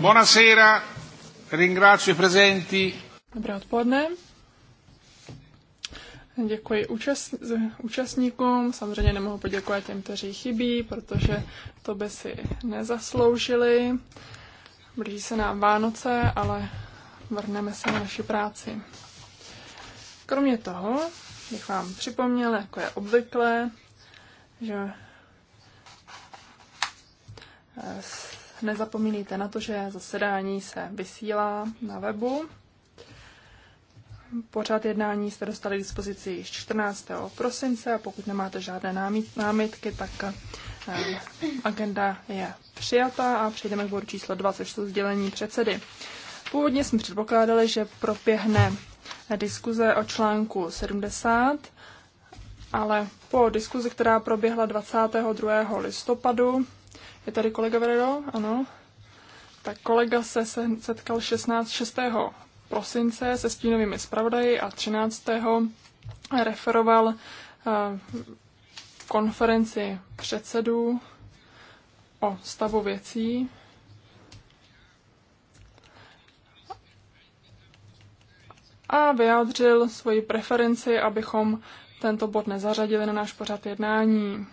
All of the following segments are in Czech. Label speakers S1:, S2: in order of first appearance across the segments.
S1: Buonasera, ringrazio i presenti.
S2: Dobré odpoledne. Děkuji účast, účastníkům, samozřejmě nemohu poděkovat těm, kteří chybí, protože to by si nezasloužili. Blíží se nám Vánoce, ale vrhneme se na naši práci. Kromě toho bych vám připomněl, jako je obvykle, že nezapomínejte na to, že zasedání se vysílá na webu. Pořád jednání jste dostali k dispozici již 14. prosince a pokud nemáte žádné námít, námitky, tak eh, agenda je přijata a přejdeme k bodu číslo 24 sdělení předsedy. Původně jsme předpokládali, že propěhne diskuze o článku 70, ale po diskuzi, která proběhla 22. listopadu, je tady kolega Vredo? Ano. Tak kolega se setkal 16. 6. prosince se stínovými zpravodaji a 13. referoval eh, konferenci předsedů o stavu věcí. A vyjádřil svoji preferenci, abychom tento bod nezařadili na náš pořad jednání.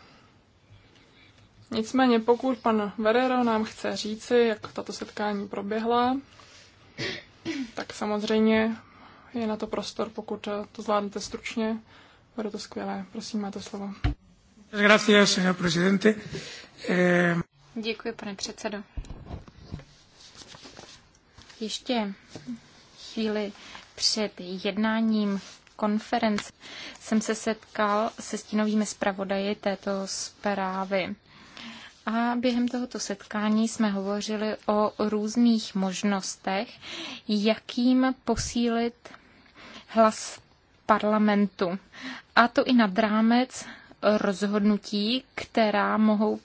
S2: Nicméně pokud pan Verero nám chce říci, jak tato setkání proběhla, tak samozřejmě je na to prostor, pokud to zvládnete stručně. Bude to
S3: skvělé. Prosím, máte slovo.
S1: Gracias, señor presidente. Eh,
S3: Děkuji, pane předsedo. Ještě chvíli před jednáním konference jsem se setkal se stínovými zpravodaji této zprávy. A během tohoto setkání jsme hovořili o různých možnostech, jakým posílit hlas parlamentu. A to i nad rámec rozhodnutí, která mohou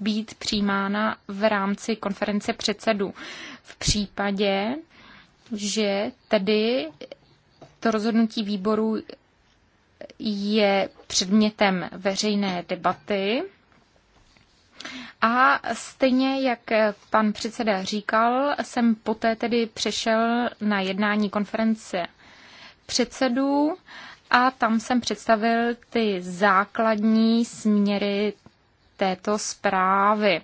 S3: být přijímána v rámci konference předsedů. V případě, že tedy to rozhodnutí výboru je předmětem veřejné debaty, a stejně, jak pan předseda říkal, jsem poté tedy přešel na jednání konference předsedů a tam jsem představil ty základní směry této zprávy.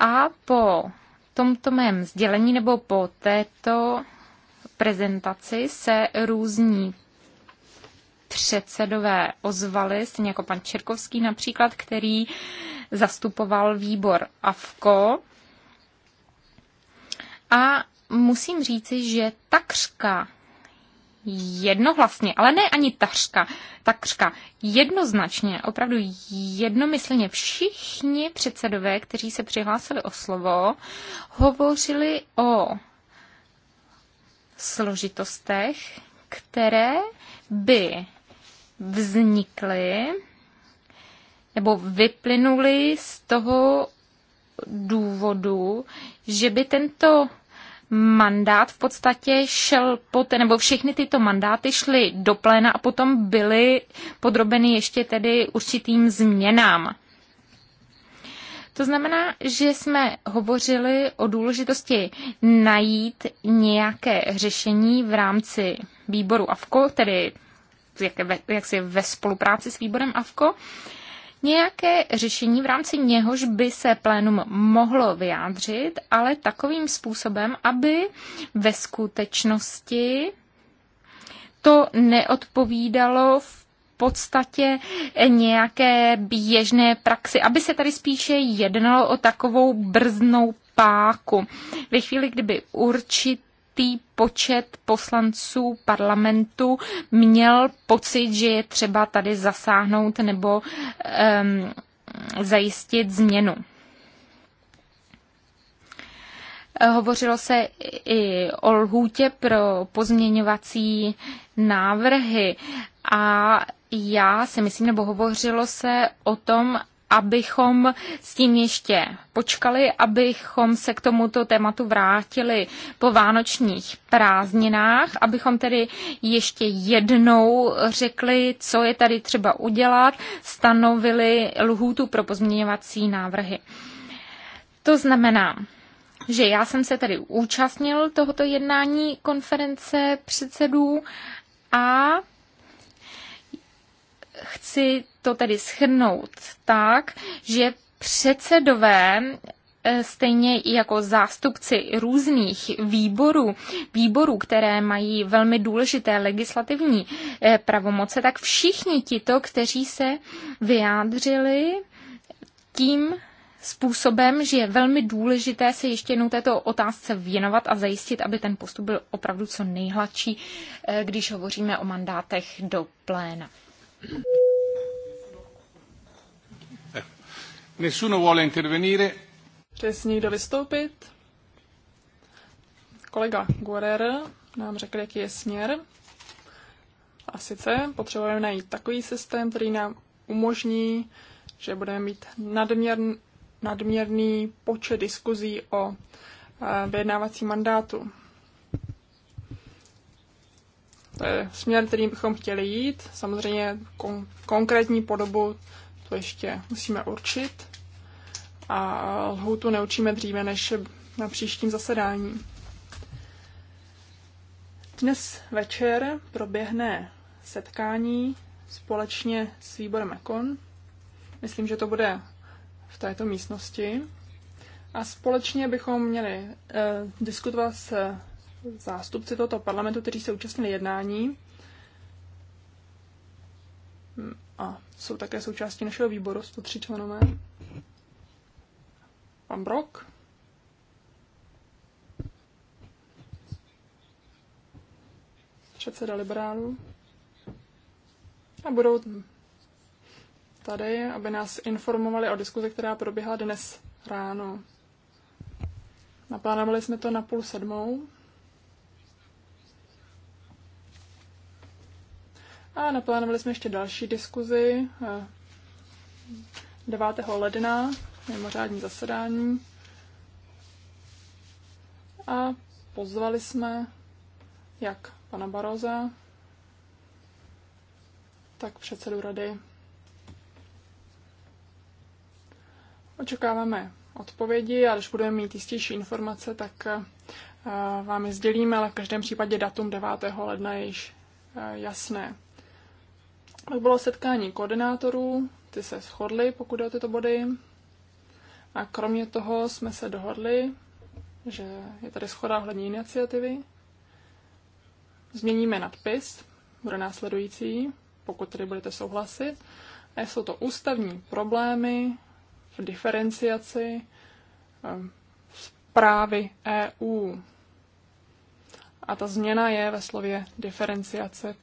S3: A po tomto mém sdělení nebo po této prezentaci se různí předsedové ozvali, stejně jako pan Čerkovský například, který zastupoval výbor AFKO. A musím říci, že takřka jednohlasně, ale ne ani tařka, takřka jednoznačně, opravdu jednomyslně všichni předsedové, kteří se přihlásili o slovo, hovořili o složitostech, které by vznikly nebo vyplynuli z toho důvodu, že by tento mandát v podstatě šel pod, nebo všechny tyto mandáty šly do pléna a potom byly podrobeny ještě tedy určitým změnám. To znamená, že jsme hovořili o důležitosti najít nějaké řešení v rámci výboru Afko, tedy jak, jak si ve spolupráci s výborem Afko nějaké řešení, v rámci něhož by se plénum mohlo vyjádřit, ale takovým způsobem, aby ve skutečnosti to neodpovídalo v podstatě nějaké běžné praxi, aby se tady spíše jednalo o takovou brznou páku. Ve chvíli, kdyby určitě určitý počet poslanců parlamentu měl pocit, že je třeba tady zasáhnout nebo um, zajistit změnu. Hovořilo se i o lhůtě pro pozměňovací návrhy a já si myslím, nebo hovořilo se o tom, abychom s tím ještě počkali, abychom se k tomuto tématu vrátili po vánočních prázdninách, abychom tedy ještě jednou řekli, co je tady třeba udělat, stanovili lhůtu pro pozměňovací návrhy. To znamená, že já jsem se tedy účastnil tohoto jednání konference předsedů a chci to tedy schrnout tak, že předsedové eh, stejně i jako zástupci různých výborů, výborů, které mají velmi důležité legislativní eh, pravomoce, tak všichni tito, kteří se vyjádřili tím způsobem, že je velmi důležité se ještě jednou této otázce věnovat a zajistit, aby ten postup byl opravdu co nejhladší, eh, když hovoříme o mandátech do pléna.
S1: Nessuno vuole intervenire.
S2: Přes nikdo vystoupit. Kolega Guerrer nám řekl, jaký je směr. A sice potřebujeme najít takový systém, který nám umožní, že budeme mít nadměr, nadměrný počet diskuzí o eh, vyjednávacím mandátu. To je směr, kterým bychom chtěli jít. Samozřejmě kon- konkrétní podobu to ještě musíme určit. A lhoutu neučíme dříve než na příštím zasedání. Dnes večer proběhne setkání společně s výborem Ekon. Myslím, že to bude v této místnosti. A společně bychom měli eh, diskutovat s zástupci tohoto parlamentu, kteří se účastnili jednání hm, a jsou také součástí našeho výboru, 103 členové. Pan Brok. Předseda liberálů. A budou tady, aby nás informovali o diskuzi, která proběhla dnes ráno. Naplánovali jsme to na půl sedmou. A naplánovali jsme ještě další diskuzi 9. Eh, ledna, mimořádní zasedání. A pozvali jsme jak pana Baroza, tak předsedu rady. Očekáváme odpovědi a když budeme mít jistější informace, tak eh, vám je sdělíme, ale v každém případě datum 9. ledna je již eh, jasné. Pak bylo setkání koordinátorů, ty se shodly, pokud jde o tyto body. A kromě toho jsme se dohodli, že je tady schoda ohledně iniciativy. Změníme nadpis, bude následující, pokud tedy budete souhlasit. A jsou to ústavní problémy v diferenciaci zprávy ehm, EU. A ta změna je ve slově diferenciace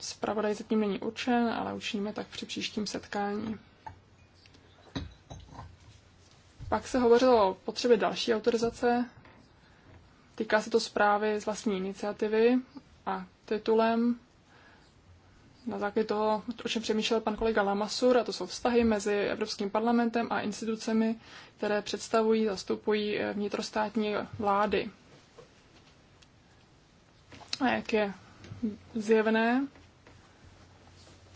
S2: Spravodaj zatím není určen, ale učiníme tak při příštím setkání. Pak se hovořilo o potřebě další autorizace. Týká se to zprávy z vlastní iniciativy a titulem na základě toho, o čem přemýšlel pan kolega Lamasur, a to jsou vztahy mezi Evropským parlamentem a institucemi, které představují, zastupují eh, vnitrostátní vlády. A jak je zjevné,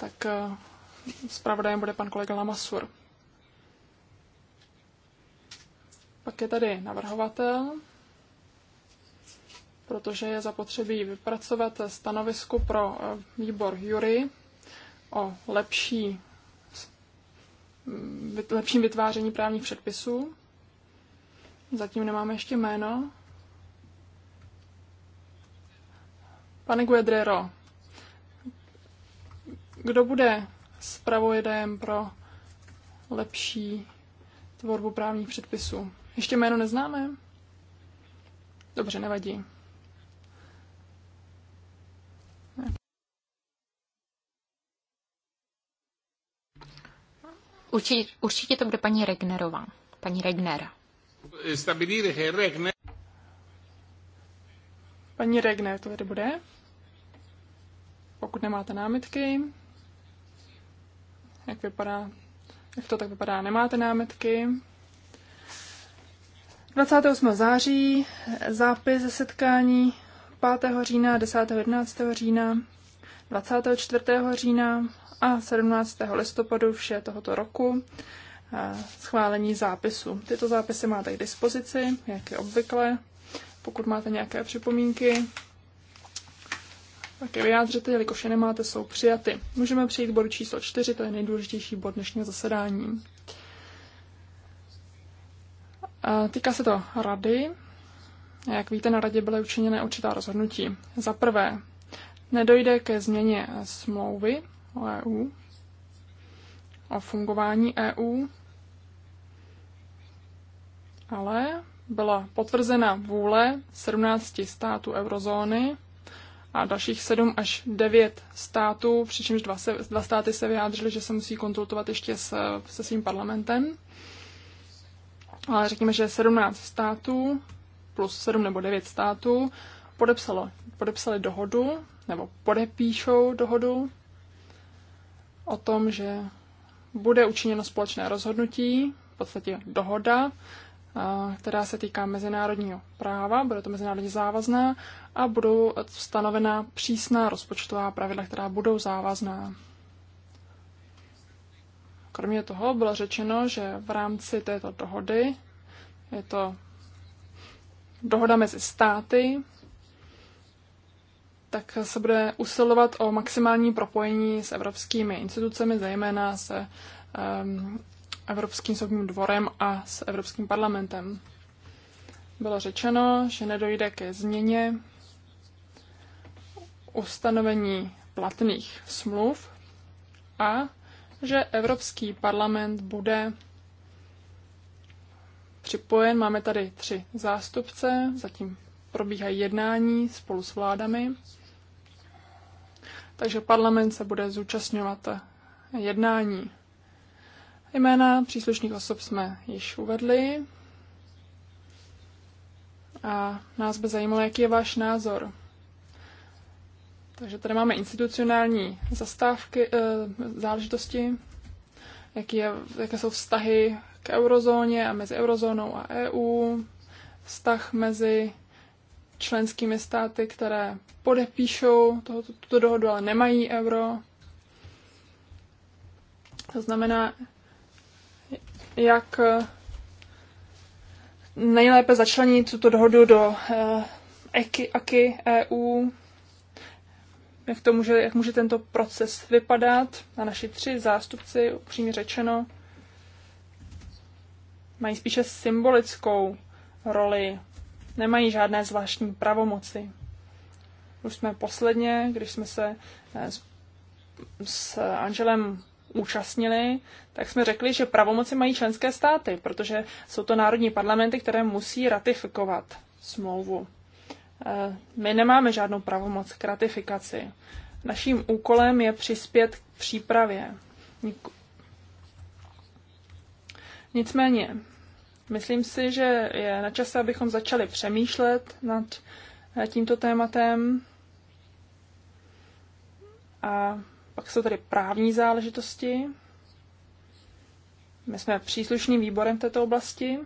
S2: tak eh, zpravodajem bude pan kolega Lamasur. Pak je tady navrhovatel, protože je zapotřebí vypracovat stanovisku pro eh, výbor jury o lepší, mm, lepším vytváření právních předpisů. Zatím nemáme ještě jméno. Pane Guedrero, kdo bude zpravodajem pro lepší tvorbu právních předpisů? Ještě jméno neznáme? Dobře, nevadí.
S3: Určitě, určitě to bude paní Regnerová. Paní Regnera. Regner... Paní Regner to tady bude.
S2: Pokud nemáte námitky, jak vypadá, jak to tak vypadá, nemáte námetky. 28. září, zápis ze setkání 5. října, 10. 11. října, 24. října a 17. listopadu vše tohoto roku schválení zápisu. Tyto zápisy máte k dispozici, jak je obvykle. Pokud máte nějaké připomínky, také vyjádřete, jelikož je nemáte, jsou přijaty. Můžeme přejít k bodu číslo 4, to je nejdůležitější bod dnešního zasedání. Týká se to rady. Jak víte, na radě byly učiněné určitá rozhodnutí. Za prvé, nedojde ke změně smlouvy o EU, o fungování EU, ale byla potvrzena vůle 17 států eurozóny a dalších sedm až devět států, přičemž dva, se, dva státy se vyjádřily, že se musí konzultovat ještě s, se svým parlamentem. Ale řekněme, že 17 států plus 7 nebo 9 států podepsalo, podepsali dohodu nebo podepíšou dohodu o tom, že bude učiněno společné rozhodnutí, v podstatě dohoda, která se týká mezinárodního práva, bude to mezinárodně závazná a budou stanovena přísná rozpočtová pravidla, která budou závazná. Kromě toho bylo řečeno, že v rámci této dohody je to dohoda mezi státy, tak se bude usilovat o maximální propojení s evropskými institucemi, zejména se um, Evropským soudním dvorem a s Evropským parlamentem. Bylo řečeno, že nedojde ke změně ustanovení platných smluv a že Evropský parlament bude připojen. Máme tady tři zástupce, zatím probíhají jednání spolu s vládami. Takže parlament se bude zúčastňovat jednání. Jména příslušných osob jsme již uvedli. A nás by zajímalo, jaký je váš názor. Takže tady máme institucionální zastávky, eh, záležitosti, jaký je, jaké jsou vztahy k eurozóně a mezi eurozónou a EU, vztah mezi členskými státy, které podepíšou tohoto, tuto dohodu, ale nemají euro. To znamená, jak eh, nejlépe začlenit tuto dohodu do eh, EKI, EU jak to může, jak může tento proces vypadat. A naši tři zástupci, upřímně řečeno, mají spíše symbolickou roli, nemají žádné zvláštní pravomoci. Už jsme posledně, když jsme se eh, s, s Angelem účastnili, tak jsme řekli, že pravomoci mají členské státy, protože jsou to národní parlamenty, které musí ratifikovat smlouvu. Eh, my nemáme žádnou pravomoc k ratifikaci. Naším úkolem je přispět k přípravě. Nicméně, myslím si, že je na čase, abychom začali přemýšlet nad eh, tímto tématem. A pak jsou tady právní záležitosti. My jsme příslušným výborem v této oblasti.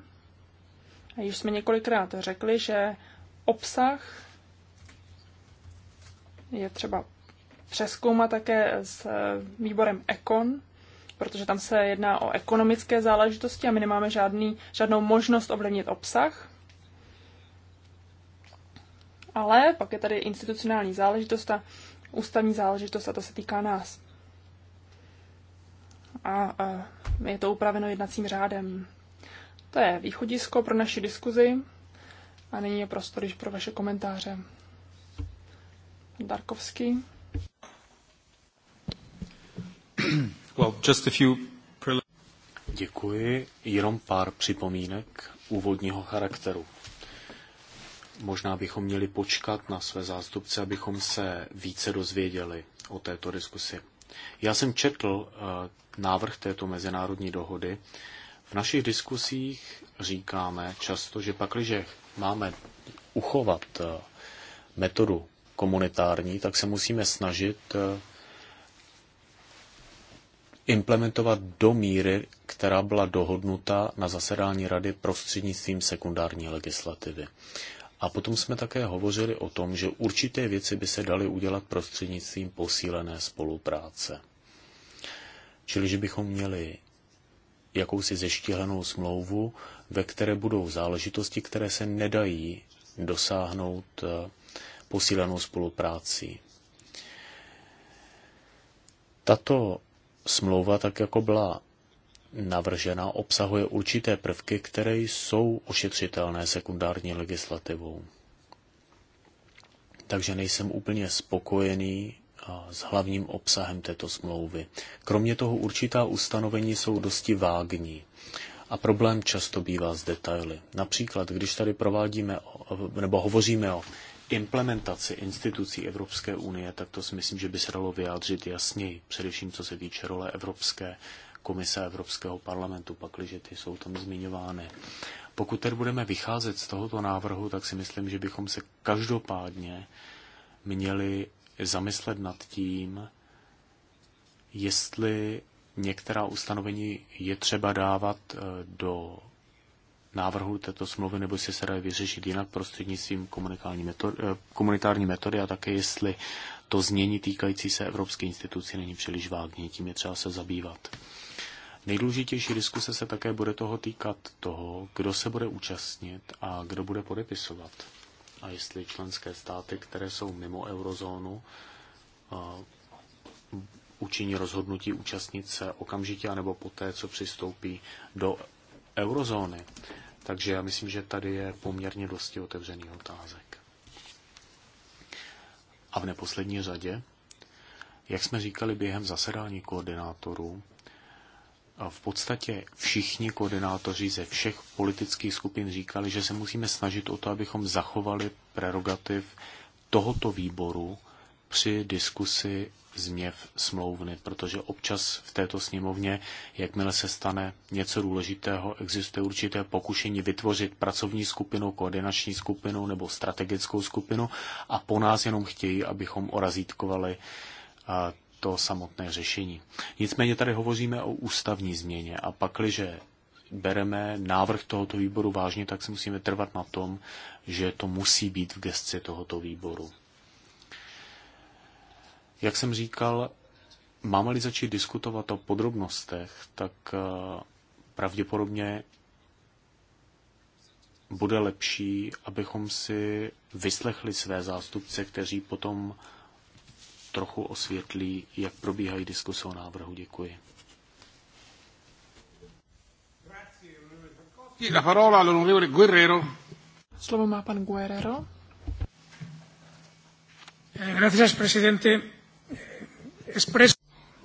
S2: A již jsme několikrát řekli, že obsah je třeba přeskoumat také s eh, výborem Econ, protože tam se jedná o ekonomické záležitosti a my nemáme žádný, žádnou možnost ovlivnit obsah. Ale pak je tady institucionální záležitost a ústavní záležitost a to se týká nás. A, a eh, je to upraveno jednacím řádem. To je východisko pro naši diskuzi a nyní je prostor již pro vaše komentáře. Darkovský.
S3: Well, just a few...
S1: Děkuji. Jenom pár připomínek úvodního charakteru. Možná bychom měli počkat na své zástupce, abychom se více dozvěděli o této diskusi. Já jsem četl eh, návrh této mezinárodní dohody v našich diskusích říkáme často, že pakliže máme uchovat eh, metodu komunitární, tak se musíme snažit eh, implementovat do míry, která byla dohodnuta na zasedání rady prostřednictvím sekundární legislativy. A potom jsme také hovořili o tom, že určité věci by se daly udělat prostřednictvím posílené spolupráce. Čili, že bychom měli jakousi zeštíhlenou smlouvu, ve které budou záležitosti, které se nedají dosáhnout eh, posílenou spolupráci. Tato smlouva, tak jako byla navržena, obsahuje určité prvky, které jsou ošetřitelné sekundární legislativou. Takže nejsem úplně spokojený s hlavním obsahem této smlouvy. Kromě toho určitá ustanovení jsou dosti vágní. A problém často bývá s detaily. Například, když tady provádíme nebo hovoříme o implementaci institucí Evropské unie, tak to si myslím, že by se dalo vyjádřit jasněji, především co se týče role Evropské komise Evropského parlamentu, pakliže ty jsou tam zmiňovány. Pokud tedy budeme vycházet z tohoto návrhu, tak si myslím, že bychom se každopádně měli zamyslet nad tím, jestli některá ustanovení je třeba dávat eh, do návrhu této smlouvy, nebo jestli se dá vyřešit jinak prostřednictvím eh, komunitární metody a také jestli to znění týkající se Evropské instituce není příliš vágní, tím je třeba se zabývat. Nejdůležitější diskuse se také bude toho týkat toho, kdo se bude účastnit a kdo bude podepisovat a jestli členské státy, které jsou mimo eurozónu, učiní rozhodnutí účastnit se okamžitě anebo poté, co přistoupí do eurozóny. Takže já myslím, že tady je poměrně dosti otevřený otázek. A v neposlední řadě, jak jsme říkali během zasedání koordinátorů, v podstatě všichni koordinátoři ze všech politických skupin říkali, že se musíme snažit o to, abychom zachovali prerogativ tohoto výboru při diskusi změv smlouvny, protože občas v této sněmovně, jakmile se stane něco důležitého, existuje určité pokušení vytvořit pracovní skupinu, koordinační skupinu nebo strategickou skupinu a po nás jenom chtějí, abychom orazítkovali to samotné řešení. Nicméně tady hovoříme o ústavní změně a pakliže bereme návrh tohoto výboru vážně, tak si musíme trvat na tom, že to musí být v gestci tohoto výboru. Jak jsem říkal, máme-li začít diskutovat o podrobnostech, tak eh, pravděpodobně bude lepší, abychom si vyslechli své zástupce, kteří potom trochu osvětlí, jak probíhají diskuse o návrhu. Děkuji.
S2: Slovo má pan
S3: Guerrero.
S1: Eh,
S3: eh,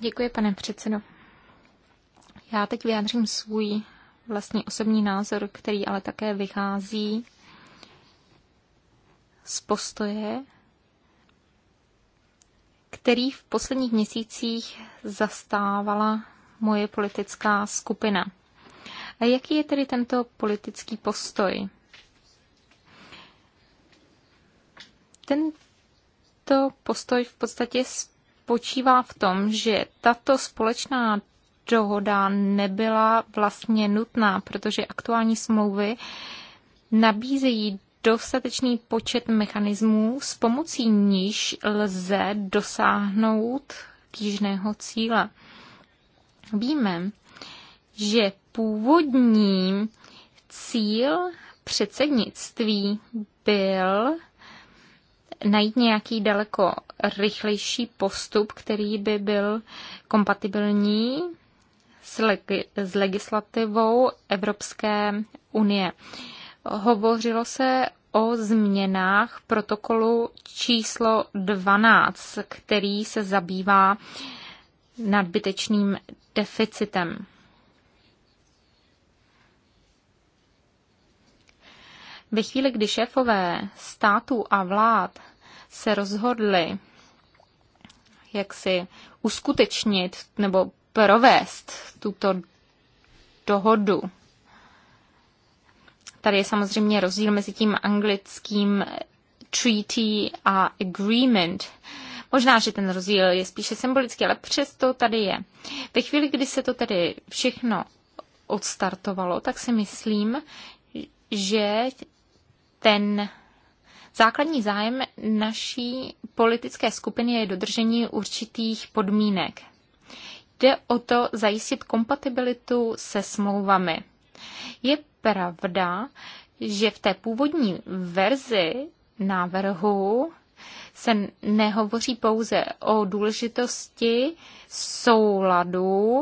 S3: Děkuji, pane předsedo. Já teď vyjádřím svůj vlastní osobní názor, který ale také vychází z postoje, který v posledních měsících zastávala moje politická skupina. A jaký je tedy tento politický postoj? Tento postoj v podstatě spočívá v tom, že tato společná dohoda nebyla vlastně nutná, protože aktuální smlouvy nabízejí dostatečný počet mechanismů, s pomocí níž lze dosáhnout kýžného cíle. Víme, že původní cíl předsednictví byl najít nějaký daleko rychlejší postup, který by byl kompatibilní s, leg- s legislativou Evropské unie hovořilo se o změnách protokolu číslo 12, který se zabývá nadbytečným deficitem. Ve chvíli, kdy šéfové států a vlád se rozhodli, jak si uskutečnit nebo provést tuto dohodu Tady je samozřejmě rozdíl mezi tím anglickým treaty a agreement. Možná, že ten rozdíl je spíše symbolický, ale přesto tady je. Ve chvíli, kdy se to tedy všechno odstartovalo, tak si myslím, že ten základní zájem naší politické skupiny je dodržení určitých podmínek. Jde o to zajistit kompatibilitu se smlouvami. Je pravda, že v té původní verzi návrhu se nehovoří pouze o důležitosti souladu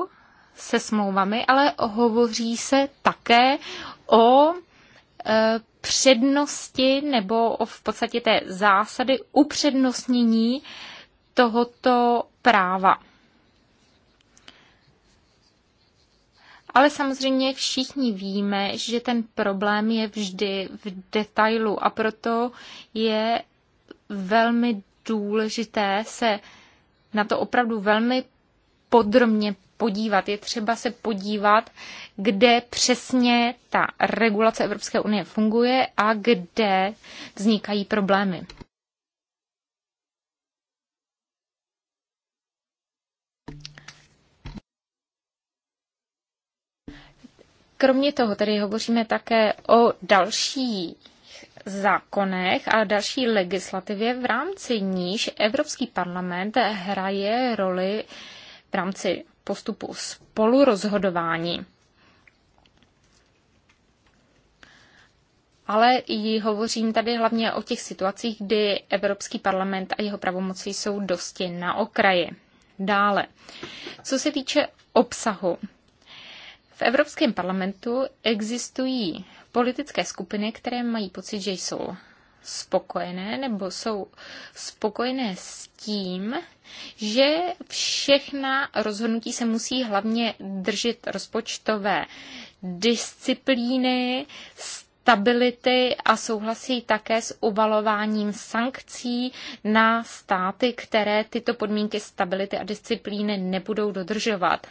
S3: se smlouvami, ale hovoří se také o e, přednosti nebo o v podstatě té zásady upřednostnění tohoto práva. Ale samozřejmě všichni víme, že ten problém je vždy v detailu a proto je velmi důležité se na to opravdu velmi podrobně podívat. Je třeba se podívat, kde přesně ta regulace Evropské unie funguje a kde vznikají problémy. Kromě toho tady hovoříme také o další zákonech a další legislativě, v rámci níž Evropský parlament hraje roli v rámci postupu spolurozhodování. Ale i hovořím tady hlavně o těch situacích, kdy Evropský parlament a jeho pravomoci jsou dosti na okraji. Dále, co se týče obsahu, v Evropském parlamentu existují politické skupiny, které mají pocit, že jsou spokojené nebo jsou spokojené s tím, že všechna rozhodnutí se musí hlavně držet rozpočtové disciplíny, stability a souhlasí také s uvalováním sankcí na státy, které tyto podmínky stability a disciplíny nebudou dodržovat.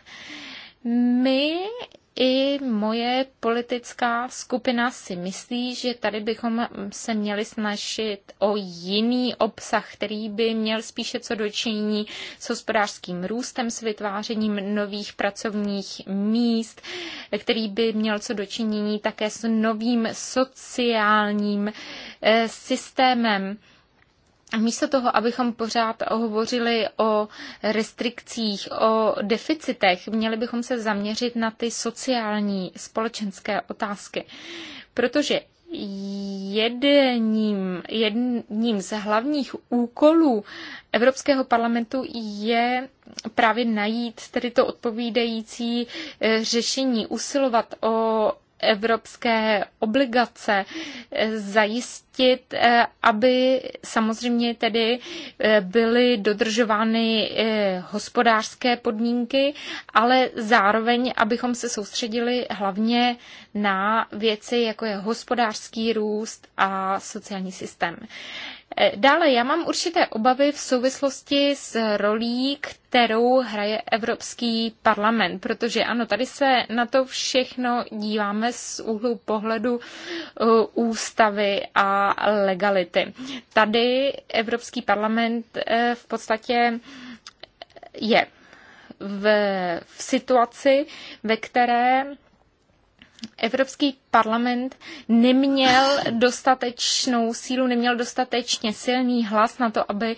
S3: My i moje politická skupina si myslí, že tady bychom se měli snažit o jiný obsah, který by měl spíše co dočinění s hospodářským růstem, s vytvářením nových pracovních míst, který by měl co dočinění také s novým sociálním eh, systémem místo toho, abychom pořád hovořili o restrikcích, o deficitech, měli bychom se zaměřit na ty sociální společenské otázky. Protože jedním, jedním z hlavních úkolů Evropského parlamentu je právě najít tedy to odpovídající eh, řešení, usilovat o evropské obligace zajistit, eh, aby samozřejmě tedy eh, byly dodržovány eh, hospodářské podmínky, ale zároveň, abychom se soustředili hlavně na věci, jako je hospodářský růst a sociální systém. E, dále já mám určité obavy v souvislosti s rolí, kterou hraje Evropský parlament, protože ano, tady se na to všechno díváme z úhlu pohledu e, ústavy a legality. Tady Evropský parlament e, v podstatě je v, v situaci, ve které Evropský parlament neměl dostatečnou sílu, neměl dostatečně silný hlas na to, aby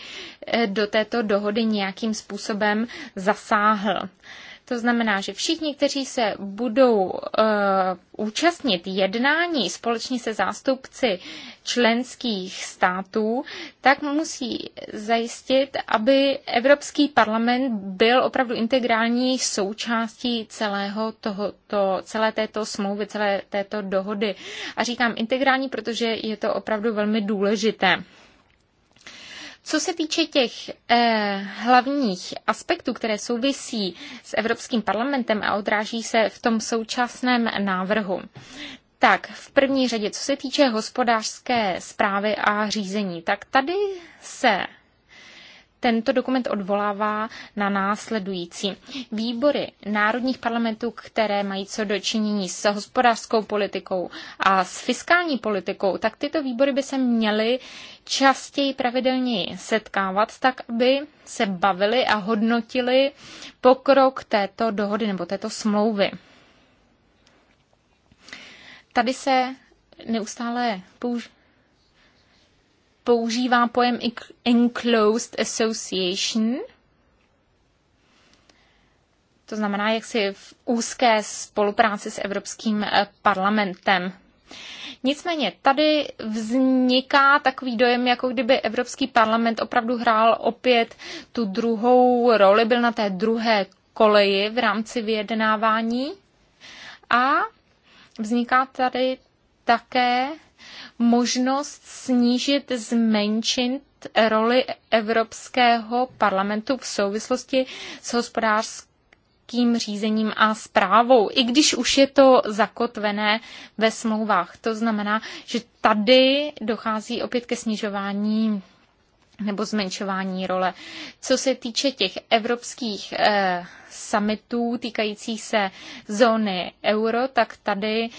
S3: eh, do této dohody nějakým způsobem zasáhl. To znamená, že všichni, kteří se budou uh, účastnit jednání společně se zástupci členských států, tak musí zajistit, aby Evropský parlament byl opravdu integrální součástí celého tohoto, celé této smlouvy, celé této dohody. A říkám integrální, protože je to opravdu velmi důležité. Co se týče těch eh, hlavních aspektů, které souvisí s Evropským parlamentem a odráží se v tom současném návrhu, tak v první řadě, co se týče hospodářské zprávy a řízení, tak tady se tento dokument odvolává na následující. Výbory národních parlamentů, které mají co dočinění s hospodářskou politikou a s fiskální politikou, tak tyto výbory by se měly častěji pravidelně setkávat, tak aby se bavili a hodnotili pokrok této dohody nebo této smlouvy. Tady se neustále použ- používá pojem enclosed association, to znamená jak si v úzké spolupráci s Evropským eh, parlamentem. Nicméně tady vzniká takový dojem, jako kdyby Evropský parlament opravdu hrál opět tu druhou roli, byl na té druhé koleji v rámci vyjednávání. A vzniká tady také možnost snížit, zmenšit roli Evropského parlamentu v souvislosti s hospodářským řízením a zprávou, i když už je to zakotvené ve smlouvách. To znamená, že tady dochází opět ke snižování nebo zmenšování role. Co se týče těch evropských eh, summitů týkajících se zóny euro, tak tady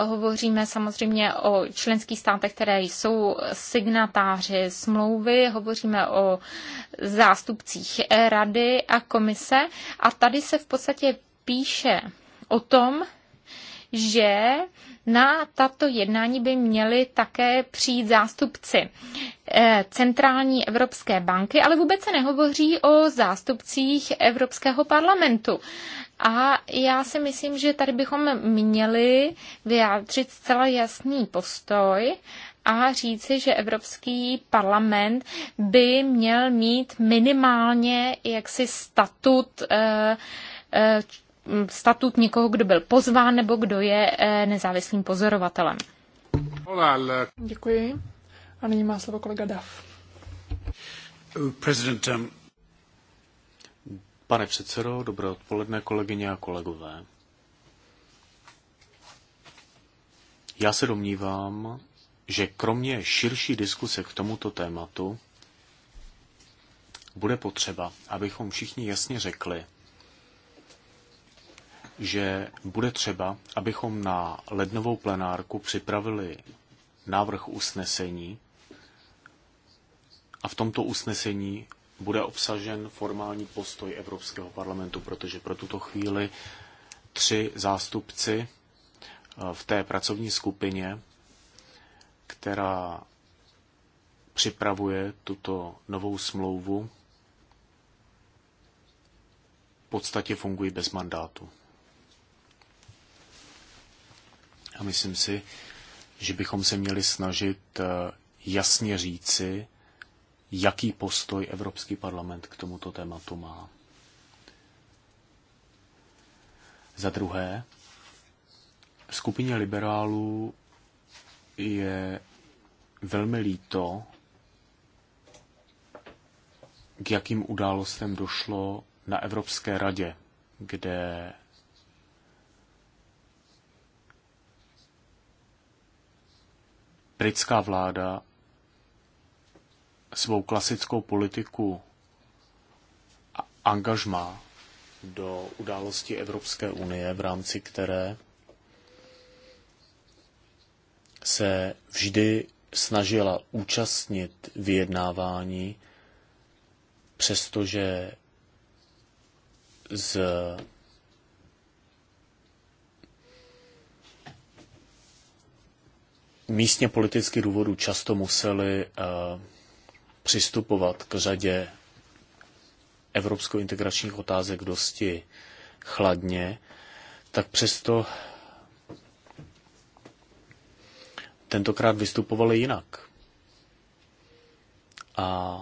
S3: hovoříme samozřejmě o členských státech, které jsou signatáři smlouvy, hovoříme o zástupcích rady a komise a tady se v podstatě píše o tom, že na tato jednání by měli také přijít zástupci eh, Centrální Evropské banky, ale vůbec se nehovoří o zástupcích Evropského parlamentu. A já si myslím, že tady bychom měli vyjádřit zcela jasný postoj a říci, že Evropský parlament by měl mít minimálně jaksi statut eh, eh, statut někoho, kdo byl pozván nebo kdo je eh, nezávislým pozorovatelem. Děkuji. A nyní má slovo kolega Dav.
S1: Um, Pane předsedo, dobré odpoledne, kolegyně a kolegové. Já se domnívám, že kromě širší diskuse k tomuto tématu bude potřeba, abychom všichni jasně řekli, že bude třeba, abychom na lednovou plenárku připravili návrh usnesení a v tomto usnesení bude obsažen formální postoj Evropského parlamentu, protože pro tuto chvíli tři zástupci eh, v té pracovní skupině, která připravuje tuto novou smlouvu, v podstatě fungují bez mandátu. A myslím si, že bychom se měli snažit eh, jasně říci, jaký postoj Evropský parlament k tomuto tématu má. Za druhé, skupině liberálů je velmi líto, k jakým událostem došlo na Evropské radě, kde britská vláda svou klasickou politiku angažma do události Evropské unie, v rámci které se vždy snažila účastnit vyjednávání, přestože z místně politických důvodů často museli eh, přistupovat k řadě evropsko-integračních otázek dosti chladně, tak přesto tentokrát vystupovali jinak. A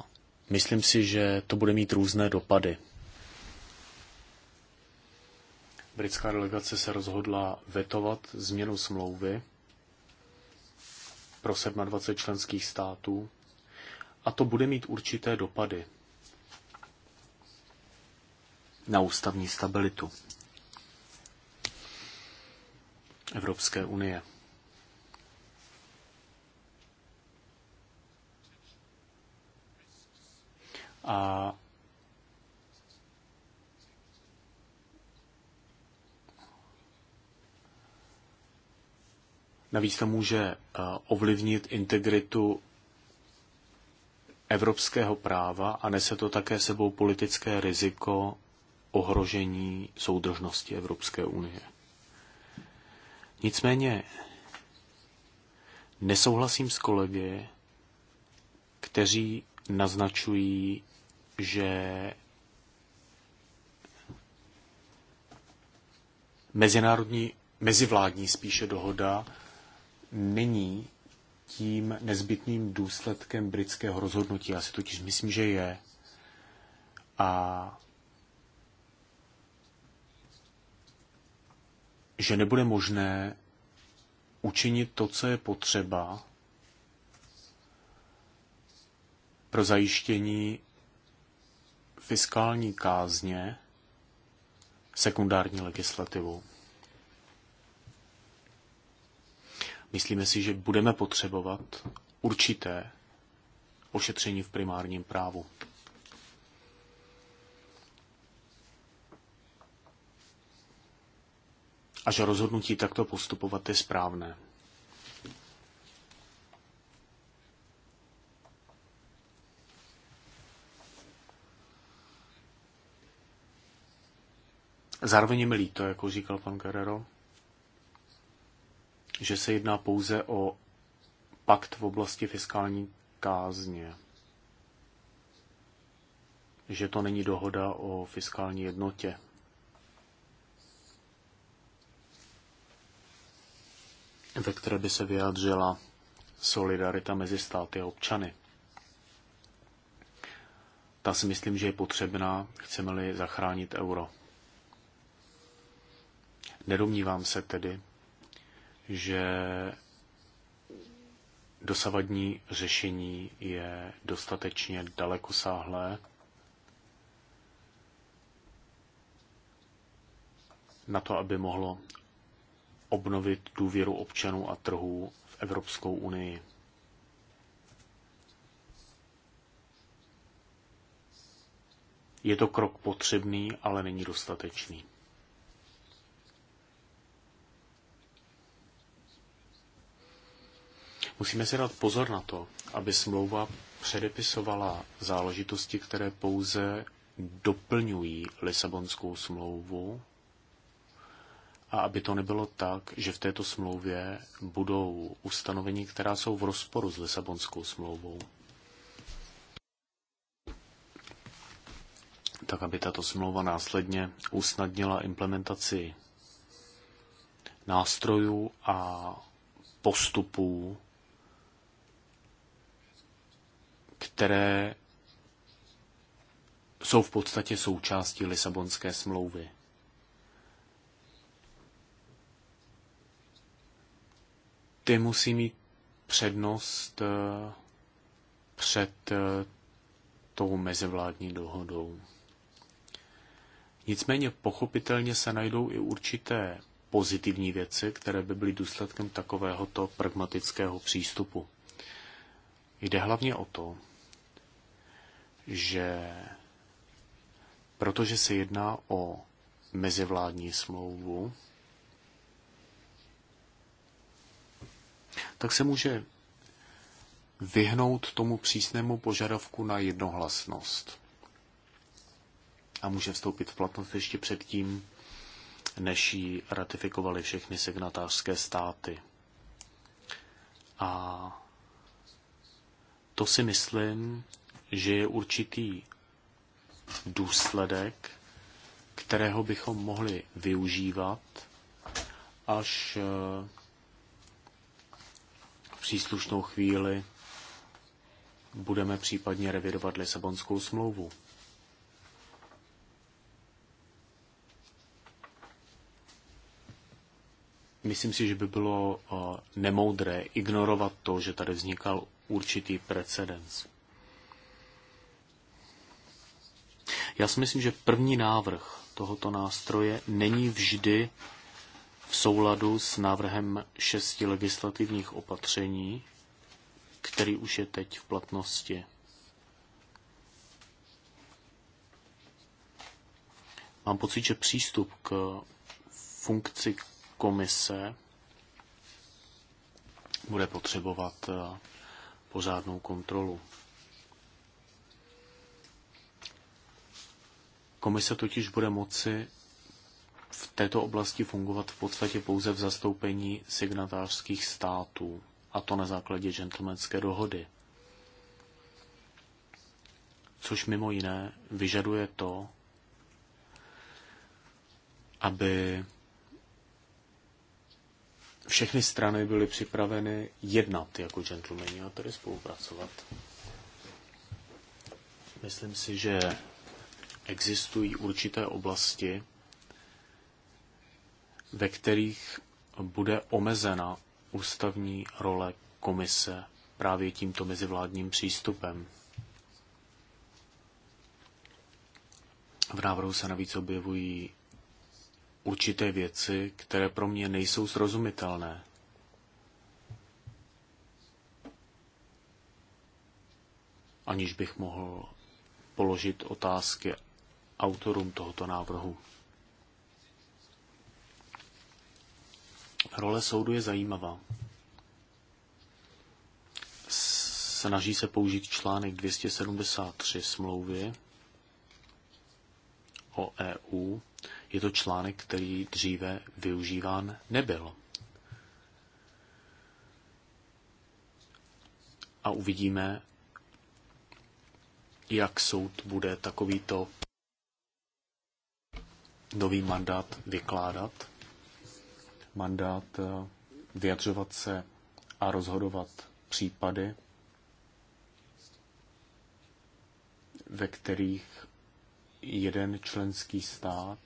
S1: myslím si, že to bude mít různé dopady. Britská delegace se rozhodla vetovat změnu smlouvy pro 27 členských států a to bude mít určité dopady na ústavní stabilitu Evropské unie. A Navíc to může eh, ovlivnit integritu evropského práva a nese to také sebou politické riziko ohrožení soudržnosti Evropské unie. Nicméně nesouhlasím s kolegy, kteří naznačují, že mezinárodní, mezivládní spíše dohoda není tím nezbytným důsledkem britského rozhodnutí. Já si totiž myslím, že je. A že nebude možné učinit to, co je potřeba pro zajištění fiskální kázně sekundární legislativou. Myslíme si, že budeme potřebovat určité ošetření v primárním právu. A že rozhodnutí takto postupovat je správné. Zároveň mi líto, jako říkal pan Guerrero, že se jedná pouze o pakt v oblasti fiskální kázně. Že to není dohoda o fiskální jednotě. ve které by se vyjádřila solidarita mezi státy a občany. Ta si myslím, že je potřebná, chceme-li zachránit euro. Nedomnívám se tedy, že dosavadní řešení je dostatečně dalekosáhlé na to, aby mohlo obnovit důvěru občanů a trhů v Evropskou unii. Je to krok potřebný, ale není dostatečný. Musíme si dát pozor na to, aby smlouva předepisovala záležitosti, které pouze doplňují Lisabonskou smlouvu a aby to nebylo tak, že v této smlouvě budou ustanovení, která jsou v rozporu s Lisabonskou smlouvou. Tak, aby tato smlouva následně usnadnila implementaci nástrojů a postupů, které jsou v podstatě součástí Lisabonské smlouvy. Ty musí mít přednost eh, před eh, tou mezivládní dohodou. Nicméně pochopitelně se najdou i určité pozitivní věci, které by byly důsledkem takovéhoto pragmatického přístupu. Jde hlavně o to, že protože se jedná o mezivládní smlouvu, tak se může vyhnout tomu přísnému požadavku na jednohlasnost. A může vstoupit v platnost ještě předtím, než ji ratifikovali všechny signatářské státy. A to si myslím, že je určitý důsledek, kterého bychom mohli využívat, až eh, v příslušnou chvíli budeme případně revidovat Lisabonskou smlouvu. Myslím si, že by bylo eh, nemoudré ignorovat to, že tady vznikal určitý precedens. Já si myslím, že první návrh tohoto nástroje není vždy v souladu s návrhem šesti legislativních opatření, který už je teď v platnosti. Mám pocit, že přístup k funkci komise bude potřebovat eh, pořádnou kontrolu. Komise totiž bude moci v této oblasti fungovat v podstatě pouze v zastoupení signatářských států, a to na základě gentlemanské dohody. Což mimo jiné vyžaduje to, aby všechny strany byly připraveny jednat jako gentlemani a tedy spolupracovat. Myslím si, že existují určité oblasti, ve kterých bude omezena ústavní role komise právě tímto mezivládním přístupem. V návrhu se navíc objevují určité věci, které pro mě nejsou srozumitelné. Aniž bych mohl položit otázky autorům tohoto návrhu. Role soudu je zajímavá. Snaží se použít článek 273 smlouvy o EU je to článek, který dříve využíván nebyl. A uvidíme, jak soud bude takovýto nový mandát vykládat. Mandát eh, vyjadřovat se a rozhodovat případy, ve kterých jeden členský stát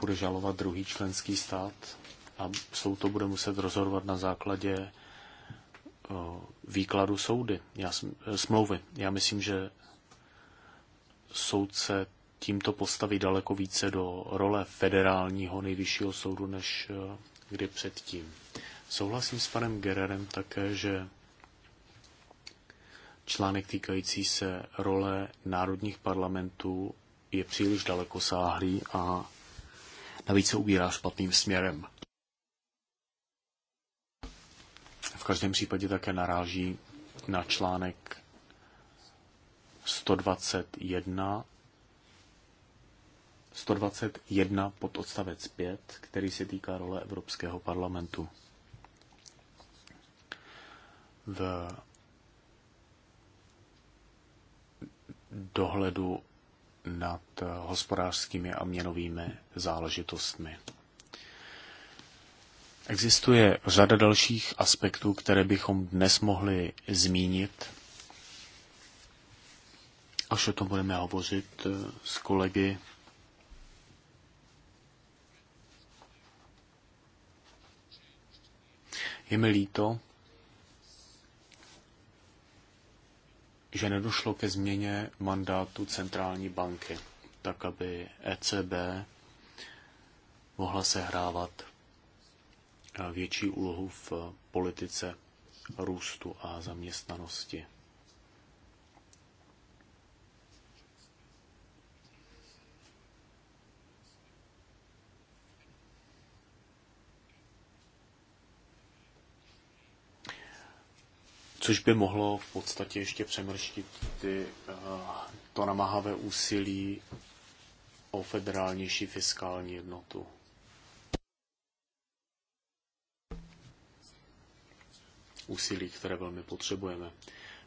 S1: bude žalovat druhý členský stát a soud to bude muset rozhodovat na základě eh, výkladu soudy, já, eh, smlouvy. Já myslím, že soud se tímto postaví daleko více do role federálního nejvyššího soudu, než eh, kdy předtím. Souhlasím s panem Gererem také, že článek týkající se role národních parlamentů je příliš dalekosáhlý a navíc se ubírá špatným směrem. V každém případě také naráží na článek 121 121 pod odstavec 5, který se týká role Evropského parlamentu. V dohledu nad hospodářskými a měnovými záležitostmi. Existuje řada dalších aspektů, které bychom dnes mohli zmínit, až o tom budeme hovořit eh, s kolegy Je mi líto, že nedošlo ke změně mandátu centrální banky, tak aby ECB mohla sehrávat eh, větší úlohu v politice růstu a zaměstnanosti. což by mohlo v podstatě ještě přemrštit ty, eh, to namáhavé úsilí o federálnější fiskální jednotu. Úsilí, které velmi potřebujeme.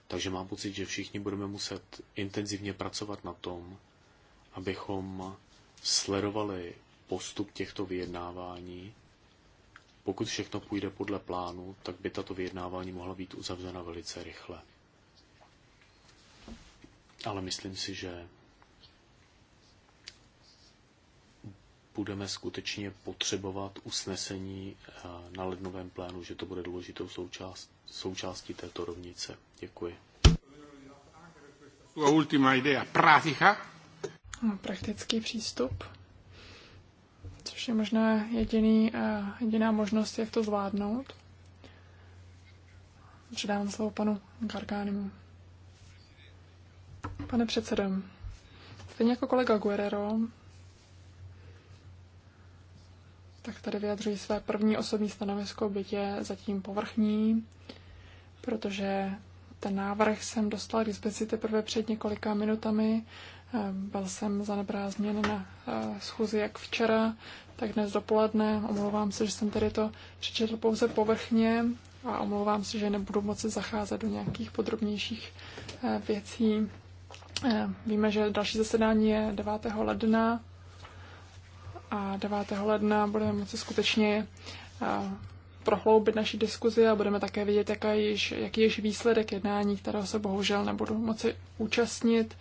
S1: Takže mám pocit, že všichni budeme muset intenzivně pracovat na tom, abychom sledovali postup těchto vyjednávání pokud všechno půjde podle plánu, tak by tato vyjednávání mohla být uzavřena velice rychle. Ale myslím si, že budeme skutečně potřebovat usnesení eh, na lednovém plénu, že to bude důležitou součást, součástí této rovnice. Děkuji.
S2: Praktický přístup což je možná jediný, eh, jediná možnost, jak to zvládnout. Předávám slovo panu Garganimu. Pane předsedo, stejně jako kolega Guerrero, tak tady vyjadřují své první osobní stanovisko, byť je zatím povrchní, protože ten návrh jsem dostala k dispozici teprve před několika minutami Ehm, byl jsem zanebrázdněn na eh, schůzi jak včera, tak dnes dopoledne. Omlouvám se, že jsem tady to přečetl pouze povrchně a omlouvám se, že nebudu moci zacházet do nějakých podrobnějších eh, věcí. Ehm, víme, že další zasedání je 9. ledna a 9. ledna budeme moci skutečně eh, prohloubit naši diskuzi a budeme také vidět, jaký je výsledek jednání, kterého se bohužel nebudu moci účastnit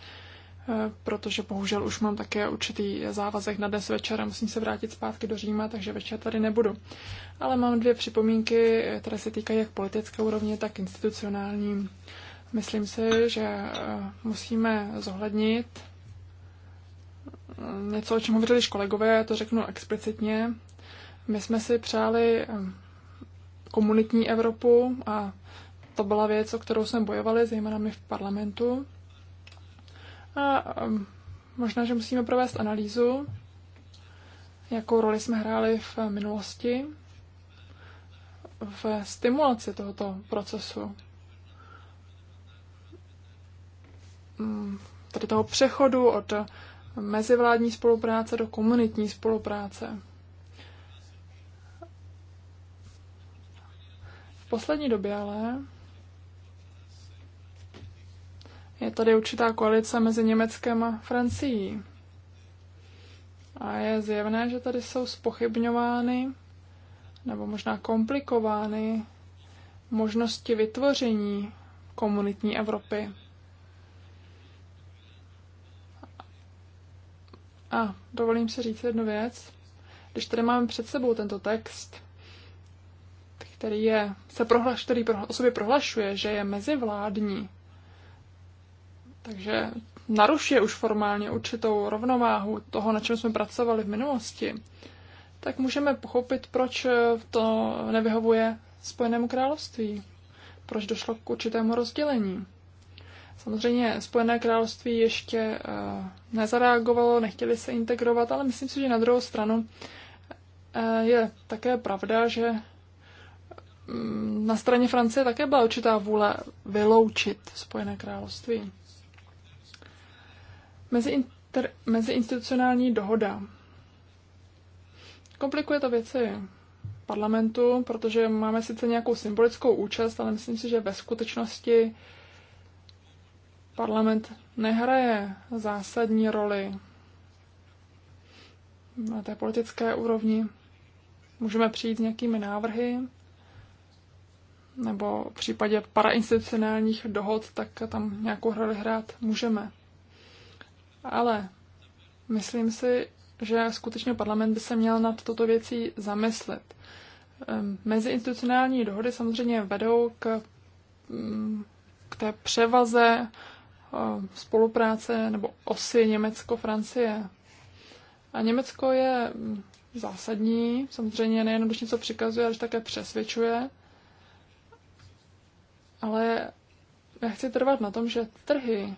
S2: protože bohužel už mám také určitý závazek na dnes večer a musím se vrátit zpátky do Říma, takže večer tady nebudu. Ale mám dvě připomínky, které se týkají jak politické úrovně, tak institucionální. Myslím si, že eh, musíme zohlednit eh, něco, o čem hovořili kolegové, já to řeknu explicitně. My jsme si přáli eh, komunitní Evropu a to byla věc, o kterou jsme bojovali, zejména my v parlamentu. A um, možná, že musíme provést analýzu, jakou roli jsme hráli v minulosti v stimulaci tohoto procesu. Mm, tady toho přechodu od mezivládní spolupráce do komunitní spolupráce. V poslední době ale je tady určitá koalice mezi Německem a Francií. A je zjevné, že tady jsou spochybňovány nebo možná komplikovány možnosti vytvoření komunitní Evropy. A dovolím se říct jednu věc. Když tady máme před sebou tento text, který, je, se prohlaš, který o sobě prohlašuje, že je mezivládní, takže narušuje už formálně určitou rovnováhu toho, na čem jsme pracovali v minulosti, tak můžeme pochopit, proč to nevyhovuje Spojenému království, proč došlo k určitému rozdělení. Samozřejmě Spojené království ještě eh, nezareagovalo, nechtěli se integrovat, ale myslím si, že na druhou stranu eh, je také pravda, že mm, na straně Francie také byla určitá vůle vyloučit Spojené království inter, meziinstitucionální dohoda. Komplikuje to věci parlamentu, protože máme sice nějakou symbolickou účast, ale myslím si, že ve skutečnosti parlament nehraje zásadní roli na té politické úrovni. Můžeme přijít s nějakými návrhy, nebo v případě parainstitucionálních dohod, tak tam nějakou roli hrát můžeme. Ale myslím si, že skutečně parlament by se měl nad toto věcí zamyslet. Ehm, meziinstitucionální dohody samozřejmě vedou k, mm, k té převaze eh, spolupráce nebo osy Německo-Francie. A Německo je mm, zásadní, samozřejmě nejenom, když něco přikazuje, ale také přesvědčuje. Ale já chci trvat na tom, že trhy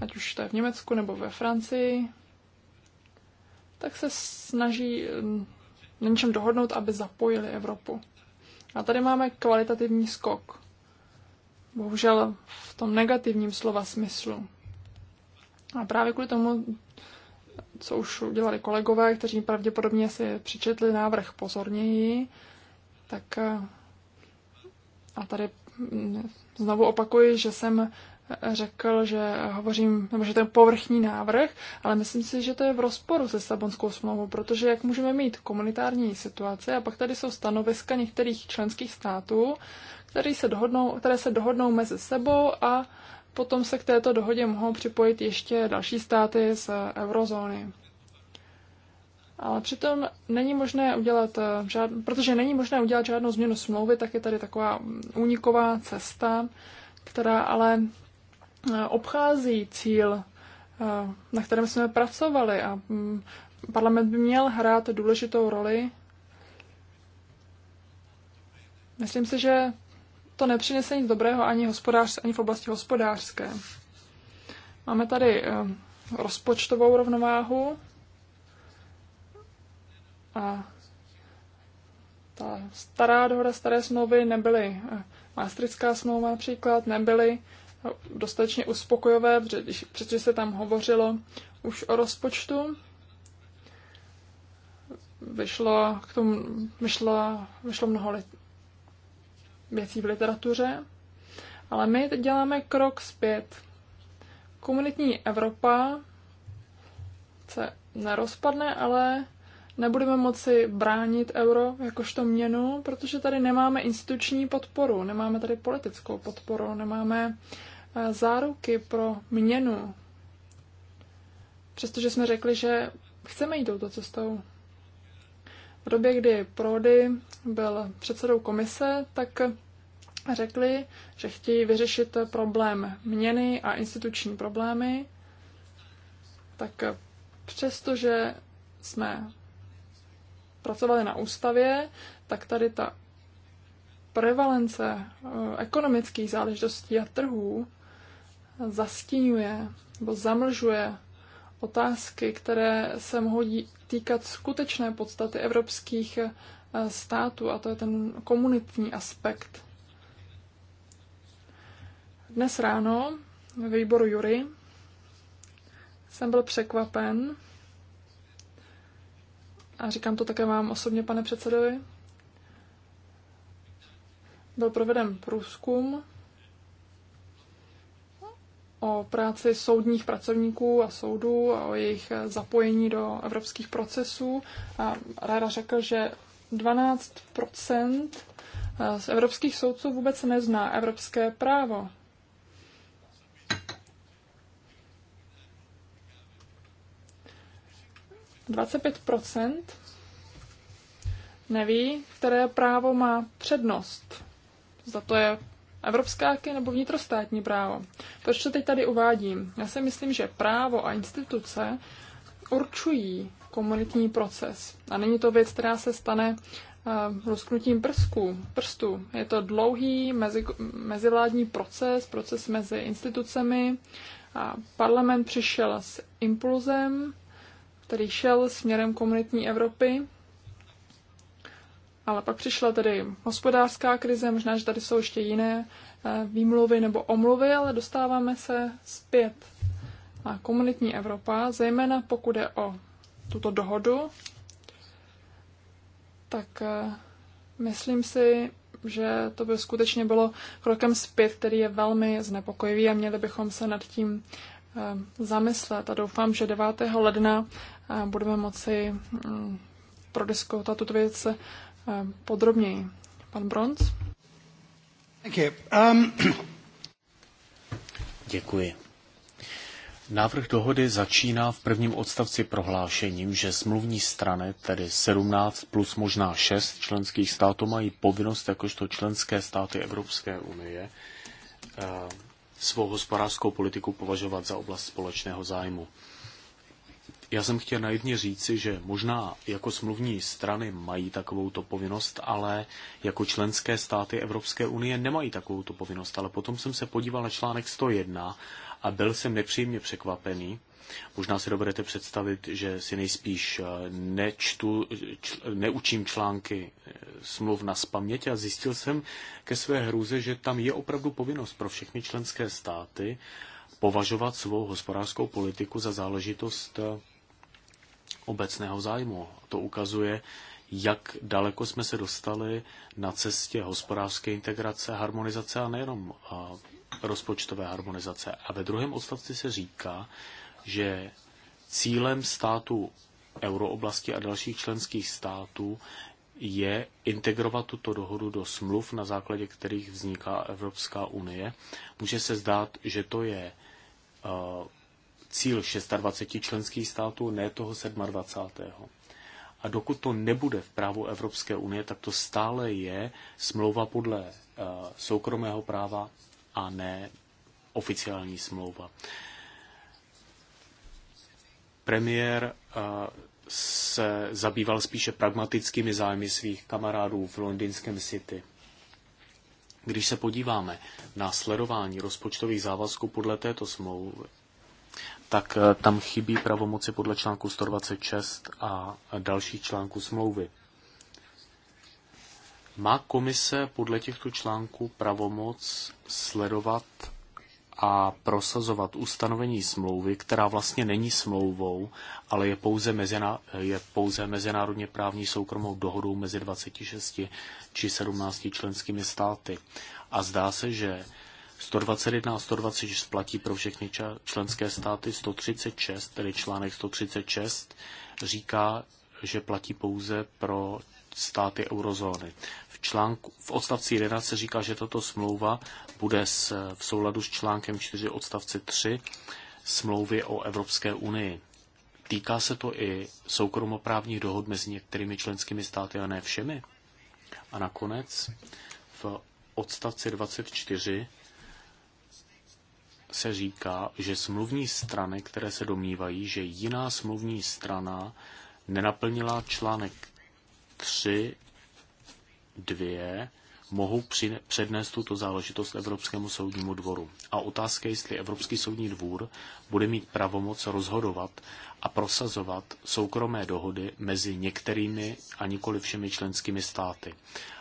S2: ať už to je v Německu nebo ve Francii, tak se snaží mm, na něčem dohodnout, aby zapojili Evropu. A tady máme kvalitativní skok. Bohužel v tom negativním slova smyslu. A právě kvůli tomu, co už udělali kolegové, kteří pravděpodobně si přečetli návrh pozorněji, tak eh, a tady mm, znovu opakuji, že jsem řekl, že hovořím, nebo že to je povrchní návrh, ale myslím si, že to je v rozporu se Sabonskou smlouvou, protože jak můžeme mít komunitární situace a pak tady jsou stanoviska některých členských států, které se dohodnou, které se dohodnou mezi sebou a potom se k této dohodě mohou připojit ještě další státy z eurozóny. Ale přitom není možné udělat eh, žádnou, protože není možné udělat žádnou změnu smlouvy, tak je tady taková úniková cesta, která ale obchází cíl, eh, na kterém jsme pracovali a mm, parlament by měl hrát důležitou roli. Myslím si, že to nepřinese nic dobrého ani, hospodář, ani v oblasti hospodářské. Máme tady eh, rozpočtovou rovnováhu a ta stará dohoda, staré smlouvy nebyly, eh, Maastrichtská smlouva například, nebyly dostatečně uspokojové, protože přestože se tam hovořilo už o rozpočtu, vyšlo, k tomu, vyšlo, vyšlo mnoho let, věcí v literatuře, ale my teď děláme krok zpět. Komunitní Evropa se nerozpadne, ale nebudeme moci bránit euro jakožto měnu, protože tady nemáme instituční podporu, nemáme tady politickou podporu, nemáme eh, záruky pro měnu. Přestože jsme řekli, že chceme jít touto cestou. V době, kdy Prody byl předsedou komise, tak řekli, že chtějí vyřešit problém měny a instituční problémy. Tak přestože jsme pracovali na ústavě, tak tady ta prevalence eh, ekonomických záležitostí a trhů zastínuje nebo zamlžuje otázky, které se mohou týkat skutečné podstaty evropských eh, států, a to je ten komunitní aspekt. Dnes ráno ve výboru Jury jsem byl překvapen, a říkám to také vám osobně, pane předsedovi, byl proveden průzkum o práci soudních pracovníků a soudů a o jejich zapojení do evropských procesů. A Rada řekl, že 12 z evropských soudců vůbec nezná evropské právo. 25% neví, které právo má přednost. Za to je evropská nebo vnitrostátní právo. Proč to teď tady uvádím? Já si myslím, že právo a instituce určují komunitní proces. A není to věc, která se stane uh, rozknutím prsku, prstů. Je to dlouhý mezi, mezivládní proces, proces mezi institucemi a parlament přišel s impulzem který šel směrem komunitní Evropy, ale pak přišla tedy hospodářská krize, možná, že tady jsou ještě jiné eh, výmluvy nebo omluvy, ale dostáváme se zpět. A komunitní Evropa, zejména pokud je o tuto dohodu, tak eh, myslím si, že to by skutečně bylo krokem zpět, který je velmi znepokojivý a měli bychom se nad tím eh, zamyslet. A doufám, že 9. ledna budeme moci mm, prodiskutovat tuto věc eh, podrobněji. Pan Bronz?
S3: Um...
S1: Děkuji. Návrh dohody začíná v prvním odstavci prohlášením, že smluvní strany, tedy 17 plus možná 6 členských států, mají povinnost jakožto členské státy Evropské unie eh, svou hospodářskou politiku považovat za oblast společného zájmu. Já jsem chtěl naivně říci, že možná jako smluvní strany mají takovouto povinnost, ale jako členské státy Evropské unie nemají takovouto povinnost. Ale potom jsem se podíval na článek 101 a byl jsem nepříjemně překvapený. Možná si dovedete představit, že si nejspíš eh, nečtu, čl, neučím články eh, smluv na spaměť a zjistil jsem ke své hrůze, že tam je opravdu povinnost pro všechny členské státy považovat svou hospodářskou politiku za záležitost eh, obecného zájmu. To ukazuje, jak daleko jsme se dostali na cestě hospodářské integrace, harmonizace a nejenom rozpočtové harmonizace. A ve druhém odstavci se říká, že cílem státu eurooblasti a dalších členských států je integrovat tuto dohodu do smluv, na základě kterých vzniká Evropská unie. Může se zdát, že to je cíl 26 členských států, ne toho 27. A dokud to nebude v právu Evropské unie, tak to stále je smlouva podle eh, soukromého práva a ne oficiální smlouva. Premiér eh, se zabýval spíše pragmatickými zájmy svých kamarádů v londýnském City. Když se podíváme na sledování rozpočtových závazků podle této smlouvy, tak eh, tam chybí pravomoci podle článku 126 a dalších článků smlouvy. Má komise podle těchto článků pravomoc sledovat a prosazovat ustanovení smlouvy, která vlastně není smlouvou, ale je pouze, mezina, je pouze mezinárodně právní soukromou dohodou mezi 26 či 17 členskými státy. A zdá se, že 121 a 126 platí pro všechny členské státy, 136, tedy článek 136, říká, že platí pouze pro státy eurozóny. V, článku, v odstavci 11 se říká, že tato smlouva bude s, v souladu s článkem 4 odstavce 3 smlouvy o Evropské unii. Týká se to i soukromoprávních dohod mezi některými členskými státy a ne všemi. A nakonec v odstavci 24 se říká, že smluvní strany, které se domnívají, že jiná smluvní strana nenaplnila článek 3, 2, mohou přednést tuto záležitost Evropskému soudnímu dvoru. A otázka je, jestli Evropský soudní dvůr bude mít pravomoc rozhodovat a prosazovat soukromé dohody mezi některými a nikoli všemi členskými státy.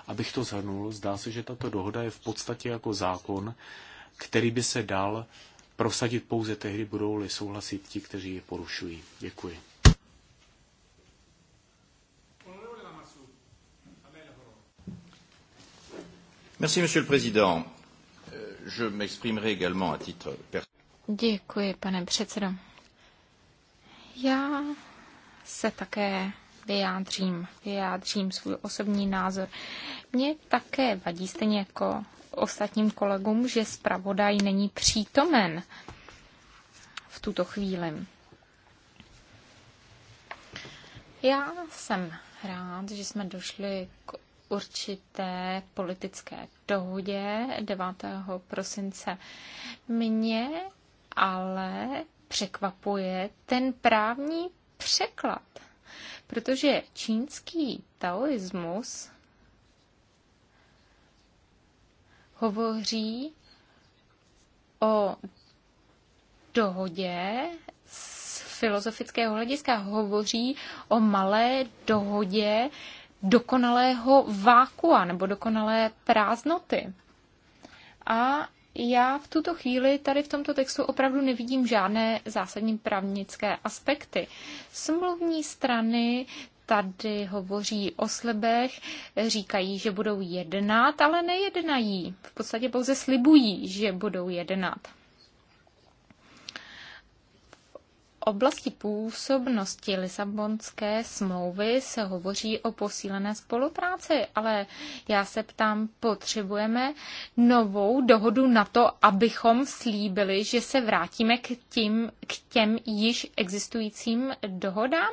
S1: Abych to zhrnul, zdá se, že tato dohoda je v podstatě jako zákon, který by se dal prosadit pouze tehdy, budou-li souhlasit ti, kteří je porušují. Děkuji. Merci, monsieur le président. Euh, je m'exprimerai
S2: également à titre
S3: Děkuji, pane předsedo. Já se také vyjádřím, vyjádřím svůj osobní názor. Mně také vadí, stejně jako ostatním kolegům, že zpravodaj není přítomen v tuto chvíli. Já jsem rád, že jsme došli k určité politické dohodě 9. prosince. Mě ale překvapuje ten právní překlad, protože čínský taoismus hovoří o dohodě z filozofického hlediska, hovoří o malé dohodě dokonalého vákua nebo dokonalé prázdnoty. A já v tuto chvíli tady v tomto textu opravdu nevidím žádné zásadní právnické aspekty. Smluvní strany tady hovoří o slibech, říkají, že budou jednat, ale nejednají. V podstatě pouze slibují, že budou jednat. oblasti působnosti Lisabonské smlouvy se hovoří o posílené spolupráci, ale já se ptám, potřebujeme novou dohodu na to, abychom slíbili, že se vrátíme k, tím, k těm již existujícím dohodám?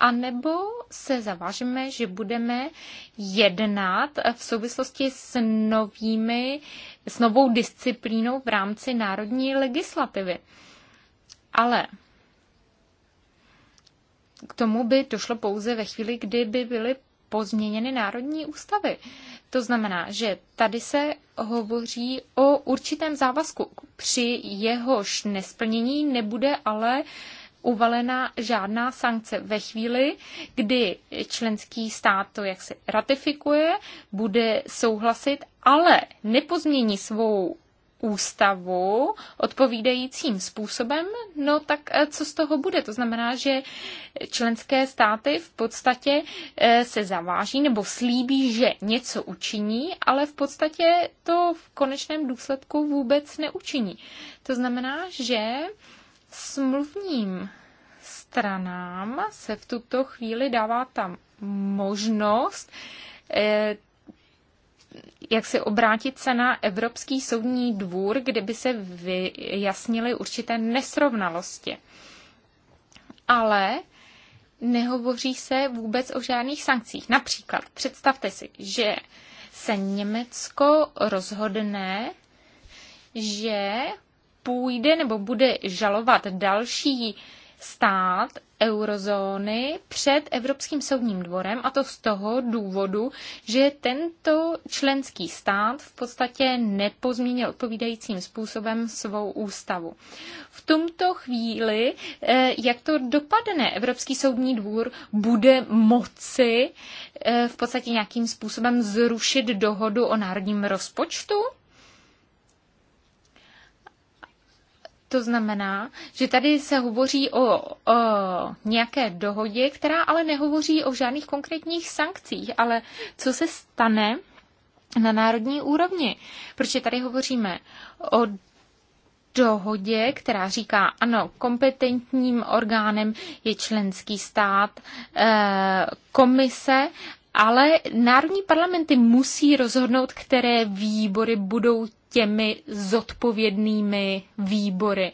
S3: anebo se zavážeme, že budeme jednat v souvislosti s novými, s novou disciplínou v rámci národní legislativy. Ale k tomu by došlo pouze ve chvíli, kdy by byly pozměněny národní ústavy. To znamená, že tady se hovoří o určitém závazku, při jehož nesplnění nebude ale uh, uvalená žádná sankce. Ve chvíli, kdy členský stát to jak se ratifikuje, bude souhlasit, ale nepozmění svou ústavu odpovídajícím způsobem, no tak eh, co z toho bude? To znamená, že členské státy v podstatě eh, se zaváží nebo slíbí, že něco učiní, ale v podstatě to v konečném důsledku vůbec neučiní. To znamená, že smluvním stranám se v tuto chvíli dává tam možnost eh, jak se obrátit se na Evropský soudní dvůr, kde by se vyjasnily určité nesrovnalosti. Ale nehovoří se vůbec o žádných sankcích. Například představte si, že se Německo rozhodne, že půjde nebo bude žalovat další stát eurozóny před Evropským soudním dvorem a to z toho důvodu, že tento členský stát v podstatě nepozmínil odpovídajícím způsobem svou ústavu. V tomto chvíli, eh, jak to dopadne, Evropský soudní dvůr bude moci eh, v podstatě nějakým způsobem zrušit dohodu o národním rozpočtu? To znamená, že tady se hovoří o, o nějaké dohodě, která ale nehovoří o žádných konkrétních sankcích, ale co se stane na národní úrovni. Protože tady hovoříme o dohodě, která říká, ano, kompetentním orgánem je členský stát, eh, komise, ale národní parlamenty musí rozhodnout, které výbory budou těmi zodpovědnými výbory.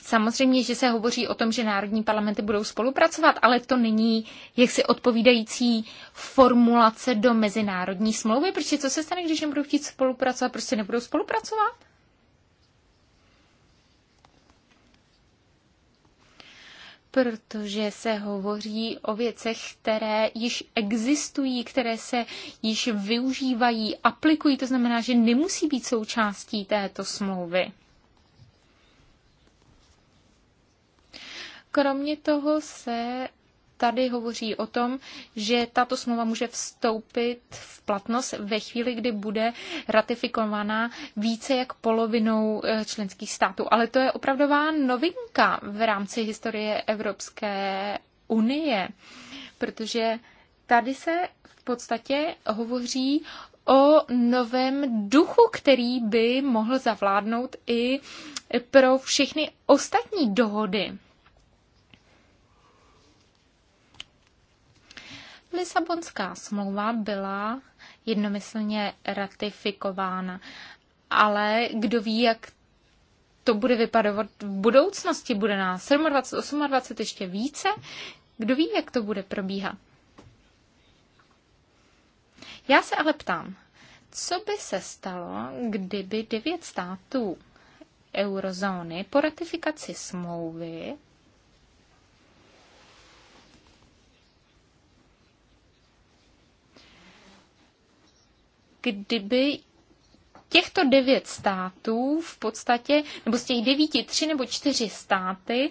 S3: Samozřejmě, že se hovoří o tom, že národní parlamenty budou spolupracovat, ale to není jaksi odpovídající formulace do mezinárodní smlouvy, protože co se stane, když nebudou chtít spolupracovat, prostě nebudou spolupracovat? protože se hovoří o věcech, které již existují, které se již využívají, aplikují. To znamená, že nemusí být součástí této smlouvy. Kromě toho se tady hovoří o tom, že tato smlouva může vstoupit v platnost ve chvíli, kdy bude ratifikovaná více jak polovinou eh, členských států. Ale to je opravdová novinka v rámci historie Evropské unie, protože tady se v podstatě hovoří o novém duchu, který by mohl zavládnout i pro všechny ostatní dohody. Lisabonská smlouva byla jednomyslně ratifikována, ale kdo ví, jak to bude vypadat v budoucnosti, bude na 27, 28 ještě více, kdo ví, jak to bude probíhat. Já se ale ptám, co by se stalo, kdyby devět států eurozóny po ratifikaci smlouvy kdyby těchto devět států v podstatě, nebo z těch devíti tři nebo čtyři státy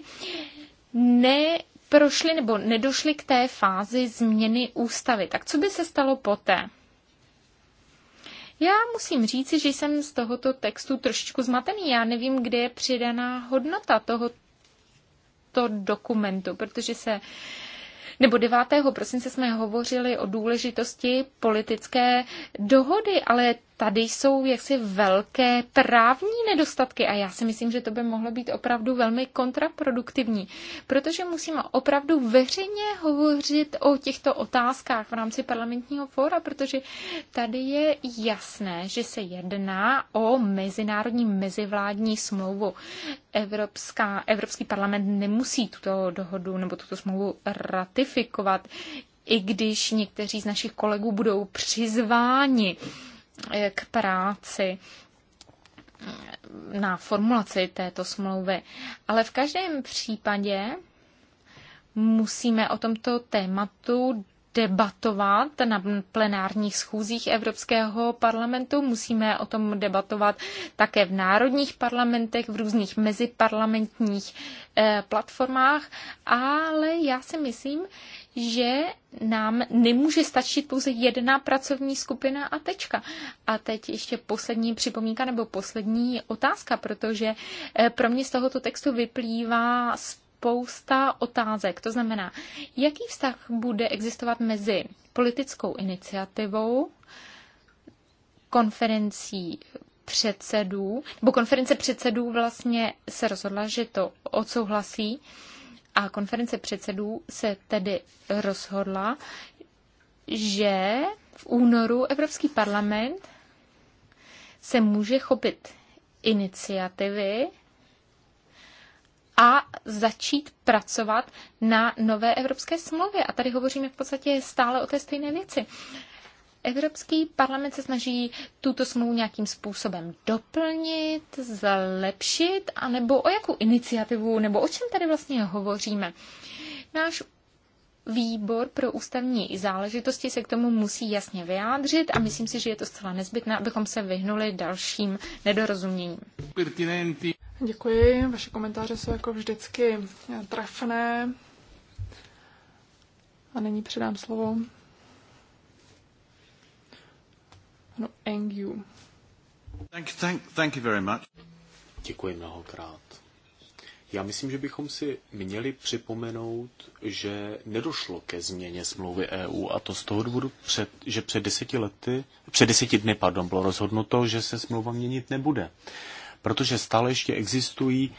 S3: neprošly nebo nedošly k té fázi změny ústavy. Tak co by se stalo poté? Já musím říci, že jsem z tohoto textu trošičku zmatený. Já nevím, kde je přidaná hodnota tohoto dokumentu, protože se nebo 9. prosince jsme hovořili o důležitosti politické dohody, ale tady jsou jaksi velké právní nedostatky a já si myslím, že to by mohlo být opravdu velmi kontraproduktivní, protože musíme opravdu veřejně hovořit o těchto otázkách v rámci parlamentního fóra, protože tady je jasné, že se jedná o mezinárodní mezivládní smlouvu. Evropská, Evropský parlament nemusí tuto dohodu nebo tuto smlouvu ratifikovat, i když někteří z našich kolegů budou přizváni k práci na formulaci této smlouvy. Ale v každém případě musíme o tomto tématu debatovat na plenárních schůzích Evropského parlamentu, musíme o tom debatovat také v národních parlamentech, v různých meziparlamentních eh, platformách, ale já si myslím, že nám nemůže stačit pouze jedna pracovní skupina a tečka. A teď ještě poslední připomínka nebo poslední otázka, protože eh, pro mě z tohoto textu vyplývá spousta otázek. To znamená, jaký vztah bude existovat mezi politickou iniciativou, konferencí předsedů, nebo konference předsedů vlastně se rozhodla, že to odsouhlasí, a konference předsedů se tedy rozhodla, že v únoru Evropský parlament se může chopit iniciativy a začít pracovat na nové evropské smlouvě. A tady hovoříme v podstatě stále o té stejné věci. Evropský parlament se snaží tuto smlouvu nějakým způsobem doplnit, zlepšit, anebo o jakou iniciativu, nebo o čem tady vlastně hovoříme. Náš výbor pro ústavní záležitosti se k tomu musí jasně vyjádřit a myslím si, že je to zcela nezbytné, abychom se vyhnuli dalším nedorozuměním. Děkuji, vaše komentáře jsou jako vždycky trefné.
S2: A nyní předám slovo No, thank,
S1: thank, thank you very much. Děkuji mnohokrát. Já myslím, že bychom si měli připomenout, že nedošlo ke změně smlouvy EU a to z toho důvodu, před, že před deseti, lety, před deseti dny pardon, bylo rozhodnuto, že se smlouva měnit nebude. Protože stále ještě existují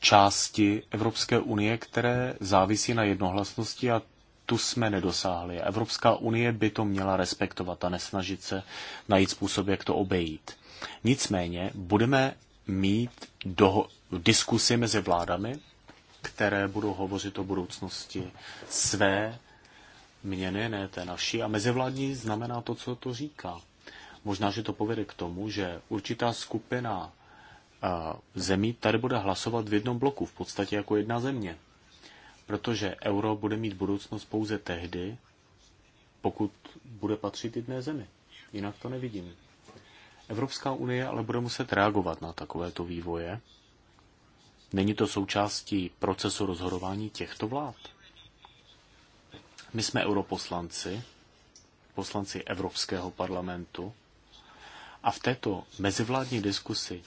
S1: části Evropské unie, které závisí na jednohlasnosti a tu jsme nedosáhli. Evropská unie by to měla respektovat a nesnažit se najít způsob, jak to obejít. Nicméně budeme mít doho- diskusy mezi vládami, které budou hovořit o budoucnosti své měny, ne té naší. A mezivládní znamená to, co to říká. Možná, že to povede k tomu, že určitá skupina eh, zemí tady bude hlasovat v jednom bloku, v podstatě jako jedna země protože euro bude mít budoucnost pouze tehdy, pokud bude patřit jedné zemi. Jinak to nevidím. Evropská unie ale bude muset reagovat na takovéto vývoje. Není to součástí procesu rozhodování těchto vlád. My jsme europoslanci, poslanci Evropského parlamentu, a v této mezivládní diskusi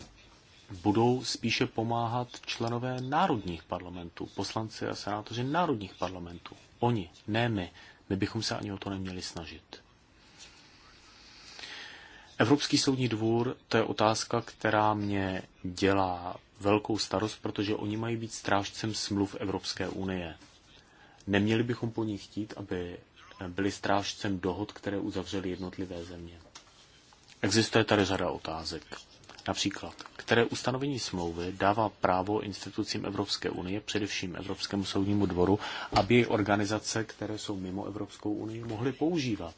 S1: budou spíše pomáhat členové národních parlamentů, poslanci a senátoři národních parlamentů. Oni, ne my. My bychom se ani o to neměli snažit. Evropský soudní dvůr, to je otázka, která mě dělá velkou starost, protože oni mají být strážcem smluv Evropské unie. Neměli bychom po nich chtít, aby byli strážcem dohod, které uzavřely jednotlivé země. Existuje tady řada otázek. Například, které ustanovení smlouvy dává právo institucím Evropské unie, především Evropskému soudnímu dvoru, aby jej organizace, které jsou mimo Evropskou unii, mohly používat?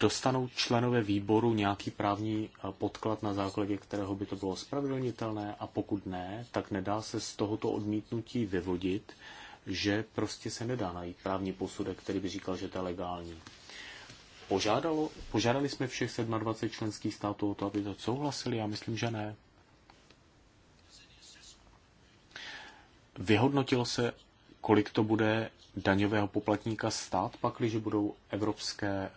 S1: Dostanou členové výboru nějaký právní podklad, na základě kterého by to bylo spravedlnitelné a pokud ne, tak nedá se z tohoto odmítnutí vyvodit, že prostě se nedá najít právní posudek, který by říkal, že to je legální požádalo, požádali jsme všech 27 členských států o to, aby to souhlasili? Já myslím, že ne. Vyhodnotilo se, kolik to bude daňového poplatníka stát, pakliže budou evropské eh,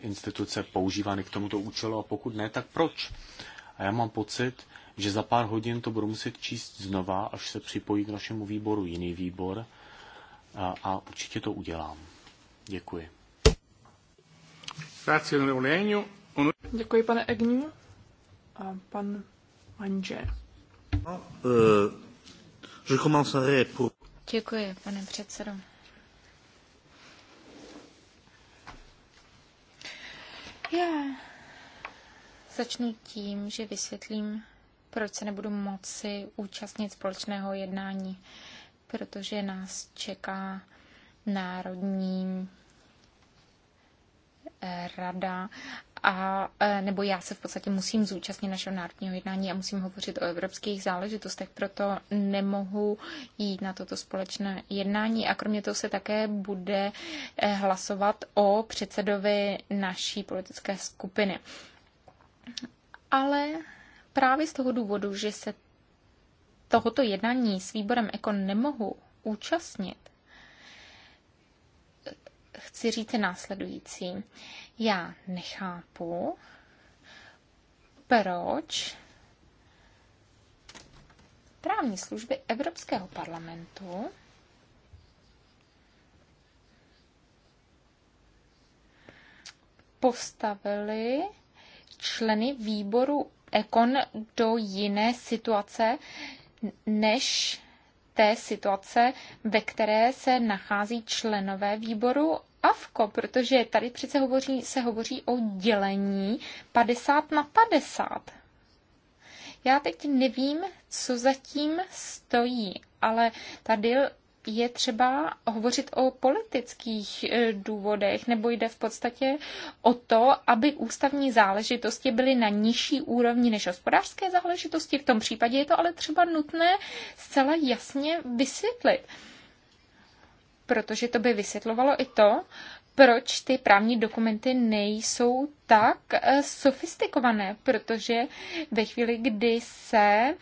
S1: instituce používány k tomuto účelu a pokud ne, tak proč? A já mám pocit, že za pár hodin to budu muset číst znova, až se připojí k našemu výboru jiný výbor a, eh, a určitě to udělám. Děkuji.
S2: Děkuji, pane Egniu. A pan Manže.
S1: No, eh,
S3: Děkuji, pane předsedo. Já začnu tím, že vysvětlím, proč se nebudu moci účastnit společného jednání, protože nás čeká národní rada a e, nebo já se v podstatě musím zúčastnit našeho národního jednání a musím hovořit o evropských záležitostech, proto nemohu jít na toto společné jednání a kromě toho se také bude e, hlasovat o předsedovi naší politické skupiny. Ale právě z toho důvodu, že se tohoto jednání s výborem Ekon nemohu účastnit, chci říct následující. Já nechápu, proč právní služby Evropského parlamentu postavili členy výboru Ekon do jiné situace, než té situace, ve které se nachází členové výboru avko, protože tady přece hovoří, se hovoří o dělení 50 na 50. Já teď nevím, co zatím stojí, ale tady je třeba hovořit o politických e, důvodech, nebo jde v podstatě o to, aby ústavní záležitosti byly na nižší úrovni než hospodářské záležitosti. V tom případě je to ale třeba nutné zcela jasně vysvětlit protože to by vysvětlovalo i to, proč ty právní dokumenty nejsou tak eh, sofistikované, protože ve chvíli, kdy se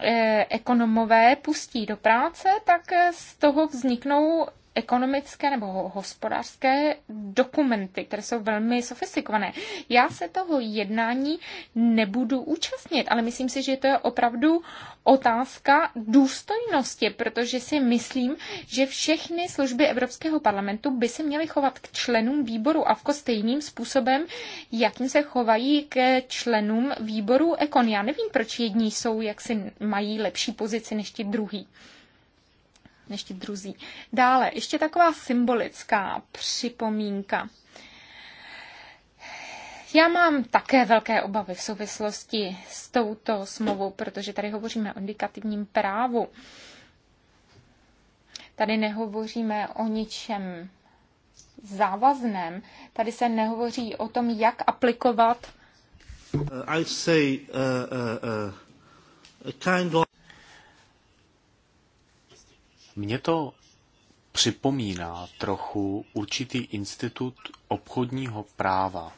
S3: eh, ekonomové pustí do práce, tak eh, z toho vzniknou ekonomické nebo hospodářské dokumenty, které jsou velmi sofistikované. Já se toho jednání nebudu účastnit, ale myslím si, že to je opravdu otázka důstojnosti, protože si myslím, že všechny služby Evropského parlamentu by se měly chovat k členům výboru AVKO stejným způsobem, jakým se chovají k členům výboru EKON. Já nevím, proč jedni jsou, jak si mají lepší pozici než ti druhý než ti druzí. Dále, ještě taková symbolická připomínka. Já mám také velké obavy v souvislosti s touto smlouvou, protože tady hovoříme o indikativním právu. Tady nehovoříme o ničem závazném. Tady se nehovoří o tom, jak aplikovat.
S1: Uh, I say, uh, uh, uh, kind of... Mně to připomíná trochu určitý institut obchodního práva.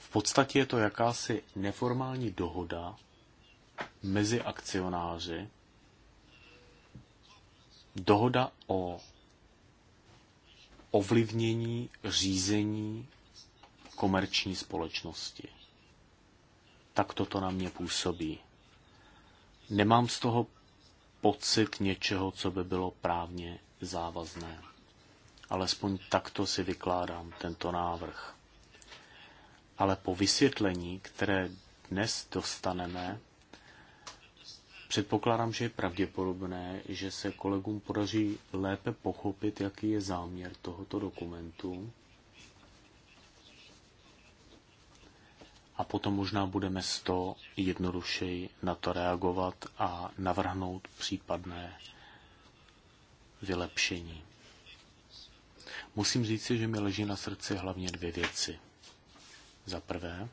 S1: V podstatě je to jakási neformální dohoda mezi akcionáři, dohoda o ovlivnění řízení komerční společnosti. Tak toto na mě působí. Nemám z toho pocit něčeho, co by bylo právně závazné. Alespoň takto si vykládám tento návrh. Ale po vysvětlení, které dnes dostaneme, předpokládám, že je pravděpodobné, že se kolegům podaří lépe pochopit, jaký je záměr tohoto dokumentu potom možná budeme s to jednodušeji na to reagovat a navrhnout případné vylepšení. Musím říci, že mi leží na srdci hlavně dvě věci. Za prvé,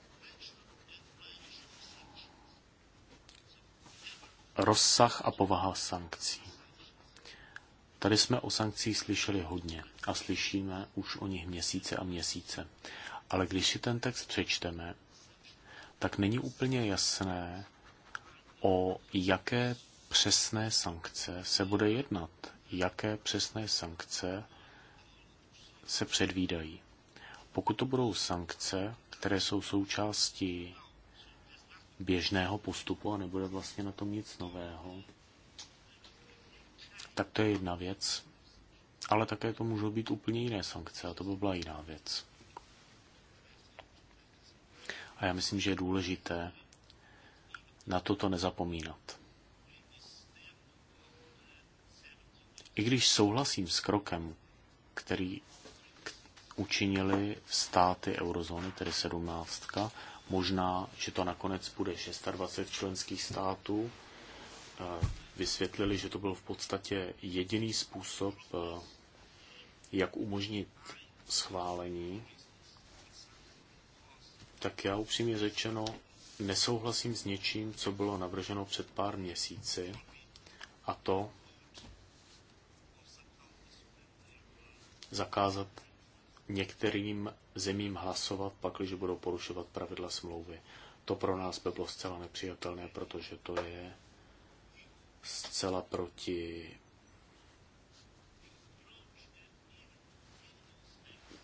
S1: rozsah a povaha sankcí. Tady jsme o sankcích slyšeli hodně a slyšíme už o nich měsíce a měsíce. Ale když si ten text přečteme, tak není úplně jasné, o jaké přesné sankce se bude jednat, jaké přesné sankce se předvídají. Pokud to budou sankce, které jsou součástí běžného postupu a nebude vlastně na tom nic nového, tak to je jedna věc. Ale také to můžou být úplně jiné sankce a to by byla jiná věc. A já myslím, že je důležité na toto nezapomínat. I když souhlasím s krokem, který učinili státy eurozóny, tedy 17, možná, že to nakonec bude 26 členských států, eh, vysvětlili, že to byl v podstatě jediný způsob, eh, jak umožnit schválení tak já upřímně řečeno nesouhlasím s něčím, co bylo navrženo před pár měsíci, a to zakázat některým zemím hlasovat, pakliže budou porušovat pravidla smlouvy. To pro nás by bylo zcela nepřijatelné, protože to je zcela proti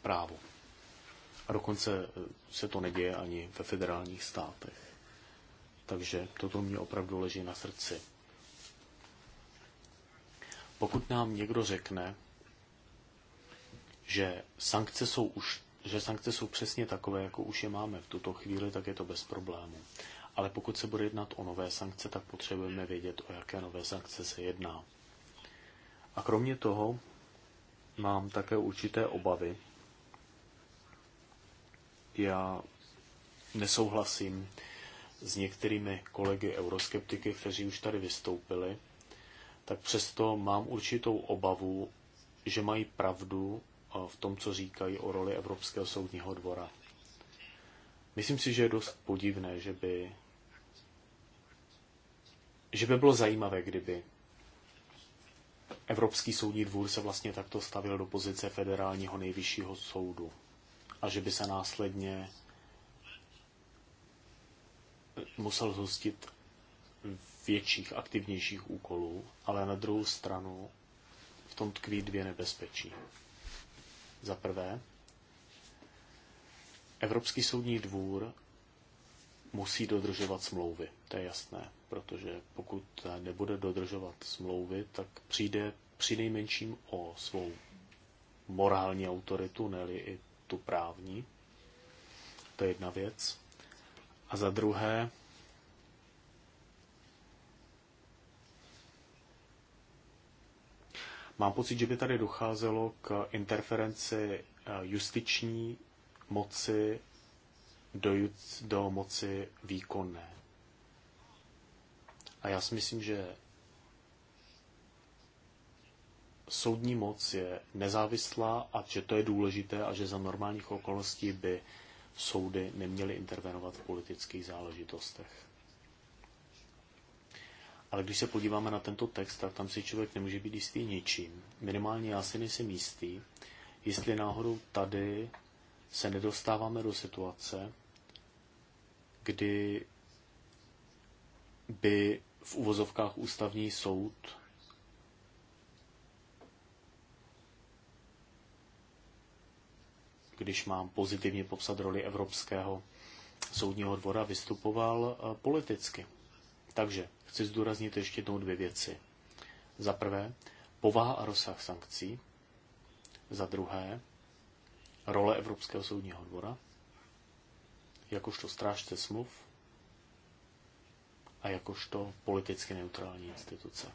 S1: právu. A dokonce eh, se to neděje ani ve federálních státech. Takže toto mě opravdu leží na srdci. Pokud nám někdo řekne, že sankce jsou už že sankce jsou přesně takové, jako už je máme v tuto chvíli, tak je to bez problému. Ale pokud se bude jednat o nové sankce, tak potřebujeme vědět, o jaké nové sankce se jedná. A kromě toho mám také určité obavy, já nesouhlasím s některými kolegy euroskeptiky, kteří už tady vystoupili, tak přesto mám určitou obavu, že mají pravdu eh, v tom, co říkají o roli Evropského soudního dvora. Myslím si, že je dost podivné, že by, že by bylo zajímavé, kdyby Evropský soudní dvůr se vlastně takto stavil do pozice federálního nejvyššího soudu a že by se následně musel zhostit větších, aktivnějších úkolů, ale na druhou stranu v tom tkví dvě nebezpečí. Za prvé, Evropský soudní dvůr musí dodržovat smlouvy, to je jasné, protože pokud nebude dodržovat smlouvy, tak přijde při nejmenším o svou morální autoritu, neli. i tu právní. To je jedna věc. A za druhé, mám pocit, že by tady docházelo k interferenci eh, justiční moci do, do moci výkonné. A já si myslím, že soudní moc je nezávislá a že to je důležité a že za normálních okolností by soudy neměly intervenovat v politických záležitostech. Ale když se podíváme na tento text, tak tam si člověk nemůže být jistý ničím. Minimálně já si nejsem jistý, jestli náhodou tady se nedostáváme do situace, kdy by v uvozovkách ústavní soud když mám pozitivně popsat roli Evropského soudního dvora, vystupoval eh, politicky. Takže chci zdůraznit ještě jednou dvě věci. Za prvé, povaha a rozsah sankcí. Za druhé, role Evropského soudního dvora, jakožto strážce smluv a jakožto politicky neutrální instituce.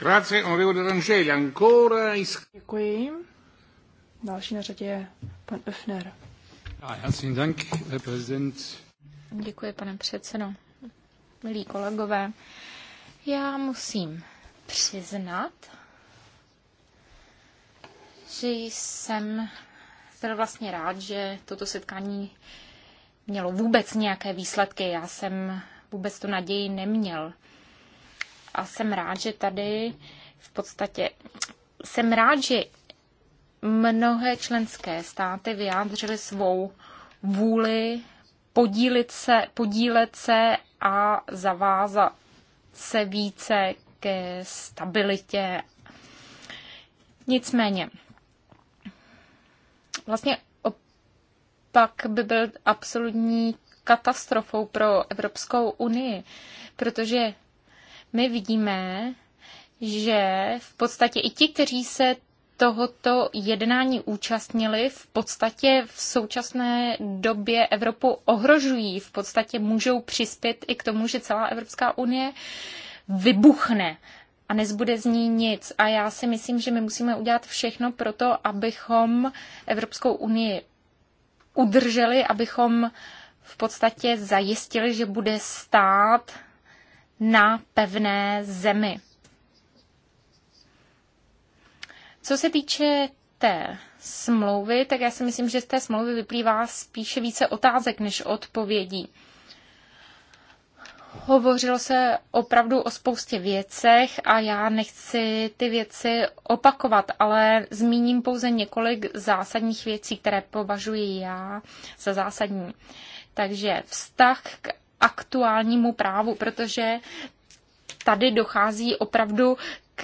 S2: Grazie, onorevole Rangeli, ancora is... Děkuji. Další na řadě
S3: je pan Öfner. Děkuji, pane předsedo. Milí kolegové, já musím přiznat, že jsem byl vlastně rád, že toto setkání mělo vůbec nějaké výsledky. Já jsem vůbec tu naději neměl a jsem rád, že tady v podstatě jsem rád, že mnohé členské státy vyjádřily svou vůli podílit se, podílet se a zavázat se více ke stabilitě. Nicméně, vlastně opak by byl absolutní katastrofou pro Evropskou unii, protože my vidíme, že v podstatě i ti, kteří se tohoto jednání účastnili, v podstatě v současné době Evropu ohrožují, v podstatě můžou přispět i k tomu, že celá Evropská unie vybuchne a nezbude z ní nic. A já si myslím, že my musíme udělat všechno pro to, abychom Evropskou unii udrželi, abychom v podstatě zajistili, že bude stát na pevné zemi. Co se týče té smlouvy, tak já si myslím, že z té smlouvy vyplývá spíše více otázek než odpovědí. Hovořilo se opravdu o spoustě věcech a já nechci ty věci opakovat, ale zmíním pouze několik zásadních věcí, které považuji já za zásadní. Takže vztah k aktuálnímu právu, protože tady dochází opravdu k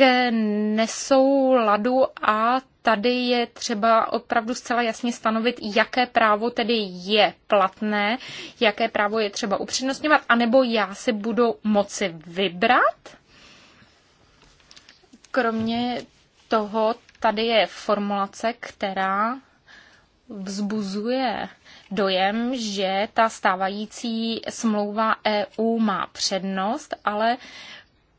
S3: nesouladu a tady je třeba opravdu zcela jasně stanovit, jaké právo tedy je platné, jaké právo je třeba upřednostňovat, anebo já si budu moci vybrat. Kromě toho tady je formulace, která vzbuzuje dojem, že ta stávající smlouva EU má přednost, ale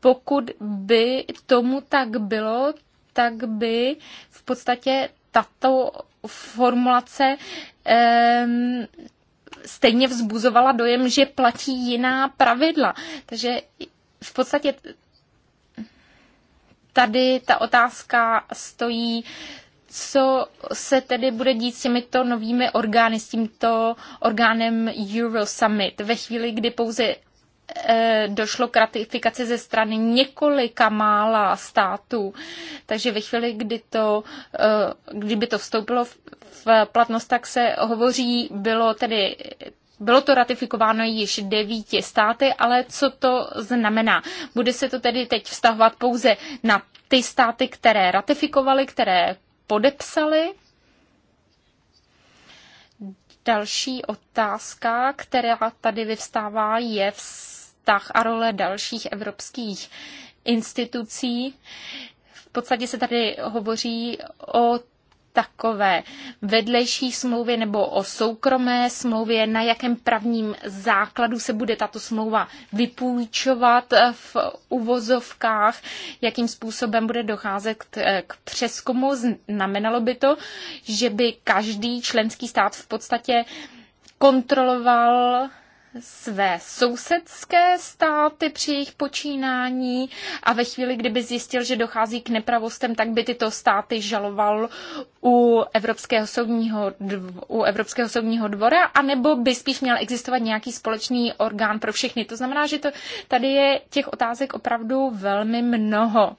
S3: pokud by tomu tak bylo, tak by v podstatě tato formulace um, stejně vzbuzovala dojem, že platí jiná pravidla. Takže v podstatě tady ta otázka stojí co se tedy bude dít s těmito novými orgány, s tímto orgánem Eurosummit ve chvíli, kdy pouze eh, došlo k ratifikaci ze strany několika mála států. Takže ve chvíli, kdy to, eh, kdyby to vstoupilo v platnost, tak se hovoří, bylo tedy bylo to ratifikováno již devíti státy, ale co to znamená? Bude se to tedy teď vztahovat pouze na ty státy, které ratifikovaly, které podepsali. Další otázka, která tady vyvstává, je vztah a role dalších evropských institucí. V podstatě se tady hovoří o takové vedlejší smlouvě nebo o soukromé smlouvě, na jakém právním základu se bude tato smlouva vypůjčovat eh, v uvozovkách, jakým způsobem bude docházet eh, k přeskumu. Znamenalo by to, že by každý členský stát v podstatě kontroloval své sousedské státy při jejich počínání a ve chvíli, kdyby zjistil, že dochází k nepravostem, tak by tyto státy žaloval u Evropského soudního, u Evropského soudního dvora, anebo by spíš měl existovat nějaký společný orgán pro všechny. To znamená, že to, tady je těch otázek opravdu velmi mnoho.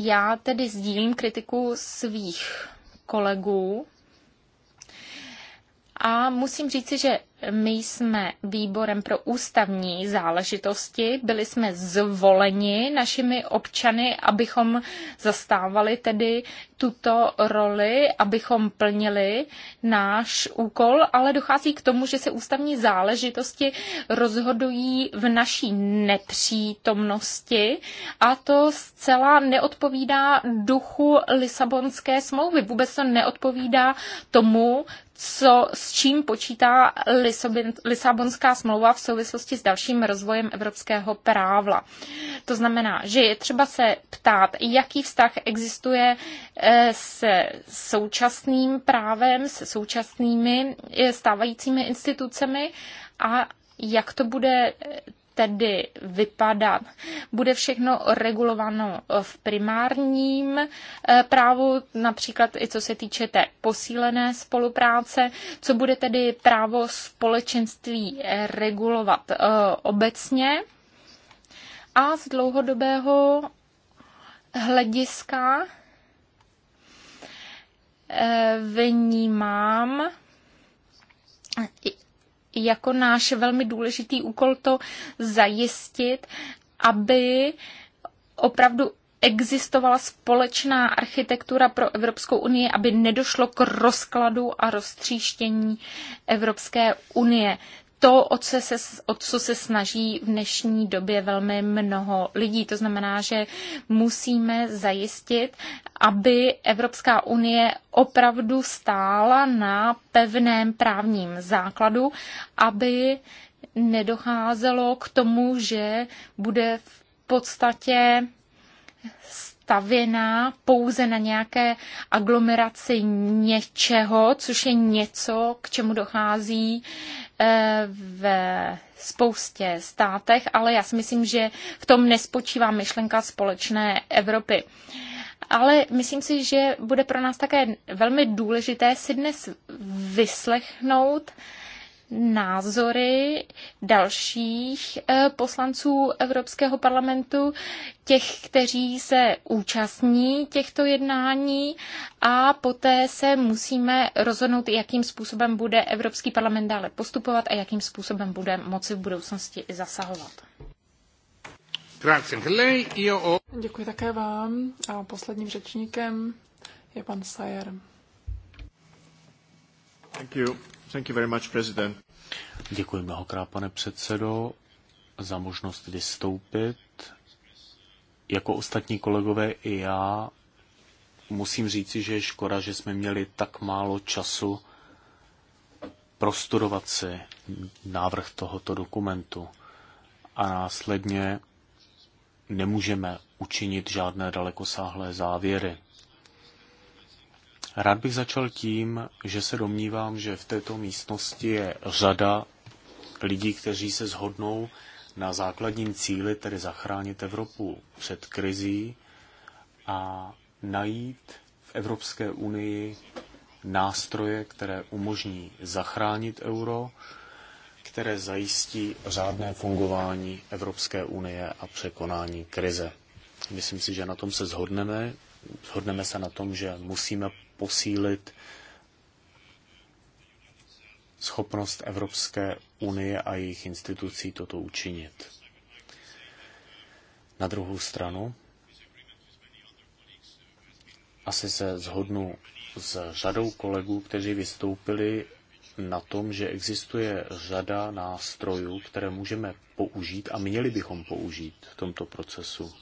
S3: Já tedy sdílím kritiku svých kolegů a musím říci, že my jsme výborem pro ústavní záležitosti, byli jsme zvoleni našimi občany, abychom zastávali tedy tuto roli, abychom plnili náš úkol, ale dochází k tomu, že se ústavní záležitosti rozhodují v naší nepřítomnosti a to zcela neodpovídá duchu Lisabonské smlouvy. Vůbec to neodpovídá tomu, co, s čím počítá Lisabonská smlouva v souvislosti s dalším rozvojem evropského práva. To znamená, že je třeba se ptát, jaký vztah existuje eh, se současným právem, se současnými eh, stávajícími institucemi a jak to bude tedy vypadat. Bude všechno regulováno v primárním eh, právu, například i co se týče té posílené spolupráce, co bude tedy právo společenství regulovat eh, obecně. A z dlouhodobého hlediska eh, vnímám jako náš velmi důležitý úkol to zajistit, aby opravdu existovala společná architektura pro Evropskou unii, aby nedošlo k rozkladu a roztříštění Evropské unie to, o co, se, o co se snaží v dnešní době velmi mnoho lidí. To znamená, že musíme zajistit, aby Evropská unie opravdu stála na pevném právním základu, aby nedocházelo k tomu, že bude v podstatě stavěná pouze na nějaké aglomeraci něčeho, což je něco, k čemu dochází eh, v spoustě státech, ale já si myslím, že v tom nespočívá myšlenka společné Evropy. Ale myslím si, že bude pro nás také velmi důležité si dnes vyslechnout názory dalších eh, poslanců Evropského parlamentu, těch, kteří se účastní těchto jednání a poté se musíme rozhodnout, jakým způsobem bude Evropský parlament dále postupovat a jakým způsobem bude moci v budoucnosti i zasahovat.
S2: Děkuji také vám a posledním řečníkem je pan Sayer.
S1: Thank you. Thank you very much, President. Děkuji mnohokrát, pane předsedo, za možnost vystoupit. Jako ostatní kolegové i já musím říci, že je škoda, že jsme měli tak málo času prostudovat si návrh tohoto dokumentu a následně nemůžeme učinit žádné dalekosáhlé závěry. Rád bych začal tím, že se domnívám, že v této místnosti je řada lidí, kteří se zhodnou na základním cíli, tedy zachránit Evropu před krizí a najít v Evropské unii nástroje, které umožní zachránit euro, které zajistí řádné fungování Evropské unie a překonání krize. Myslím si, že na tom se zhodneme shodneme se na tom, že musíme posílit schopnost Evropské unie a jejich institucí toto učinit. Na druhou stranu, asi se zhodnu s řadou kolegů, kteří vystoupili na tom, že existuje řada nástrojů, které můžeme použít a měli bychom použít v tomto procesu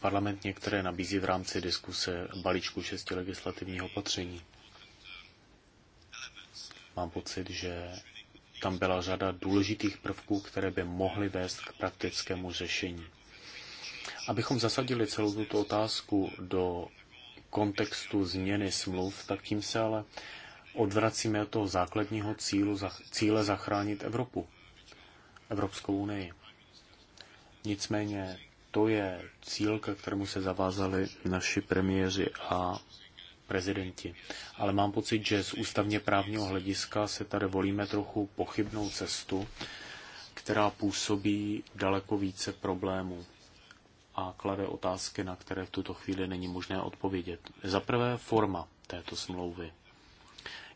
S1: Parlament některé nabízí v rámci diskuse balíčku šesti legislativních opatření. Mám pocit, že tam byla řada důležitých prvků, které by mohly vést k praktickému řešení. Abychom zasadili celou tuto otázku do kontextu změny smluv, tak tím se ale odvracíme od toho základního cílu, cíle zachránit Evropu, Evropskou unii. Nicméně to je cíl, ke kterému se zavázali naši premiéři a prezidenti. Ale mám pocit, že z ústavně právního hlediska se tady volíme trochu pochybnou cestu, která působí daleko více problémů a klade otázky, na které v tuto chvíli není možné odpovědět. Za prvé forma této smlouvy.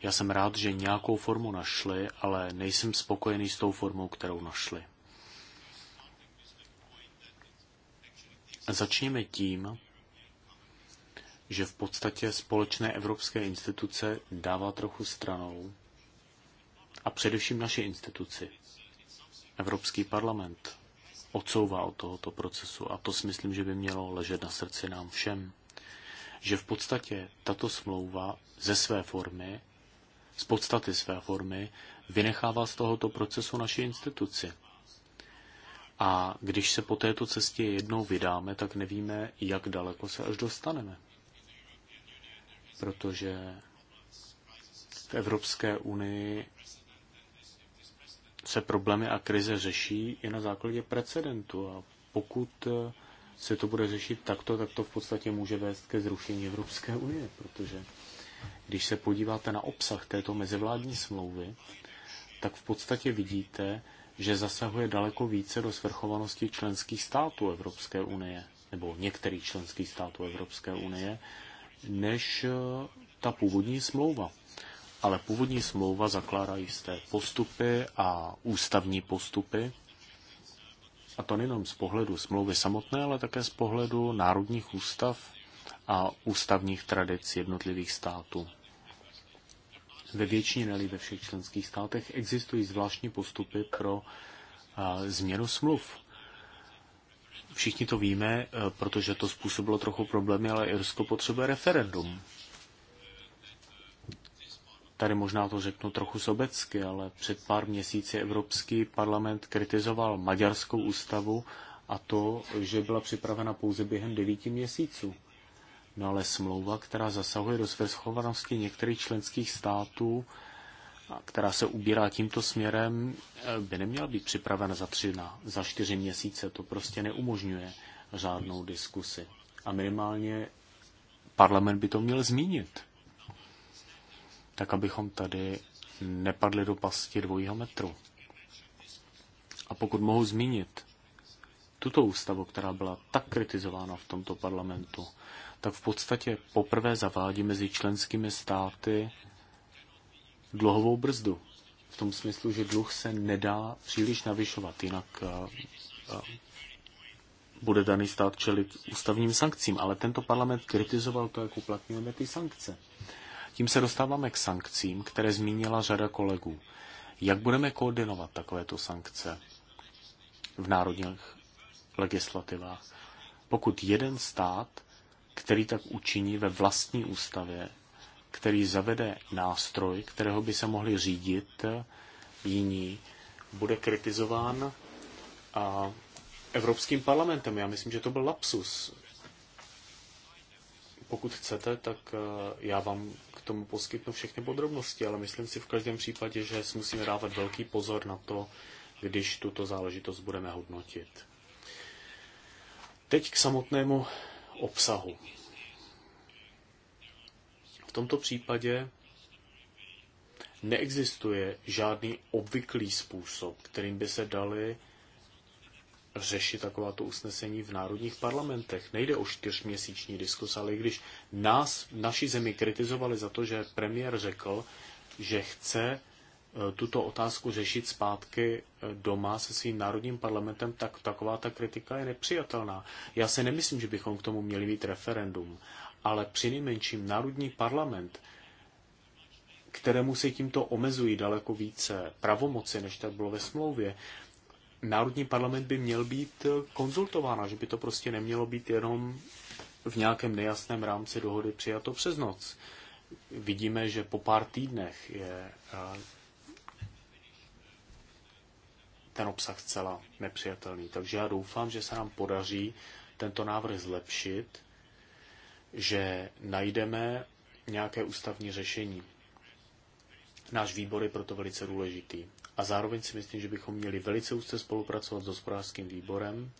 S1: Já jsem rád, že nějakou formu našli, ale nejsem spokojený s tou formou, kterou našli. Začněme tím, že v podstatě společné evropské instituce dává trochu stranou a především naše instituci, Evropský parlament, odsouvá od tohoto procesu a to si myslím, že by mělo ležet na srdci nám všem. Že v podstatě tato smlouva ze své formy, z podstaty své formy, vynechává z tohoto procesu naši instituci. A když se po této cestě jednou vydáme, tak nevíme, jak daleko se až dostaneme. Protože v Evropské unii se problémy a krize řeší i na základě precedentu. A pokud se to bude řešit takto, tak to v podstatě může vést ke zrušení Evropské unie, protože když se podíváte na obsah této mezivládní smlouvy, tak v podstatě vidíte, že zasahuje daleko více do svrchovanosti členských států Evropské unie, nebo některých členských států Evropské unie, než eh, ta původní smlouva. Ale původní smlouva zakládá jisté postupy a ústavní postupy, a to nejenom z pohledu smlouvy samotné, ale také z pohledu národních ústav a ústavních tradic jednotlivých států ve většině, nelí ve všech členských státech, existují zvláštní postupy pro změnu smluv. Všichni to víme, e, protože to způsobilo trochu problémy, ale Irsko potřebuje referendum. Tady možná to řeknu trochu sobecky, ale před pár měsíci Evropský parlament kritizoval maďarskou ústavu a to, že byla připravena pouze během devíti měsíců. No ale smlouva, která zasahuje do svrchovanosti některých členských států, která se ubírá tímto směrem, eh, by neměla být připravena za tři, na, za čtyři měsíce. To prostě neumožňuje řádnou diskusi. A minimálně parlament by to měl zmínit. Tak, abychom tady nepadli do pasti dvojího metru. A pokud mohu zmínit tuto ústavu, která byla tak kritizována v tomto parlamentu, tak v podstatě poprvé zavádí mezi členskými státy dluhovou brzdu. V tom smyslu, že dluh se nedá příliš navyšovat, jinak eh, eh, bude daný stát čelit ústavním sankcím. Ale tento parlament kritizoval to, jak uplatňujeme ty sankce. Tím se dostáváme k sankcím, které zmínila řada kolegů. Jak budeme koordinovat takovéto sankce v národních legislativách? Pokud jeden stát který tak učiní ve vlastní ústavě, který zavede nástroj, kterého by se mohli řídit jiní, bude kritizován a Evropským parlamentem. Já myslím, že to byl lapsus. Pokud chcete, tak eh, já vám k tomu poskytnu všechny podrobnosti, ale myslím si v každém případě, že si musíme dávat velký pozor na to, když tuto záležitost budeme hodnotit. Teď k samotnému obsahu. V tomto případě neexistuje žádný obvyklý způsob, kterým by se dali řešit takováto usnesení v národních parlamentech. Nejde o čtyřměsíční diskus, ale i když nás, naši zemi kritizovali za to, že premiér řekl, že chce Eh, tuto otázku řešit zpátky eh, doma se svým národním parlamentem, tak taková ta kritika je nepřijatelná. Já si nemyslím, že bychom k tomu měli mít referendum, ale nejmenším národní parlament, kterému se tímto omezují daleko více pravomoci, než tak bylo ve smlouvě, národní parlament by měl být eh, konzultován že by to prostě nemělo být jenom v nějakém nejasném rámci dohody přijato přes noc. Vidíme, že po pár týdnech je ten obsah zcela nepřijatelný. Takže já doufám, že se nám podaří tento návrh zlepšit, že najdeme nějaké ústavní řešení. Náš výbor je proto velice důležitý. A zároveň si myslím, že bychom měli velice úzce spolupracovat s hospodářským výborem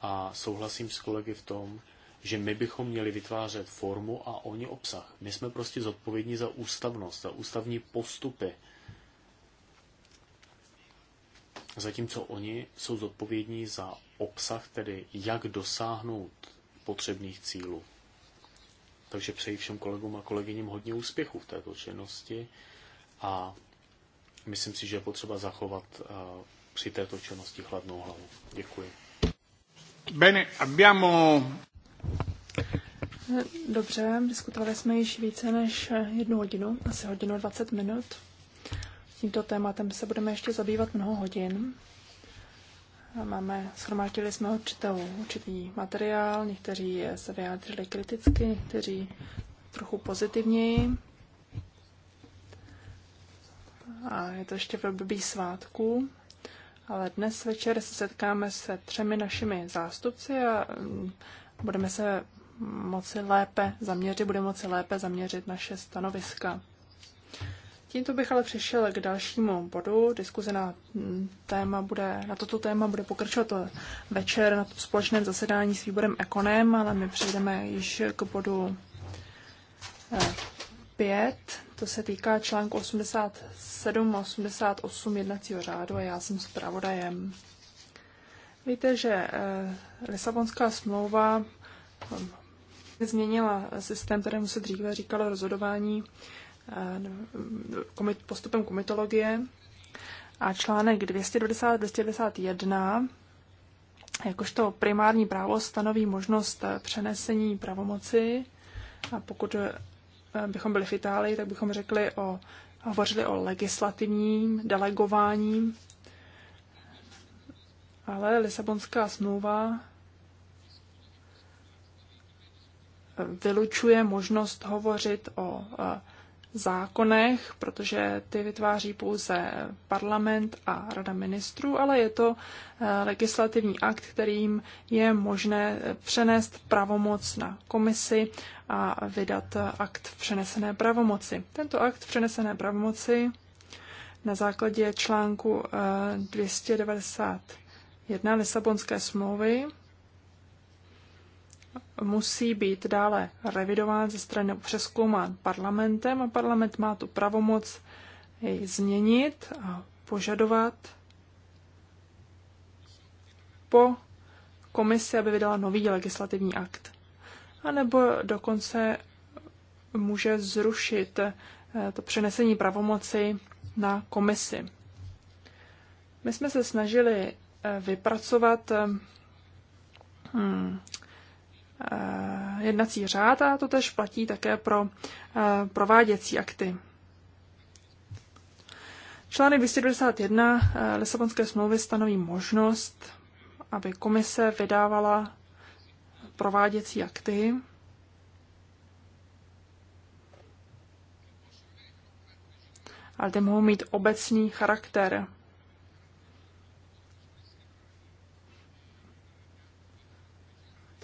S1: a souhlasím s kolegy v tom, že my bychom měli vytvářet formu a oni obsah. My jsme prostě zodpovědní za ústavnost, za ústavní postupy zatímco oni jsou zodpovědní za obsah, tedy jak dosáhnout potřebných cílů. Takže přeji všem kolegům a kolegyním hodně úspěchů v této činnosti a myslím si, že je potřeba zachovat eh, při této činnosti chladnou hlavu. Děkuji. Bene, abbiamo...
S2: Dobře, diskutovali jsme již více než jednu hodinu, asi hodinu 20 minut. Tímto tématem se budeme ještě zabývat mnoho hodin. Máme, schromáždili jsme určitou, určitý materiál, někteří se vyjádřili kriticky, někteří trochu pozitivněji. A je to ještě v období svátku, ale dnes večer se setkáme se třemi našimi zástupci a mm, budeme se moci lépe zaměřit, budeme moci lépe zaměřit naše stanoviska. Tímto bych ale přešel k dalšímu bodu. Diskuze na, mm, téma bude, na toto téma bude pokračovat večer na společném zasedání s výborem Ekonem, ale my přejdeme již k bodu 5. Eh, to se týká článku 87 a 88 jednacího řádu a já jsem zpravodajem. Víte, že eh, Lisabonská smlouva hm, změnila systém, kterému se dříve říkalo rozhodování No, postupem komitologie a článek 290-291 jakožto primární právo stanoví možnost přenesení pravomoci a pokud e, bychom byli v Itálii, tak bychom řekli o, hovořili o legislativním delegování, ale Lisabonská smlouva e, vylučuje možnost hovořit o e, zákonech, protože ty vytváří pouze parlament a rada ministrů, ale je to eh, legislativní akt, kterým je možné přenést pravomoc na komisi a vydat akt přenesené pravomoci. Tento akt přenesené pravomoci na základě článku eh, 291 Lisabonské smlouvy musí být dále revidován ze strany přeskoumán parlamentem a parlament má tu pravomoc jej změnit a požadovat po komisi, aby vydala nový legislativní akt. A nebo dokonce může zrušit eh, to přenesení pravomoci na komisi. My jsme se snažili eh, vypracovat eh, hmm, Eh, jednací řád a to tež platí také pro eh, prováděcí akty. Článek 291 eh, Lisabonské smlouvy stanoví možnost, aby komise vydávala prováděcí akty. Ale ty mohou mít obecný charakter.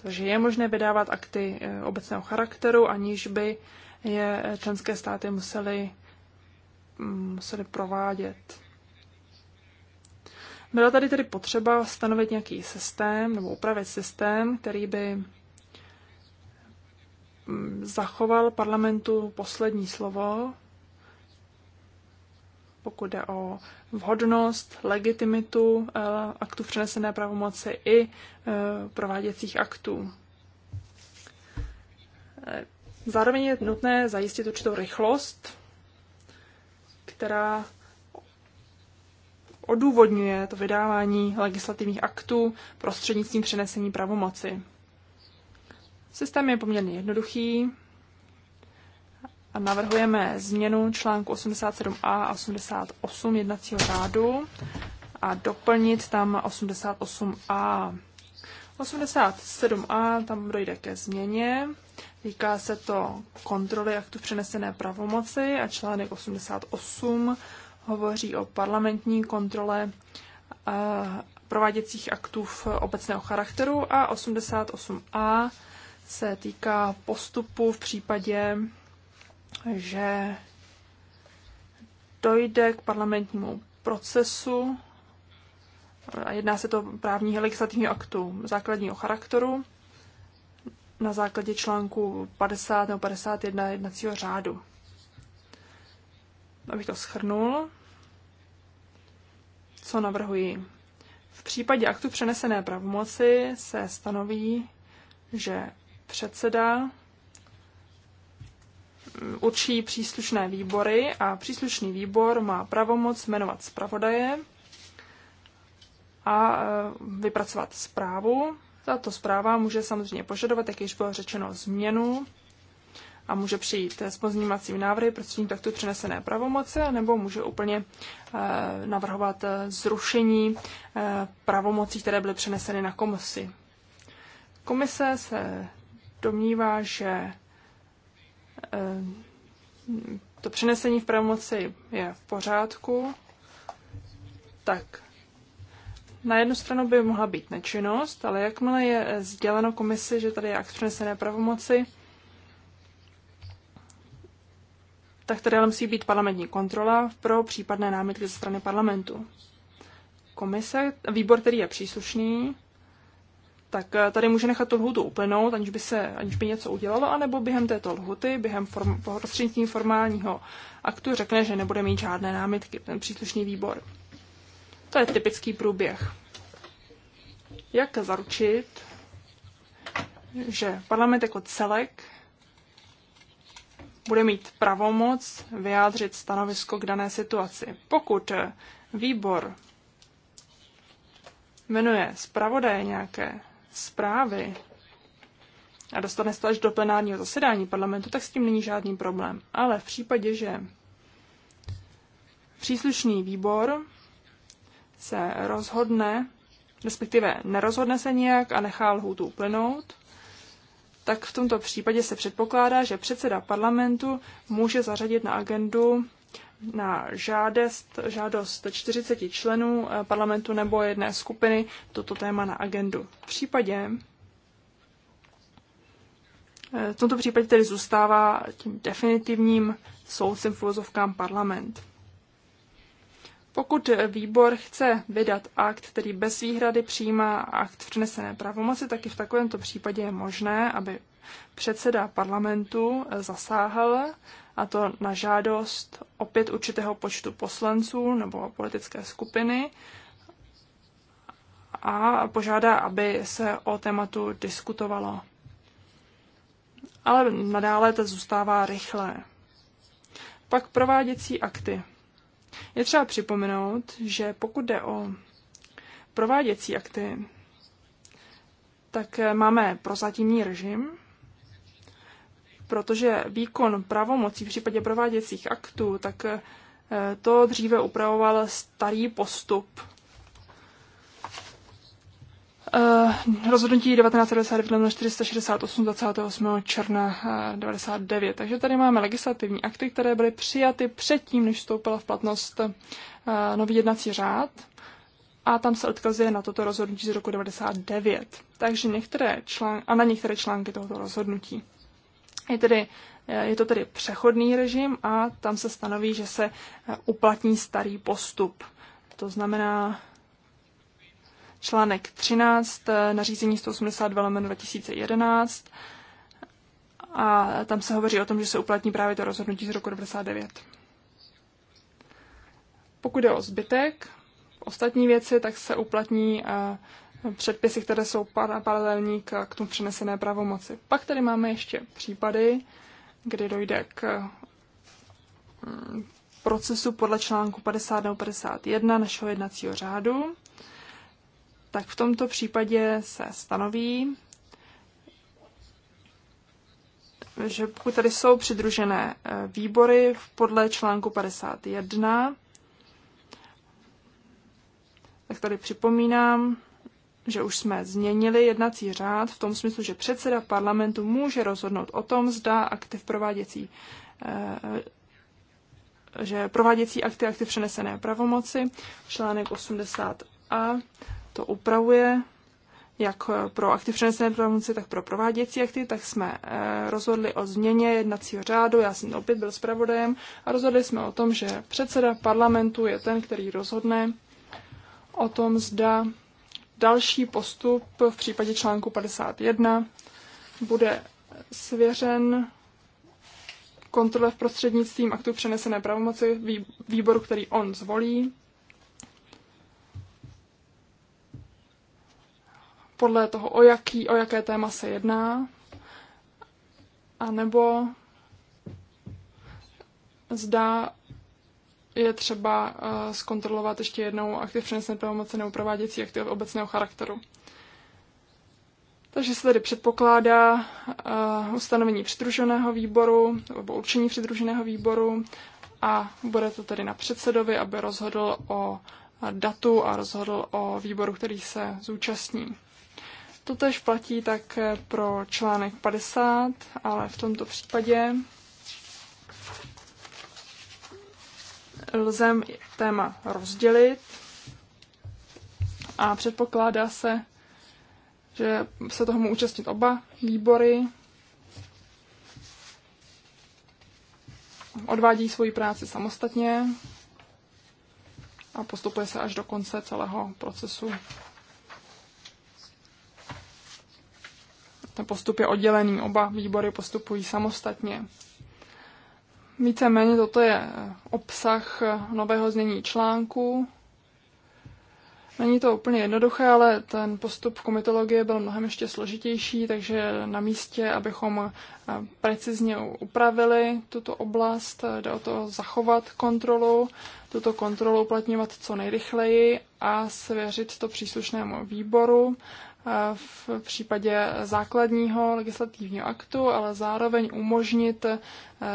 S2: Takže je možné vydávat akty eh, obecného charakteru, aniž by je členské státy musely, mm, musely provádět. Byla tady tedy potřeba stanovit nějaký systém nebo upravit systém, který by mm, zachoval parlamentu poslední slovo pokud jde o vhodnost, legitimitu eh, aktu přenesené pravomoci i eh, prováděcích aktů. Eh, zároveň je nutné zajistit určitou rychlost, která odůvodňuje to vydávání legislativních aktů prostřednictvím přenesení pravomoci. Systém je poměrně jednoduchý, navrhujeme změnu článku 87a a 88 jednacího řádu a doplnit tam 88a. 87a tam dojde ke změně. Týká se to kontroly aktu přenesené pravomoci a článek 88 hovoří o parlamentní kontrole eh, prováděcích aktů v obecného charakteru a 88a se týká postupu v případě že dojde k parlamentnímu procesu a jedná se to právních legislativního aktu základního charakteru na základě článku 50 nebo 51 jednacího řádu. Abych to schrnul, co navrhuji. V případě aktu přenesené pravomoci se stanoví, že předseda určí příslušné výbory a příslušný výbor má pravomoc jmenovat zpravodaje a e, vypracovat zprávu. Tato zpráva může samozřejmě požadovat, jak již bylo řečeno, změnu a může přijít s pozměňovacími návrhy prostřednictvím takto přenesené pravomoci, nebo může úplně e, navrhovat e, zrušení pravomocí, které byly přeneseny na komisi. Komise se domnívá, že Eh, to přenesení v pravomoci je v pořádku, tak na jednu stranu by mohla být nečinnost, ale jakmile je sděleno komisi, že tady je akt přenesené pravomoci, tak tady ale musí být parlamentní kontrola pro případné námitky ze strany parlamentu. Komise, výbor, který je příslušný, tak eh, tady může nechat tu lhutu uplynout, aniž by, se, aniž by něco udělalo, anebo během této lhuty, během form, prostřednictvím formálního aktu řekne, že nebude mít žádné námitky, ten příslušný výbor. To je typický průběh. Jak zaručit, že parlament jako celek bude mít pravomoc vyjádřit stanovisko k dané situaci. Pokud eh, výbor jmenuje zpravodaje nějaké zprávy a dostane se to až do plenárního zasedání parlamentu, tak s tím není žádný problém. Ale v případě, že příslušný výbor se rozhodne, respektive nerozhodne se nijak a nechá lhůtu uplynout, tak v tomto případě se předpokládá, že předseda parlamentu může zařadit na agendu na žádost, žádost 40 členů eh, parlamentu nebo jedné skupiny toto téma na agendu. V případě, eh, v tomto případě tedy zůstává tím definitivním soudcem v parlament. Pokud výbor chce vydat akt, který bez výhrady přijímá akt přenesené pravomoci, tak i v takovémto případě je možné, aby předseda parlamentu zasáhl, a to na žádost opět určitého počtu poslanců nebo politické skupiny, a požádá, aby se o tématu diskutovalo. Ale nadále to zůstává rychlé. Pak prováděcí akty. Je třeba připomenout, že pokud jde o prováděcí akty, tak máme prozatímní režim, protože výkon pravomocí v případě prováděcích aktů, tak eh, to dříve upravoval starý postup Eh, rozhodnutí 1999 468 28. června 99. Eh, Takže tady máme legislativní akty, které byly přijaty předtím, než vstoupila v platnost eh, nový jednací řád. A tam se odkazuje na toto rozhodnutí z roku 99. Takže některé články, a na některé články tohoto rozhodnutí. Je, tedy, je to tedy přechodný režim a tam se stanoví, že se uplatní starý postup. To znamená, článek 13 eh, nařízení 182 lomeno 2011 a tam se hovoří o tom, že se uplatní právě to rozhodnutí z roku 99. Pokud jde o zbytek, ostatní věci, tak se uplatní eh, předpisy, které jsou paralelní k, k tomu přenesené pravomoci. Pak tady máme ještě případy, kdy dojde k mm, procesu podle článku 50 nebo 51 našeho jednacího řádu tak v tomto případě se stanoví, že pokud tady jsou přidružené eh, výbory podle článku 51, tak tady připomínám, že už jsme změnili jednací řád v tom smyslu, že předseda parlamentu může rozhodnout o tom, zda aktiv prováděcí, eh, že prováděcí akty aktiv přenesené pravomoci, článek 80a to upravuje, jak pro aktiv přenesené pravomoci, tak pro prováděcí akty, tak jsme eh, rozhodli o změně jednacího řádu, já jsem opět byl zpravodajem a rozhodli jsme o tom, že předseda parlamentu je ten, který rozhodne o tom, zda další postup v případě článku 51 bude svěřen kontrole v prostřednictvím aktu přenesené pravomoci výboru, který on zvolí, podle toho, o, jaký, o jaké téma se jedná, anebo zda je třeba eh, zkontrolovat ještě jednou aktiv přenesené pravomoci nebo prováděcí aktiv obecného charakteru. Takže se tedy předpokládá uh, ustanovení přidruženého výboru nebo určení přidruženého výboru a bude to tedy na předsedovi, aby rozhodl o datu a rozhodl o výboru, který se zúčastní tež platí tak pro článek 50, ale v tomto případě lze téma rozdělit a předpokládá se, že se toho mohou účastnit oba výbory. Odvádí svoji práci samostatně a postupuje se až do konce celého procesu. Ten postup je oddělený, oba výbory postupují samostatně. Víceméně toto je eh, obsah eh, nového znění článku. Není to úplně jednoduché, ale ten postup komitologie byl mnohem ještě složitější, takže na místě, abychom eh, precizně upravili tuto oblast, jde o to zachovat kontrolu, tuto kontrolu uplatňovat co nejrychleji a svěřit to příslušnému výboru v případě základního legislativního aktu, ale zároveň umožnit eh,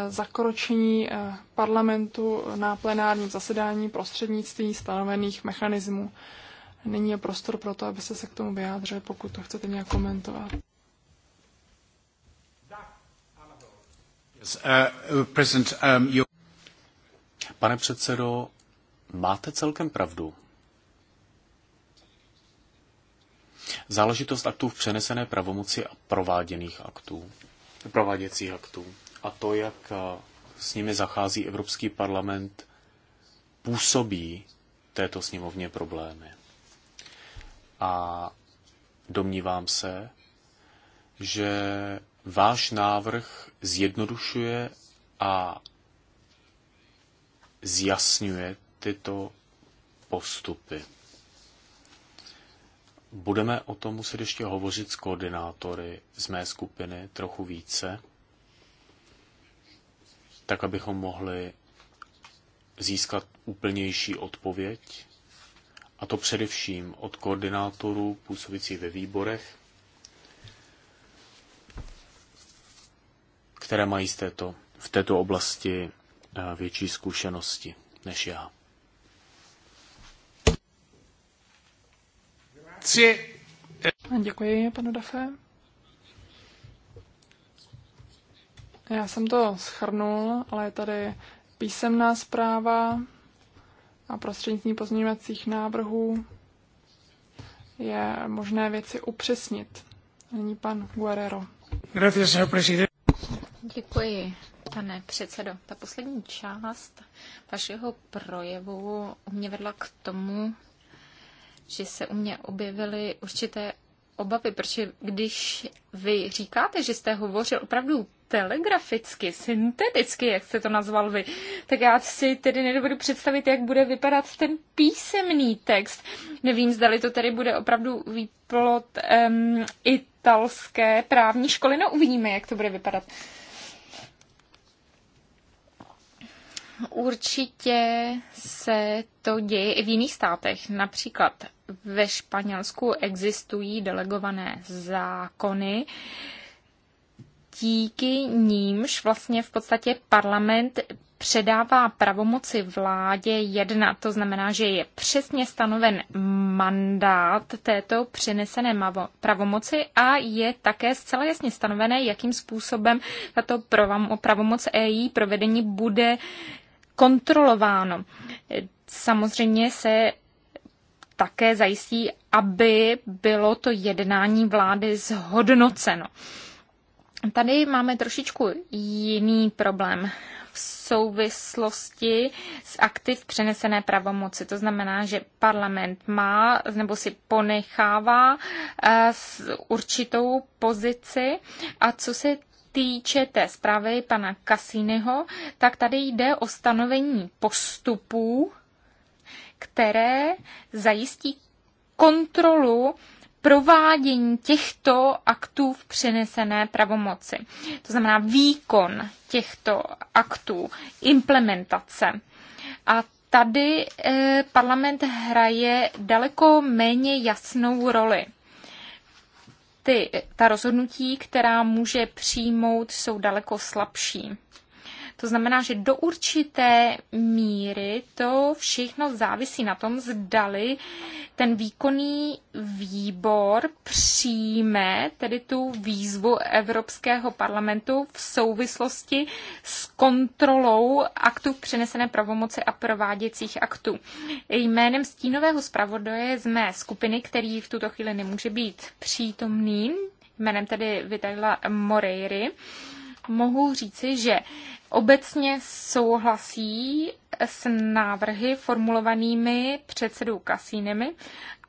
S2: zakročení eh, parlamentu na plenárním zasedání prostřednictvím stanovených mechanismů. Není je prostor pro to, abyste se k tomu vyjádřili, pokud to chcete nějak komentovat.
S1: Uh, uh, um, Pane předsedo, máte celkem pravdu. záležitost aktů v přenesené pravomoci a prováděných aktů, prováděcích aktů. A to, jak eh, s nimi zachází Evropský parlament, působí této sněmovně problémy. A domnívám se, že váš návrh zjednodušuje a zjasňuje tyto postupy. Budeme o tom muset ještě hovořit s koordinátory z mé skupiny trochu více, tak abychom mohli získat úplnější odpověď, a to především od koordinátorů působících ve výborech, které mají z této, v této oblasti eh, větší zkušenosti než já.
S2: Děkuji, panu Dafe. Já jsem to schrnul, ale je tady písemná zpráva a prostřednictvím pozměňovacích návrhů je možné věci upřesnit.
S3: Nyní pan Guerrero. Děkuji, pane předsedo. Ta poslední část vašeho projevu mě vedla k tomu, že se u mě objevily určité obavy, protože když vy říkáte, že jste hovořil opravdu telegraficky, synteticky, jak jste to nazval vy, tak já si tedy nedovedu představit, jak bude vypadat ten písemný text. Nevím, zdali to tedy bude opravdu výplot um, italské právní školy. No uvidíme, jak to bude vypadat. určitě se to děje i v jiných státech. Například ve Španělsku existují delegované zákony, díky nímž vlastně v podstatě parlament předává pravomoci vládě jedna. To znamená, že je přesně stanoven mandát této přenesené pravomoci a je také zcela jasně stanovené, jakým způsobem tato pravomoc její provedení bude kontrolováno. Samozřejmě se také zajistí, aby bylo to jednání vlády zhodnoceno. Tady máme trošičku jiný problém v souvislosti s aktiv přenesené pravomoci. To znamená, že parlament má nebo si ponechává eh, určitou pozici a co se týče té zprávy pana Kasínyho, tak tady jde o stanovení postupů, které zajistí kontrolu provádění těchto aktů v přenesené pravomoci. To znamená výkon těchto aktů, implementace. A tady eh, parlament hraje daleko méně jasnou roli ty, ta rozhodnutí, která může přijmout, jsou daleko slabší. To znamená, že do určité míry to všechno závisí na tom, zdali ten výkonný výbor přijme tedy tu výzvu Evropského parlamentu v souvislosti s kontrolou aktů přenesené pravomoci a prováděcích aktů. Jménem stínového zpravodaje z mé skupiny, který v tuto chvíli nemůže být přítomný, jménem tedy Vitaila Moreiry, mohu říci, že obecně souhlasí s návrhy formulovanými předsedou Kasínemi,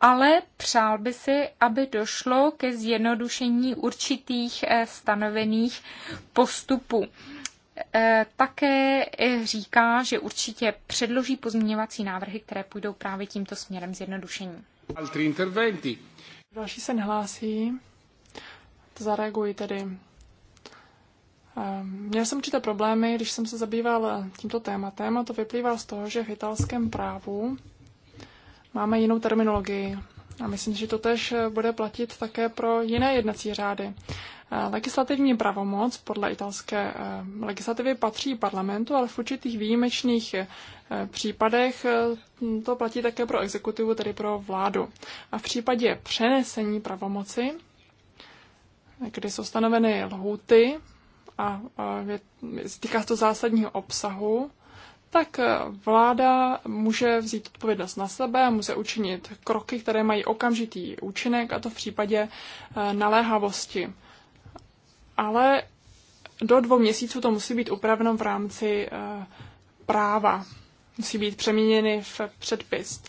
S3: ale přál by si, aby došlo ke zjednodušení určitých eh, stanovených postupů. Eh, také eh, říká, že určitě předloží pozměňovací návrhy, které půjdou právě tímto směrem zjednodušení. Další se nehlásí.
S2: Zareaguji tedy Ehm, měl jsem určité problémy, když jsem se zabýval eh, tímto tématem a to vyplývá z toho, že v italském právu máme jinou terminologii. A myslím, že to tež eh, bude platit také pro jiné jednací řády. Eh, legislativní pravomoc podle italské ehm, legislativy patří parlamentu, ale v určitých výjimečných případech to platí také pro exekutivu, tedy pro vládu. A v případě přenesení pravomoci, kdy jsou stanoveny lhuty a je, týká se to zásadního obsahu, tak eh, vláda může vzít odpovědnost na sebe a může učinit kroky, které mají okamžitý účinek, a to v případě eh, naléhavosti. Ale do dvou měsíců to musí být upraveno v rámci eh, práva. Musí být přeměněny v předpis.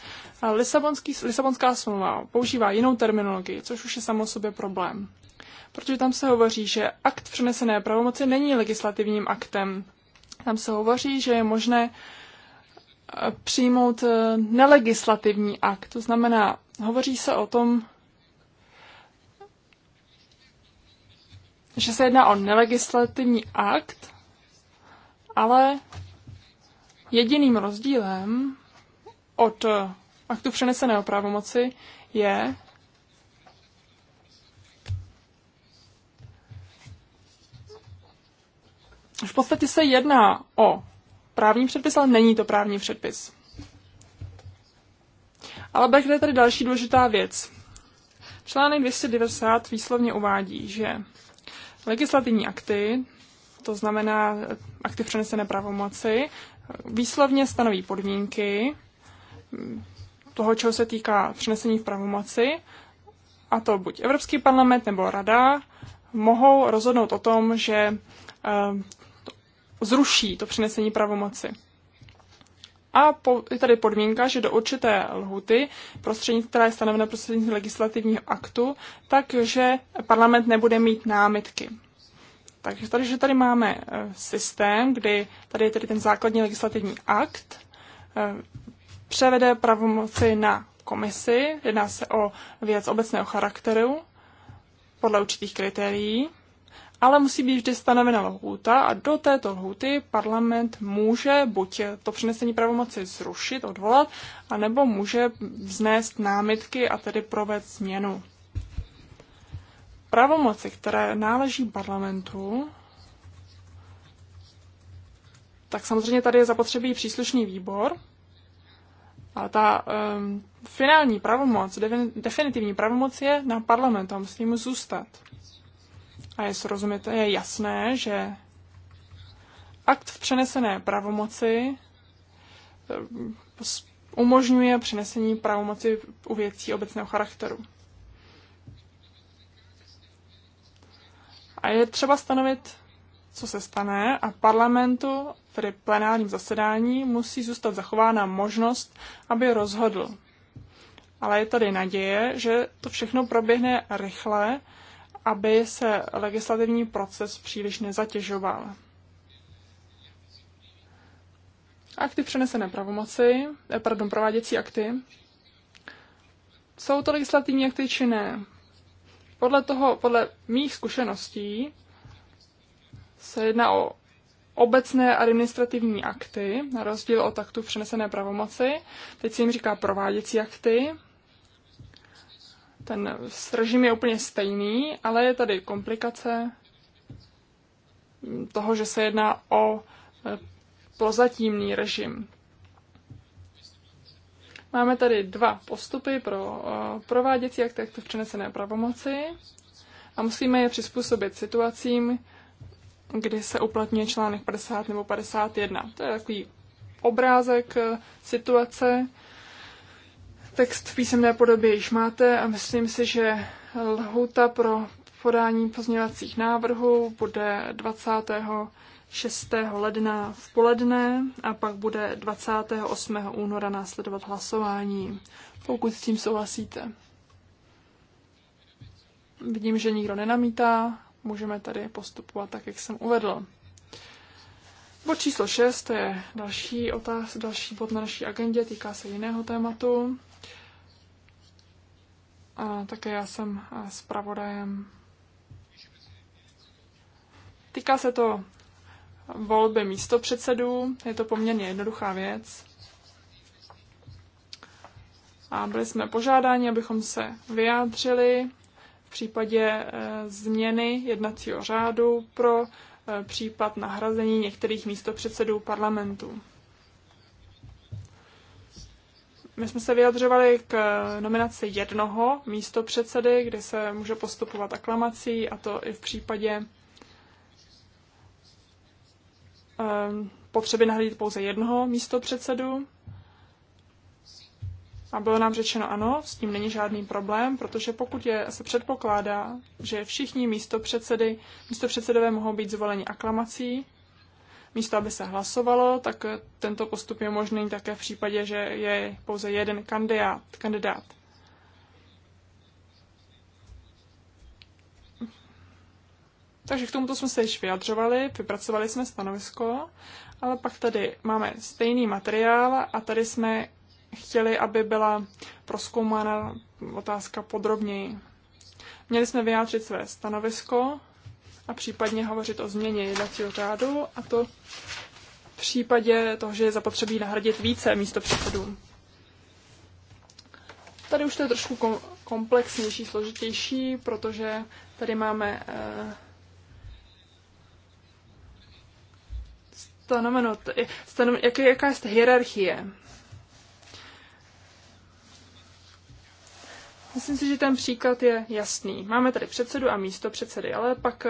S2: Lisabonský, Lisabonská smlouva používá jinou terminologii, což už je samo sobě problém protože tam se hovoří, že akt přenesené pravomoci není legislativním aktem. Tam se hovoří, že je možné eh, přijmout eh, nelegislativní akt. To znamená, hovoří se o tom, že se jedná o nelegislativní akt, ale jediným rozdílem od eh, aktu přeneseného pravomoci je, v podstatě se jedná o právní předpis, ale není to právní předpis. Ale je tady další důležitá věc. Článek 290 výslovně uvádí, že legislativní akty, to znamená akty přenesené pravomoci, výslovně stanoví podmínky toho, čeho se týká přenesení v pravomoci, a to buď Evropský parlament nebo Rada, mohou rozhodnout o tom, že eh, zruší to přenesení pravomoci. A po, je tady podmínka, že do určité lhuty, prostřední, která je stanovena prostřednictvím legislativního aktu, takže parlament nebude mít námitky. Takže tady, že tady máme eh, systém, kdy tady je tedy ten základní legislativní akt, eh, převede pravomoci na komisi, jedná se o věc obecného charakteru podle určitých kritérií ale musí být vždy stanovena lhůta a do této lhůty parlament může buď to přenesení pravomoci zrušit, odvolat, anebo může vznést námitky a tedy provést změnu. Pravomoci, které náleží parlamentu, tak samozřejmě tady je zapotřebí příslušný výbor, ale ta um, finální pravomoc, definitivní pravomoc je na parlamentu a musí mu zůstat a je srozumitelné, je jasné, že akt v přenesené pravomoci eh, umožňuje přenesení pravomoci u věcí obecného charakteru. A je třeba stanovit, co se stane a parlamentu, tedy plenárním zasedání, musí zůstat zachována možnost, aby rozhodl. Ale je tady naděje, že to všechno proběhne rychle aby se legislativní proces příliš nezatěžoval. Akty přenesené pravomoci, eh, pardon, prováděcí akty. Jsou to legislativní akty či ne? Podle toho, podle mých zkušeností, se jedná o obecné administrativní akty, na rozdíl od aktu přenesené pravomoci. Teď se jim říká prováděcí akty. Ten režim je úplně stejný, ale je tady komplikace toho, že se jedná o e, prozatímný režim. Máme tady dva postupy pro e, prováděcí akt, jak to v přenesené pravomoci a musíme je přizpůsobit situacím, kdy se uplatňuje článek 50 nebo 51. To je takový obrázek e, situace, Text v písemné podobě již máte a myslím si, že lhouta pro podání pozměňovacích návrhů bude 26. ledna v poledne a pak bude 28. února následovat hlasování, pokud s tím souhlasíte. Vidím, že nikdo nenamítá, můžeme tady postupovat tak, jak jsem uvedl. Bod číslo 6 je další otázka, další bod na naší agendě, týká se jiného tématu. A také já jsem eh, zpravodajem. Týká se to volby místopředsedů, je to poměrně jednoduchá věc. A byli jsme požádáni, abychom se vyjádřili v případě eh, změny jednacího řádu pro eh, případ nahrazení některých místopředsedů parlamentu. My jsme se vyjadřovali k nominaci jednoho místo předsedy, kde se může postupovat aklamací, a to i v případě ehm, potřeby nahradit pouze jednoho místo předsedu. A bylo nám řečeno ano, s tím není žádný problém, protože pokud je, se předpokládá, že všichni místo předsedy, místo předsedové mohou být zvoleni aklamací, místo aby se hlasovalo, tak eh, tento postup je možný také v případě, že je pouze jeden kandidát. kandidát. Takže k tomuto jsme se již vyjadřovali, vypracovali jsme stanovisko, ale pak tady máme stejný materiál a tady jsme chtěli, aby byla proskoumána otázka podrobněji. Měli jsme vyjádřit své stanovisko a případně hovořit o změně jednacího řádu a to v případě toho, že je zapotřebí nahradit více místo předsedů. Tady už to je trošku komplexnější, složitější, protože tady máme eh, stanoveno, stanoveno jak, jaká je hierarchie. Myslím si, že ten příklad je jasný. Máme tady předsedu a místo předsedy, ale pak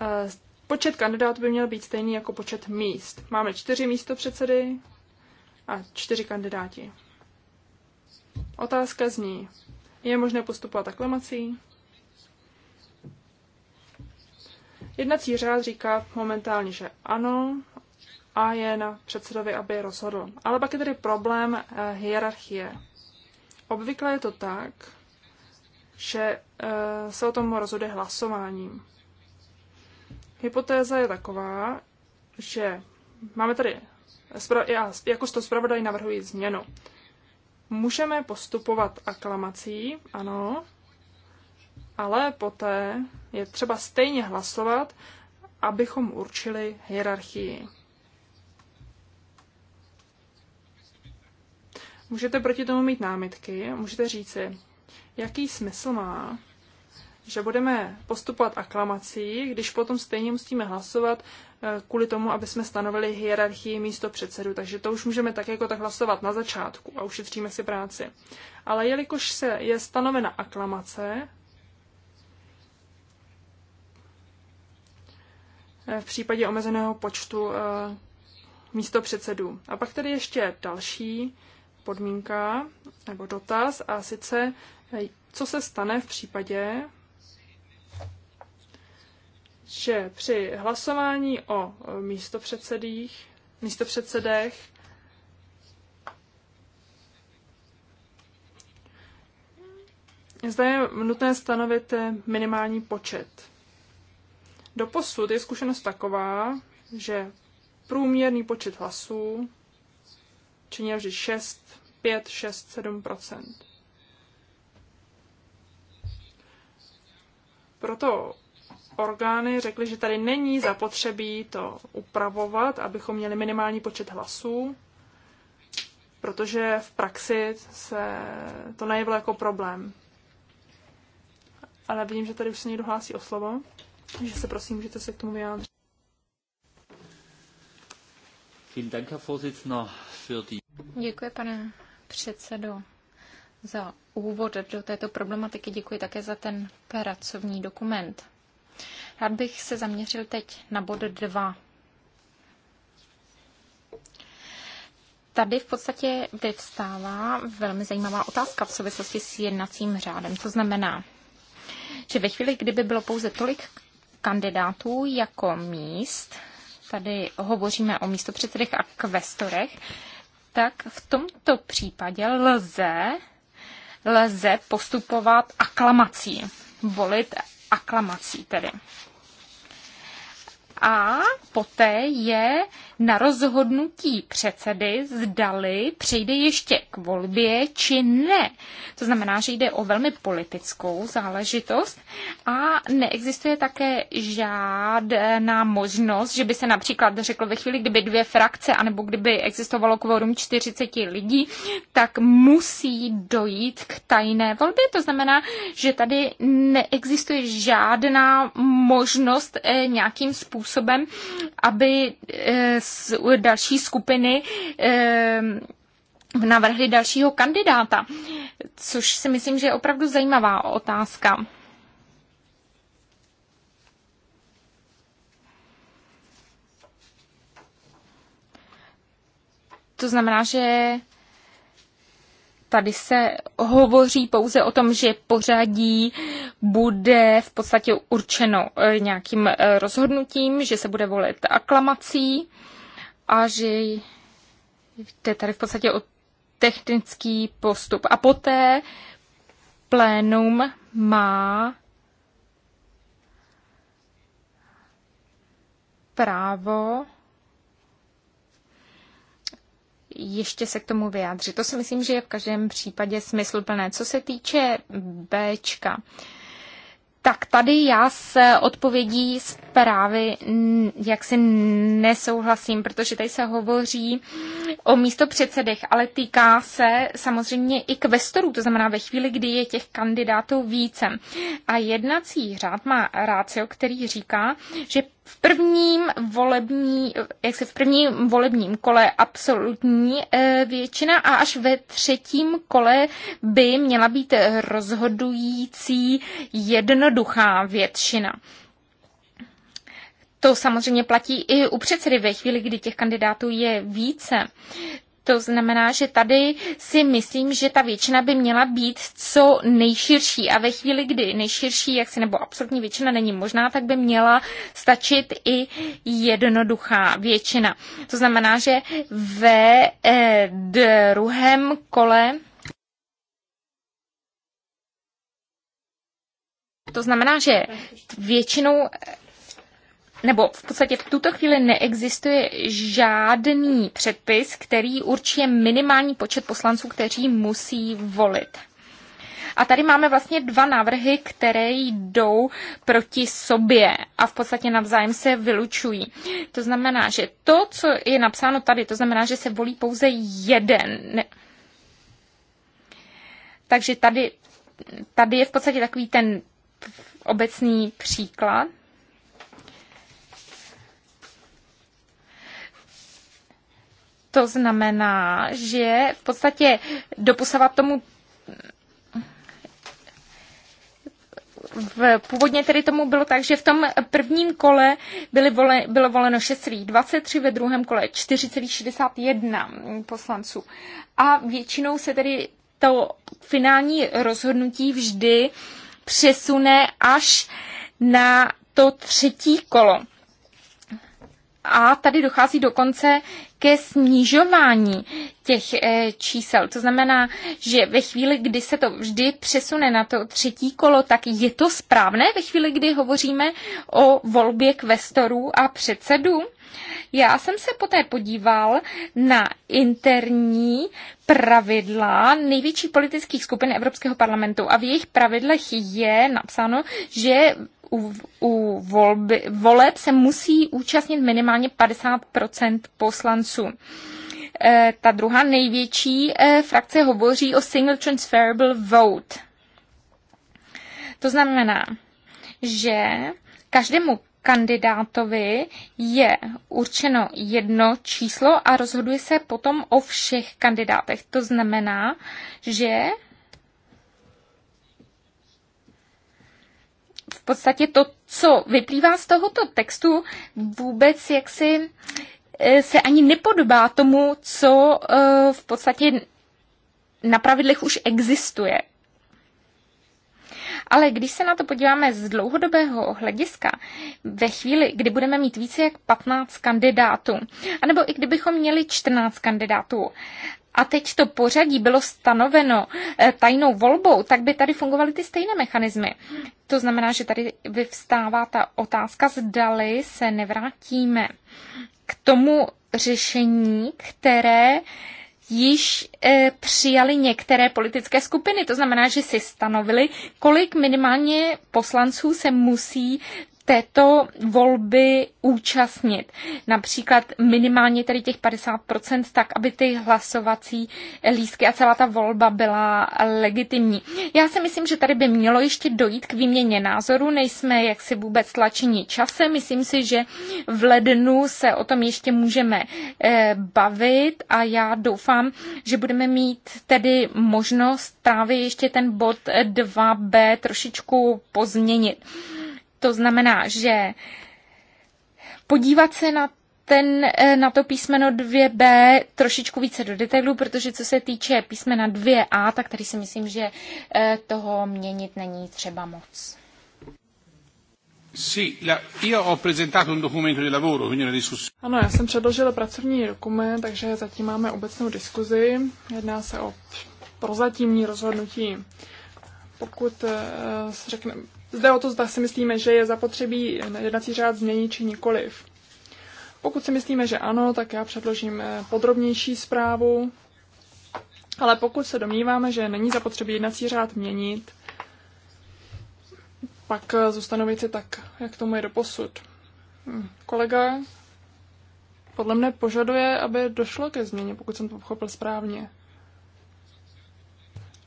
S2: Eh, počet kandidátů by měl být stejný jako počet míst. Máme čtyři předsedy a čtyři kandidáti. Otázka zní, je možné postupovat aklamací? Jednací řád říká momentálně, že ano, a je na předsedovi, aby rozhodl. Ale pak je tady problém eh, hierarchie. Obvykle je to tak, že eh, se o tom rozhoduje hlasováním. Hypotéza je taková, že máme tady, já jako to zpravodaj navrhuji změnu. Můžeme postupovat aklamací, ano, ale poté je třeba stejně hlasovat, abychom určili hierarchii. Můžete proti tomu mít námitky, můžete říci, jaký smysl má že budeme postupovat aklamací, když potom stejně musíme hlasovat eh, kvůli tomu, aby jsme stanovili hierarchii místo předsedu. Takže to už můžeme tak jako tak hlasovat na začátku a ušetříme si práci. Ale jelikož se je stanovena aklamace, eh, v případě omezeného počtu eh, místo předsedů. A pak tady ještě další podmínka nebo dotaz, a sice co se stane v případě, že při hlasování o místopředsedích, místopředsedech zde je nutné stanovit minimální počet. Doposud je zkušenost taková, že průměrný počet hlasů činil vždy 6, 5, 6, 7 Proto orgány řekly, že tady není zapotřebí to upravovat, abychom měli minimální počet hlasů, protože v praxi se to najevilo jako problém. Ale vidím, že tady už se někdo hlásí o slovo, takže se prosím, můžete se k tomu vyjádřit.
S3: Děkuji, pane předsedo, za úvod do této problematiky. Děkuji také za ten pracovní dokument. Rád bych se zaměřil teď na bod 2. Tady v podstatě vyvstává velmi zajímavá otázka v souvislosti s jednacím řádem. To znamená, že ve chvíli, kdyby bylo pouze tolik kandidátů jako míst, tady hovoříme o místopředsedech a kvestorech, tak v tomto případě lze, lze postupovat aklamací, volit aklamací tedy. A poté je na rozhodnutí předsedy, zdali přijde ještě k volbě či ne. To znamená, že jde o velmi politickou záležitost a neexistuje také žádná možnost, že by se například řeklo ve chvíli, kdyby dvě frakce, anebo kdyby existovalo kvorum 40 lidí, tak musí dojít k tajné volbě. To znamená, že tady neexistuje žádná možnost eh, nějakým způsobem, aby eh, další skupiny ehm, navrhly dalšího kandidáta, což si myslím, že je opravdu zajímavá otázka. To znamená, že tady se hovoří pouze o tom, že pořadí bude v podstatě určeno eh, nějakým eh, rozhodnutím, že se bude volit aklamací a že jde tady v podstatě o technický postup. A poté plénum má právo ještě se k tomu vyjádřit. To si myslím, že je v každém případě smysluplné. Co se týče Bčka, uh, tak tady já s odpovědí zprávy jaksi nesouhlasím, protože tady se hovoří o místo předsedech, ale týká se samozřejmě i kvestorů, to znamená ve chvíli, kdy je těch kandidátů více. A jednací řád má rácio, který říká, že v prvním volební, jak se v prvním volebním kole absolutní eh, většina a až ve třetím kole by měla být rozhodující jednoduchá většina. To samozřejmě platí i u předsedy ve chvíli, kdy těch kandidátů je více. To znamená, že tady si myslím, že ta většina by měla být co nejširší a ve chvíli, kdy nejširší, jak si nebo absolutní většina není možná, tak by měla stačit i jednoduchá většina. To znamená, že ve eh, druhém kole To znamená, že většinou nebo v podstatě v tuto chvíli neexistuje žádný předpis, který určuje minimální počet poslanců, kteří musí volit. A tady máme vlastně dva návrhy, které jdou proti sobě a v podstatě navzájem se vylučují. To znamená, že to, co je napsáno tady, to znamená, že se volí pouze jeden. Takže tady, tady je v podstatě takový ten obecný příklad. To znamená, že v podstatě doposavat tomu v, původně tedy tomu bylo tak, že v tom prvním kole byly vole, bylo voleno 6,23, ve druhém kole 4,61 poslanců. A většinou se tedy to finální rozhodnutí vždy přesune až na to třetí kolo. A tady dochází dokonce ke snižování těch eh, čísel. To znamená, že ve chvíli, kdy se to vždy přesune na to třetí kolo, tak je to správné ve chvíli, kdy hovoříme o volbě kvestorů a předsedů? Já jsem se poté podíval na interní pravidla největší politických skupin Evropského parlamentu a v jejich pravidlech je napsáno, že u, u volby, voleb se musí účastnit minimálně 50 poslanců. E, ta druhá největší e, frakce hovoří o single transferable vote. To znamená, že každému kandidátovi je určeno jedno číslo a rozhoduje se potom o všech kandidátech. To znamená, že podstatě to, co vyplývá z tohoto textu, vůbec jaksi eh, se ani nepodobá tomu, co eh, v podstatě na pravidlech už existuje. Ale když se na to podíváme z dlouhodobého hlediska, ve chvíli, kdy budeme mít více jak 15 kandidátů, anebo i kdybychom měli 14 kandidátů a teď to pořadí bylo stanoveno eh, tajnou volbou, tak by tady fungovaly ty stejné mechanismy. To znamená, že tady vyvstává ta otázka, zdali se nevrátíme k tomu řešení, které již e, eh, přijali některé politické skupiny. To znamená, že si stanovili, kolik minimálně poslanců se musí této volby účastnit. Například minimálně tedy těch 50%, tak aby ty hlasovací lístky a celá ta volba byla legitimní. Já si myslím, že tady by mělo ještě dojít k výměně názoru, nejsme jaksi vůbec tlačení čase. Myslím si, že v lednu se o tom ještě můžeme eh, bavit a já doufám, že budeme mít tedy možnost právě ještě ten bod 2b eh, trošičku pozměnit. To znamená, že podívat se na ten, eh, na to písmeno 2b trošičku více do detailu, protože co se týče písmena 2a, tak tady si myslím, že eh, toho měnit není třeba moc. Ano, já jsem
S2: předložila pracovní dokument, takže zatím máme obecnou diskuzi. Jedná se o prozatímní rozhodnutí. Pokud eh, řekne, zde o to zda si myslíme, že je zapotřebí jednací řád změnit či nikoliv. Pokud si myslíme, že ano, tak já předložím eh, podrobnější zprávu, ale pokud se domníváme, že není zapotřebí jednací řád měnit, pak eh, zůstanou věci tak, jak tomu je doposud. Hm, kolega podle mne požaduje, aby došlo ke změně, pokud jsem to pochopil správně.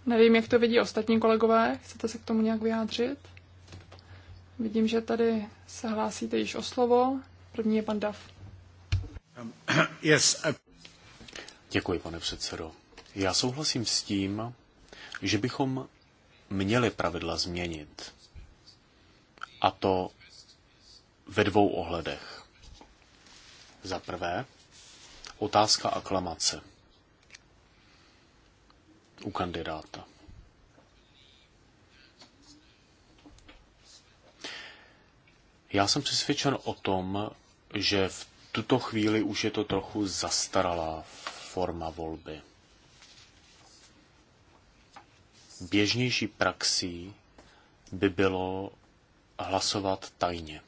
S2: Nevím, jak to vidí ostatní kolegové. Chcete se k tomu nějak vyjádřit? Vidím, že tady se hlásíte již o slovo. První je pan Dav.
S3: Um,
S1: Děkuji, pane předsedo. Já souhlasím s tím, že bychom měli pravidla změnit. A to ve dvou ohledech. Za prvé, otázka aklamace u kandidáta. Já jsem přesvědčen o tom, že v tuto chvíli už je to trochu zastaralá forma volby. Běžnější praxí by bylo hlasovat tajně.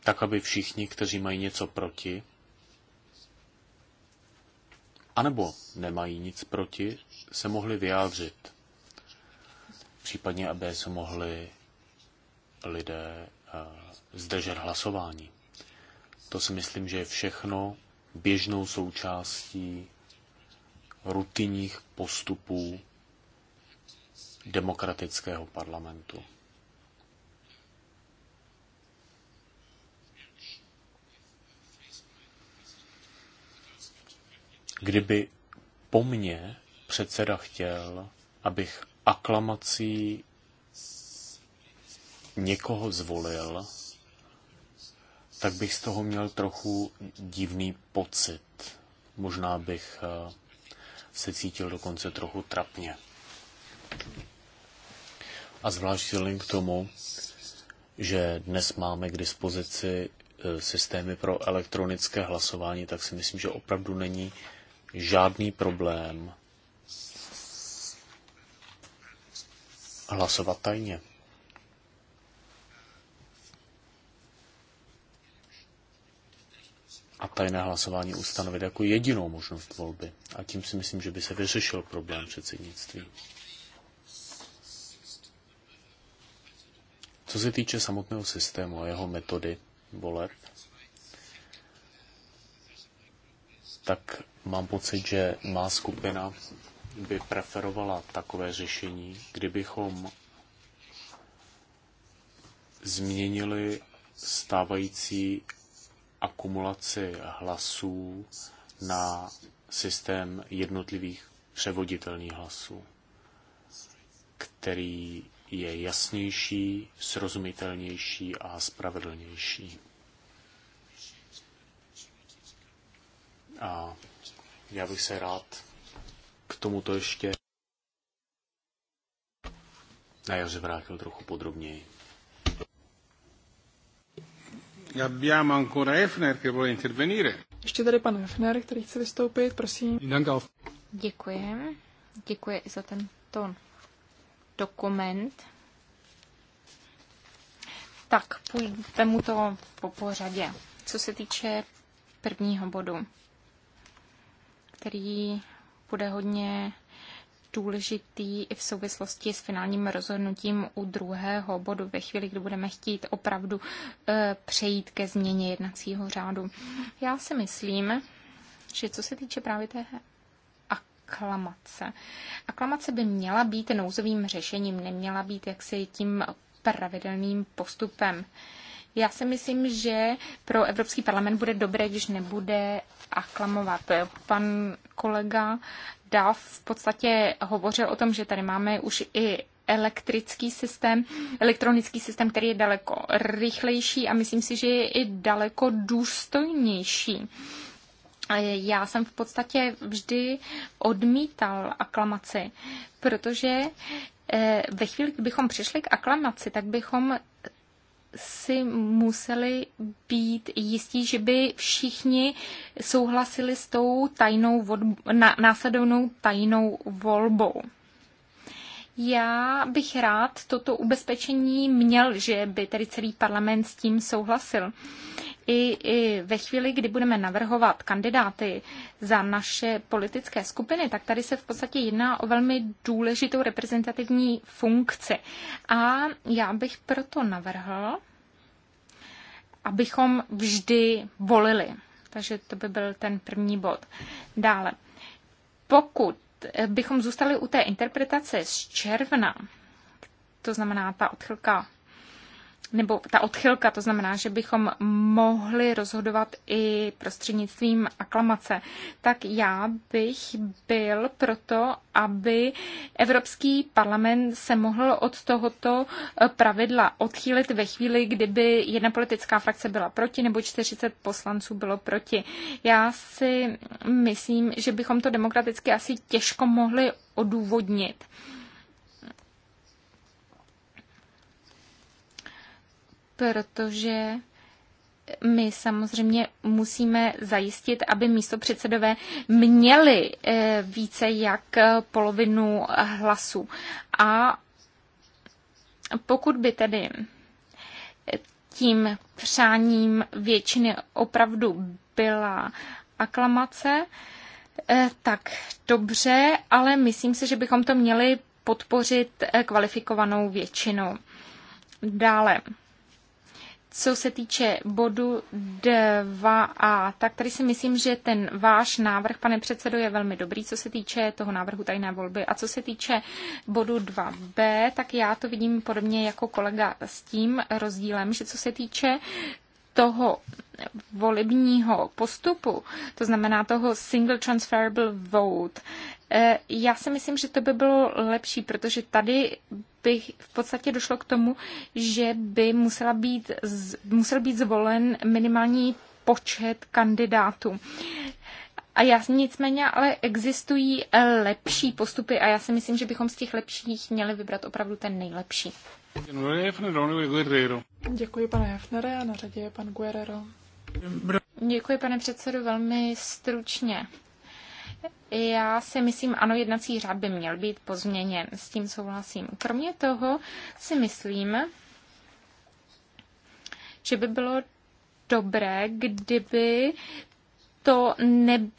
S1: Tak, aby všichni, kteří mají něco proti, anebo nemají nic proti, se mohli vyjádřit případně aby se mohli lidé eh, zdržet hlasování. To si myslím, že je všechno běžnou součástí rutinních postupů demokratického parlamentu. Kdyby po mně předseda chtěl, abych aklamací někoho zvolil, tak bych z toho měl trochu divný pocit. Možná bych eh, se cítil dokonce trochu trapně. A zvlášť k tomu, že dnes máme k dispozici eh, systémy pro elektronické hlasování, tak si myslím, že opravdu není žádný problém hlasovat tajně. A tajné hlasování ustanovit jako jedinou možnost volby. A tím si myslím, že by se vyřešil problém předsednictví. Co se týče samotného systému a jeho metody voleb, tak mám pocit, že má skupina by preferovala takové řešení, kdybychom změnili stávající akumulaci hlasů na systém jednotlivých převoditelných hlasů, který je jasnější, srozumitelnější a spravedlnější. A já bych se rád k tomuto ještě na jaře vrátil trochu podrobněji. Abbiamo ancora Efner che vuole intervenire.
S2: Ještě tady pan Hefner, který chce vystoupit, prosím. Děkuji. Děkuji i
S3: za tento dokument. Tak, půjdeme mu to po pořadě. Co se týče prvního bodu, který bude hodně důležitý i v souvislosti s finálním rozhodnutím u druhého bodu ve chvíli, kdy budeme chtít opravdu eh, přejít ke změně jednacího řádu. Já si myslím, že co se týče právě té aklamace, aklamace by měla být nouzovým řešením, neměla být jaksi tím pravidelným postupem. E, já si myslím, že pro Evropský parlament bude dobré, když nebude aklamovat. Pan kolega Dav v podstatě hovořil o tom, že tady máme už i elektrický systém, elektronický systém, který je daleko rychlejší a myslím si, že je i daleko důstojnější. Já jsem v podstatě vždy odmítal aklamaci, protože eh, ve chvíli, kdybychom přišli k aklamaci, tak bychom si museli být jistí, že by všichni souhlasili s tou tajnou vodbu, následovnou tajnou volbou. Já bych rád toto ubezpečení měl, že by tedy celý parlament s tím souhlasil i, i ve chvíli, kdy budeme navrhovat kandidáty za naše politické skupiny, tak tady se v podstatě jedná o velmi důležitou reprezentativní funkci. A já bych proto navrhl, abychom vždy volili. Takže to by byl ten první bod. Dále, pokud bychom zůstali u té interpretace z června, to znamená ta odchylka nebo ta odchylka, to znamená, že bychom mohli rozhodovat i prostřednictvím aklamace, tak já bych byl proto, aby Evropský parlament se mohl od tohoto eh, pravidla odchýlit ve chvíli, kdyby jedna politická frakce byla proti nebo 40 poslanců bylo proti. Já si myslím, že bychom to demokraticky asi těžko mohli odůvodnit. protože my samozřejmě musíme zajistit, aby místo předsedové měli eh, více jak polovinu hlasů. A pokud by tedy tím přáním většiny opravdu byla aklamace, eh, tak dobře, ale myslím si, že bychom to měli podpořit eh, kvalifikovanou většinou. Dále co se týče bodu 2a, tak tady si myslím, že ten váš návrh, pane předsedo, je velmi dobrý, co se týče toho návrhu tajné volby. A co se týče bodu 2b, tak já to vidím podobně jako kolega s tím rozdílem, že co se týče toho volebního postupu, to znamená toho single transferable vote, eh, já si myslím, že to by bylo lepší, protože tady by v podstatě došlo k tomu, že by musela být, musel být zvolen minimální počet kandidátů. A já nicméně ale existují eh, lepší postupy a já si myslím, že bychom z těch lepších měli vybrat opravdu ten nejlepší. Děkuji, pane Hefnere, a na řadě je pan Guerrero. Děkuji, pane předsedu, velmi stručně já si myslím, ano, jednací řád by měl být pozměněn, s tím souhlasím. Kromě toho si myslím, že by bylo dobré, kdyby to ne,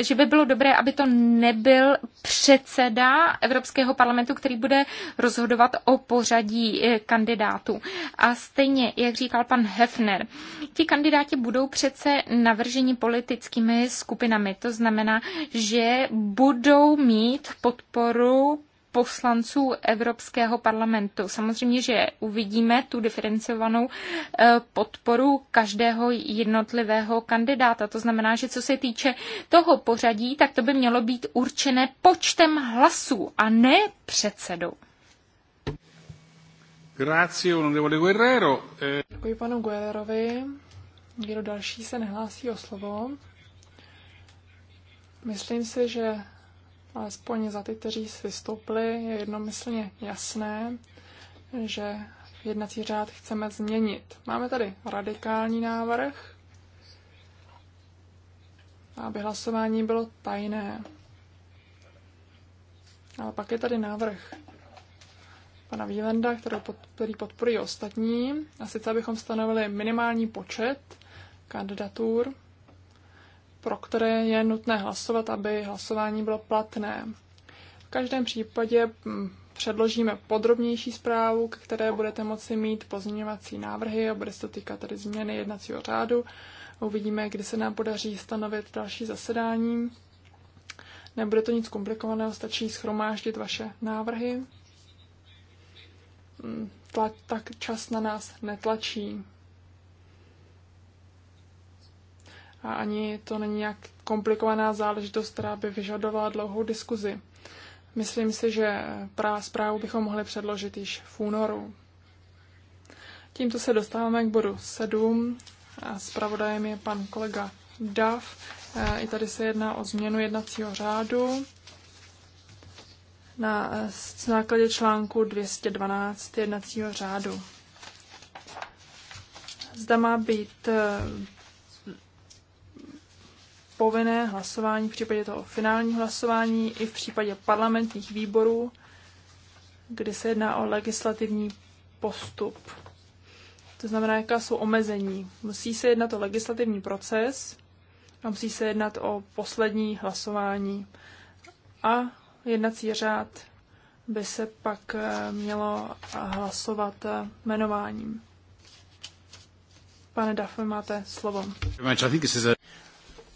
S3: že by bylo dobré, aby to nebyl předseda Evropského parlamentu, který bude rozhodovat o pořadí e, kandidátů. A stejně, jak říkal pan Hefner, ti kandidáti budou přece navrženi politickými skupinami. To znamená, že budou mít podporu poslanců Evropského parlamentu. Samozřejmě, že uvidíme tu diferencovanou eh, podporu každého jednotlivého kandidáta. To znamená, že co se týče toho pořadí, tak to by mělo být určené počtem hlasů a ne předsedou.
S1: Grazie, eh,
S2: Děkuji panu Guerrerovi. Někdo další se nehlásí o slovo. Myslím si, že alespoň za ty, kteří si vystoupili, je jednomyslně jasné, že jednací řád chceme změnit. Máme tady radikální návrh, aby hlasování bylo tajné. Ale pak je tady návrh pana Výlenda, který podporují ostatní, a sice abychom stanovili minimální počet kandidatur pro které je nutné hlasovat, aby hlasování bylo platné. V každém případě mm, předložíme podrobnější zprávu, k které budete moci mít pozměňovací návrhy a bude se to týkat tedy změny jednacího řádu. Uvidíme, kdy se nám podaří stanovit další zasedání. Nebude to nic komplikovaného, stačí schromáždit vaše návrhy. Mm, tla, tak čas na nás netlačí. a ani to není nějak komplikovaná záležitost, která by vyžadovala dlouhou diskuzi. Myslím si, že právě zprávu bychom mohli předložit již v únoru. Tímto se dostáváme k bodu 7 a zpravodajem je pan kolega DAF. E, I tady se jedná o změnu jednacího řádu na e, základě článku 212 jednacího řádu. Zda má být e, povinné hlasování v případě toho finálního hlasování i v případě parlamentních výborů, kdy se jedná o legislativní postup. To znamená, jaká jsou omezení. Musí se jednat o legislativní proces a musí se jednat o poslední hlasování. A jednací řád by se pak eh, mělo hlasovat eh, jmenováním. Pane Dafoe, máte slovo.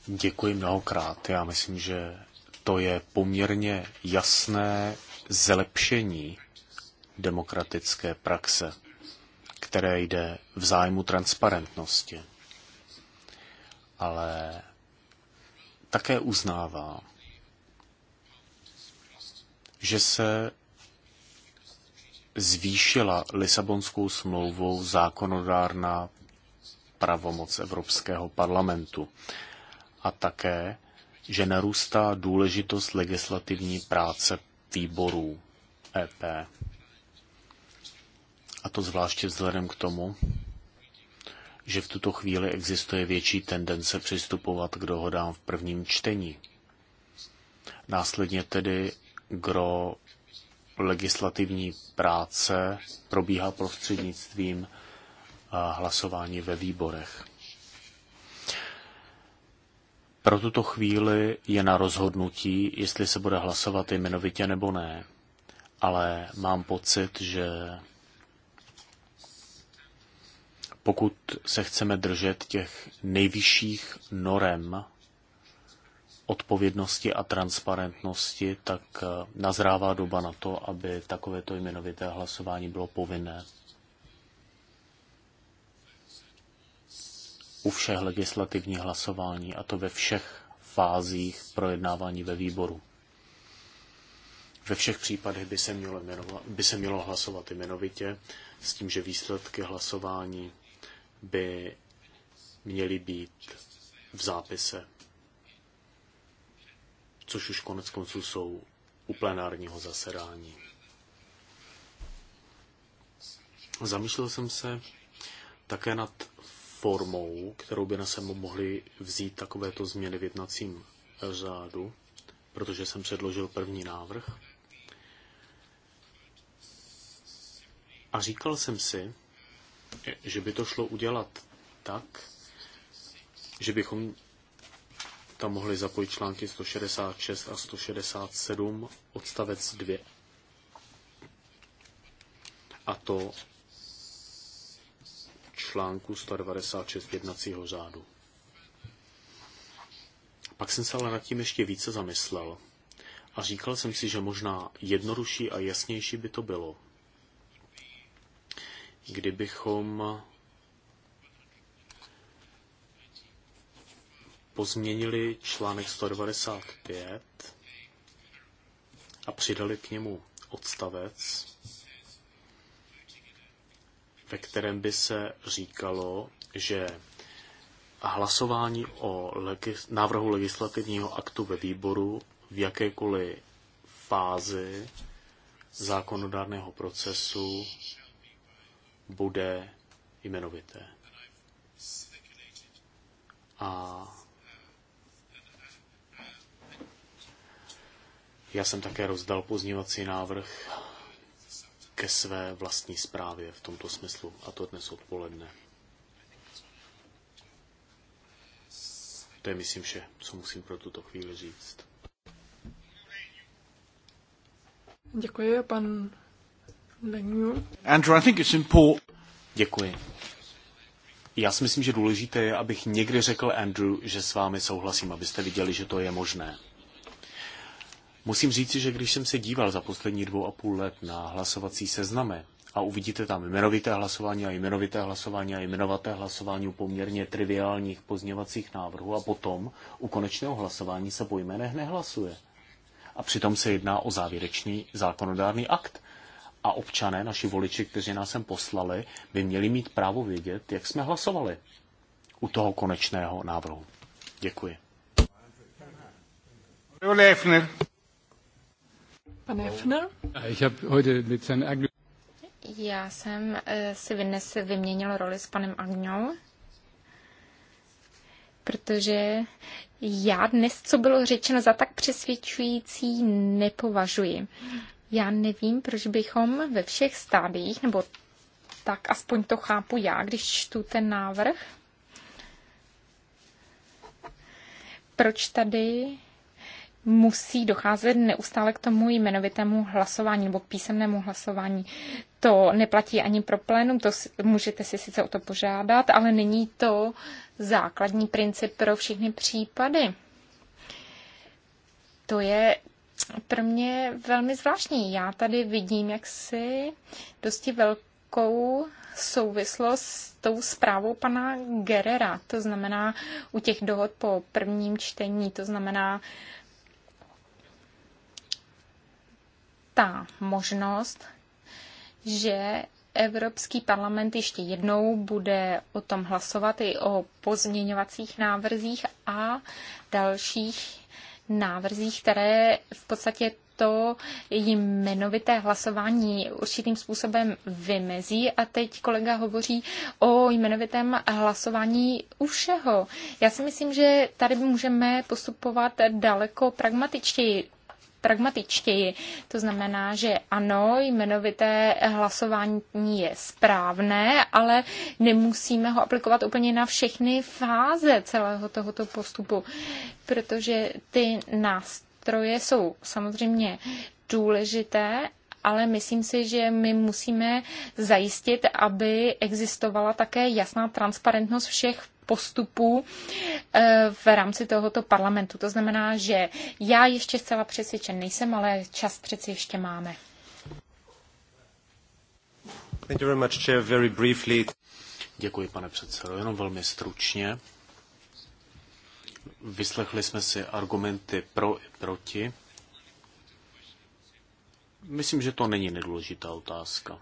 S1: Děkuji mnohokrát. Já myslím, že to je poměrně jasné zlepšení demokratické praxe, které jde v zájmu transparentnosti. Ale také uznává, že se zvýšila Lisabonskou smlouvou zákonodárná pravomoc Evropského parlamentu a také, že narůstá důležitost legislativní práce výborů EP. A to zvláště vzhledem k tomu, že v tuto chvíli existuje větší tendence přistupovat k dohodám v prvním čtení. Následně tedy gro legislativní práce probíhá prostřednictvím hlasování ve výborech. Pro tuto chvíli je na rozhodnutí, jestli se bude hlasovat jmenovitě nebo ne. Ale mám pocit, že pokud se chceme držet těch nejvyšších norem odpovědnosti a transparentnosti, tak eh, nazrává doba na to, aby takovéto jmenovité hlasování bylo povinné. u všech legislativních hlasování, a to ve všech fázích projednávání ve výboru. Ve všech případech by se mělo, jmenovat, by se mělo hlasovat jmenovitě, s tím, že výsledky hlasování by měly být v zápise, což už konec konců jsou u plenárního zasedání. Zamýšlel jsem se také nad formou, kterou by na sebe mohli vzít takovéto změny v jednacím řádu, protože jsem předložil první návrh. A říkal jsem si, že by to šlo udělat tak, že bychom tam mohli zapojit články 166 a 167 odstavec 2. A to článku 196 jednacího řádu. Pak jsem se ale nad tím ještě více zamyslel a říkal jsem si, že možná jednodušší a jasnější by to bylo, kdybychom pozměnili článek 195 a přidali k němu odstavec, ve kterém by se říkalo, že hlasování o legis- návrhu legislativního aktu ve výboru v jakékoliv fázi zákonodárného procesu bude jmenovité. A já jsem také rozdal pozněvací návrh ke své vlastní zprávě v tomto smyslu, a to dnes odpoledne. To je, myslím, vše, co musím pro tuto chvíli říct.
S2: Děkuji, pan Leniu.
S1: Andrew, I think it's important. Děkuji. Já si myslím, že důležité je, abych někdy řekl Andrew, že s vámi souhlasím, abyste viděli, že to je možné. Musím říci, že když jsem se díval za poslední dvou a půl let na hlasovací seznamy, a uvidíte tam jmenovité hlasování a jmenovité hlasování a jmenovaté hlasování u poměrně triviálních pozněvacích návrhů a potom u konečného hlasování se po jménech nehlasuje. A přitom se jedná o závěrečný zákonodárný akt. A občané, naši voliči, kteří nás sem poslali, by měli mít právo vědět, jak jsme hlasovali u toho konečného návrhu. Děkuji.
S3: Pan Hefner? Já jsem eh, si dnes vyměnil roli s panem Agňou, protože já dnes, co bylo řečeno, za tak přesvědčující nepovažuji. Já nevím, proč bychom ve všech stádiích, nebo tak aspoň to chápu já, když čtu ten návrh, proč tady musí docházet neustále k tomu jmenovitému hlasování nebo písemnému hlasování. To neplatí ani pro plénum, to můžete si sice o to požádat, ale není to základní princip pro všechny případy. To je pro mě velmi zvláštní. Já tady vidím jaksi dosti velkou souvislost s tou zprávou pana Gerera, to znamená u těch dohod po prvním čtení, to znamená ta možnost, že Evropský parlament ještě jednou bude o tom hlasovat i o pozměňovacích návrzích a dalších návrzích, které v podstatě to jmenovité hlasování určitým způsobem vymezí. A teď kolega hovoří o jmenovitém hlasování u všeho. Já si myslím, že tady můžeme postupovat daleko pragmatičtěji pragmatičtěji. To znamená, že ano, jmenovité hlasování je správné, ale nemusíme ho aplikovat úplně na všechny fáze celého tohoto postupu, protože ty nástroje jsou samozřejmě důležité, ale myslím si, že my musíme zajistit, aby existovala také jasná transparentnost všech postupů eh, v rámci tohoto parlamentu. To znamená, že já ještě zcela přesvědčen nejsem, ale čas přeci ještě máme.
S1: Thank you very much, Chair. Very briefly. Děkuji, pane předsedo. Jenom velmi stručně. Vyslechli jsme si argumenty pro i proti. Myslím, že to není nedůležitá otázka.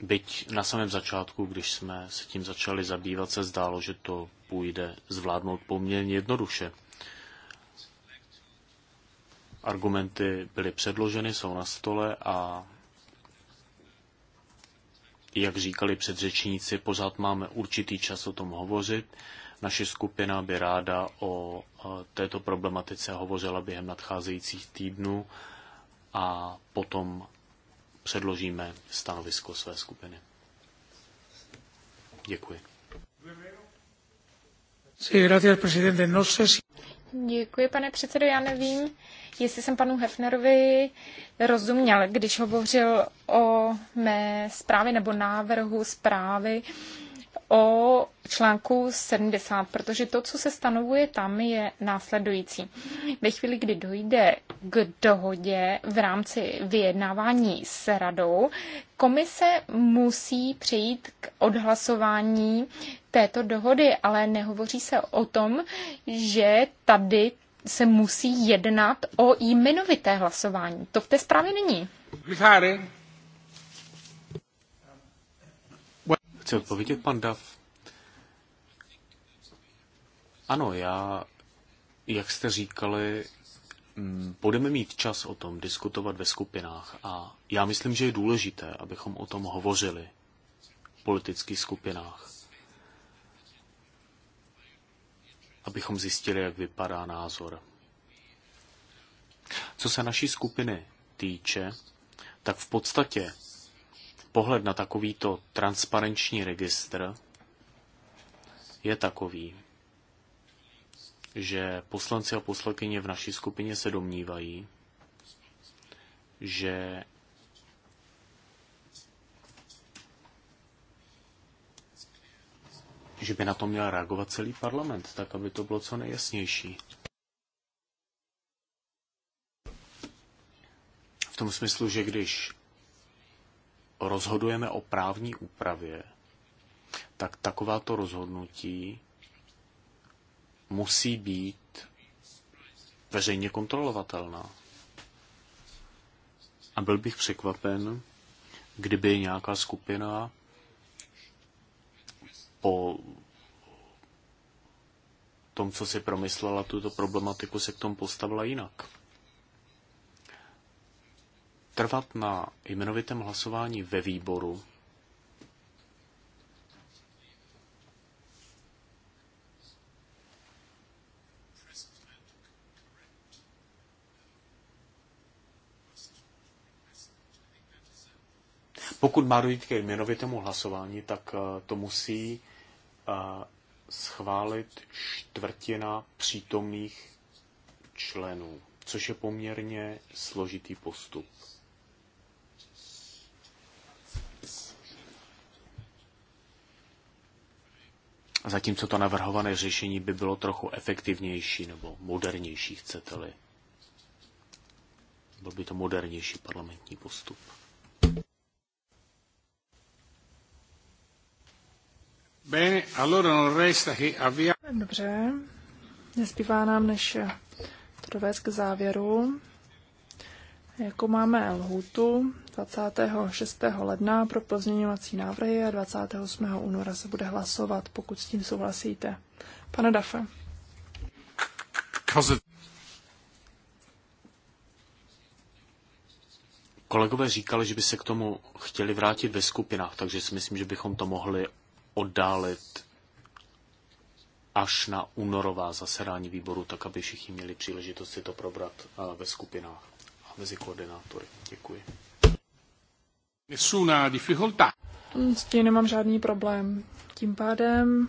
S1: Byť na samém začátku, když jsme se tím začali zabývat, se zdálo, že to půjde zvládnout poměrně jednoduše. Argumenty byly předloženy, jsou na stole a jak říkali předřečníci, pořád máme určitý čas o tom hovořit. Naše skupina by ráda o této problematice hovořila během nadcházejících týdnů a potom předložíme stanovisko své skupiny. Děkuji. No
S3: Děkuji, pane předsedo. Já nevím, jestli jsem panu Hefnerovi rozuměl, když hovořil o mé zprávě nebo návrhu zprávy o článku 70, protože to, co se stanovuje tam, je následující. Ve chvíli, kdy dojde k dohodě v rámci vyjednávání s radou, komise musí přejít k odhlasování této dohody, ale nehovoří se o tom, že tady se musí jednat o jmenovité hlasování. To v té zprávě není.
S1: Chce odpovědět pan Dav? Ano, já, jak jste říkali, mm, budeme mít čas o tom diskutovat ve skupinách a já myslím, že je důležité, abychom o tom hovořili v politických skupinách. Abychom zjistili, jak vypadá názor. Co se naší skupiny týče, tak v podstatě pohled na takovýto transparenční registr je takový, že poslanci a poslankyně v naší skupině se domnívají, že že by na to měl reagovat celý parlament, tak aby to bylo co nejjasnější. V tom smyslu, že když rozhodujeme o právní úpravě, tak takováto rozhodnutí musí být veřejně kontrolovatelná. A byl bych překvapen, kdyby nějaká skupina po tom, co si promyslela tuto problematiku, se k tomu postavila jinak trvat na jmenovitém hlasování ve výboru, pokud má dojít ke jmenovitému hlasování, tak eh, to musí eh, schválit čtvrtina přítomných členů, což je poměrně složitý postup. zatímco to navrhované řešení by bylo trochu efektivnější nebo modernější, chcete-li. Byl by to modernější parlamentní postup. Bene, allora non resta che avvia...
S2: Dobře, nezbývá nám než to dovést k závěru. Jako máme lhůtu 26. ledna pro pozměňovací návrhy a 28. února se bude hlasovat, pokud s tím souhlasíte. Pane Dafe.
S1: Kolegové říkali, že by se k tomu chtěli vrátit ve skupinách, takže si myslím, že bychom to mohli oddálit až na únorová zasedání výboru, tak aby všichni měli příležitost si to probrat eh, ve skupinách mezi koordinátory. Děkuji.
S2: S tím nemám žádný problém. Tím pádem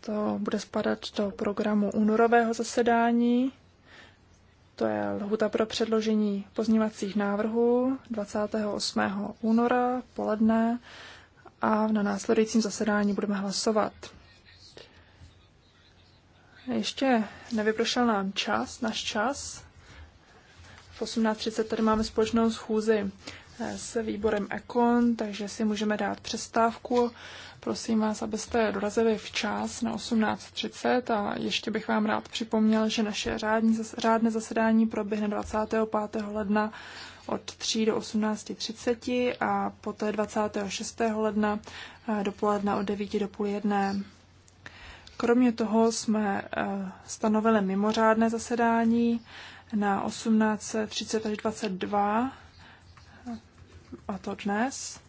S2: to bude spadat do programu únorového zasedání. To je lhuta pro předložení pozněvacích návrhů 28. února poledne a na následujícím zasedání budeme hlasovat. Ještě nevyprošel nám čas, náš čas, v 18.30 tady máme společnou schůzi eh, s výborem Ekon, takže si můžeme dát přestávku. Prosím vás, abyste dorazili včas na 18.30 a ještě bych vám rád připomněl, že naše řádní, řádné zasedání proběhne 25. ledna od 3 do 18.30 a poté 26. ledna eh, dopoledne od 9 do půl jedné. Kromě toho jsme eh, stanovili mimořádné zasedání, na 18.30 až 22, a to dnes.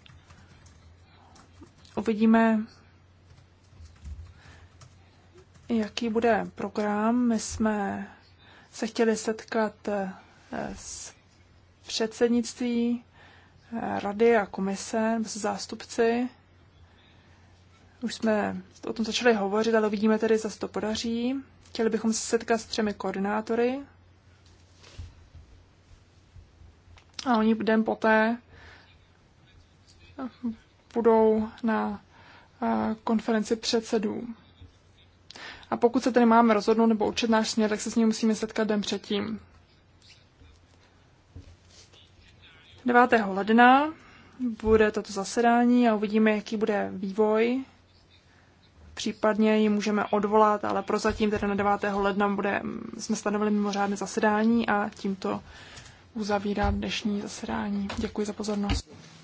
S2: Uvidíme, jaký bude program. My jsme se chtěli setkat eh, s předsednictví eh, rady a komise, s zástupci. Už jsme o tom začali hovořit, ale uvidíme tedy, zda se to podaří. Chtěli bychom se setkat s třemi koordinátory A oni den poté budou na eh, konferenci předsedů. A pokud se tedy máme rozhodnout nebo určit náš směr, tak se s ním musíme setkat den předtím. 9. ledna bude toto zasedání a uvidíme, jaký bude vývoj. Případně ji můžeme odvolat, ale prozatím tedy na 9. ledna bude, jsme stanovili mimořádné zasedání a tímto uzavírám dnešní zasedání. Děkuji za pozornost.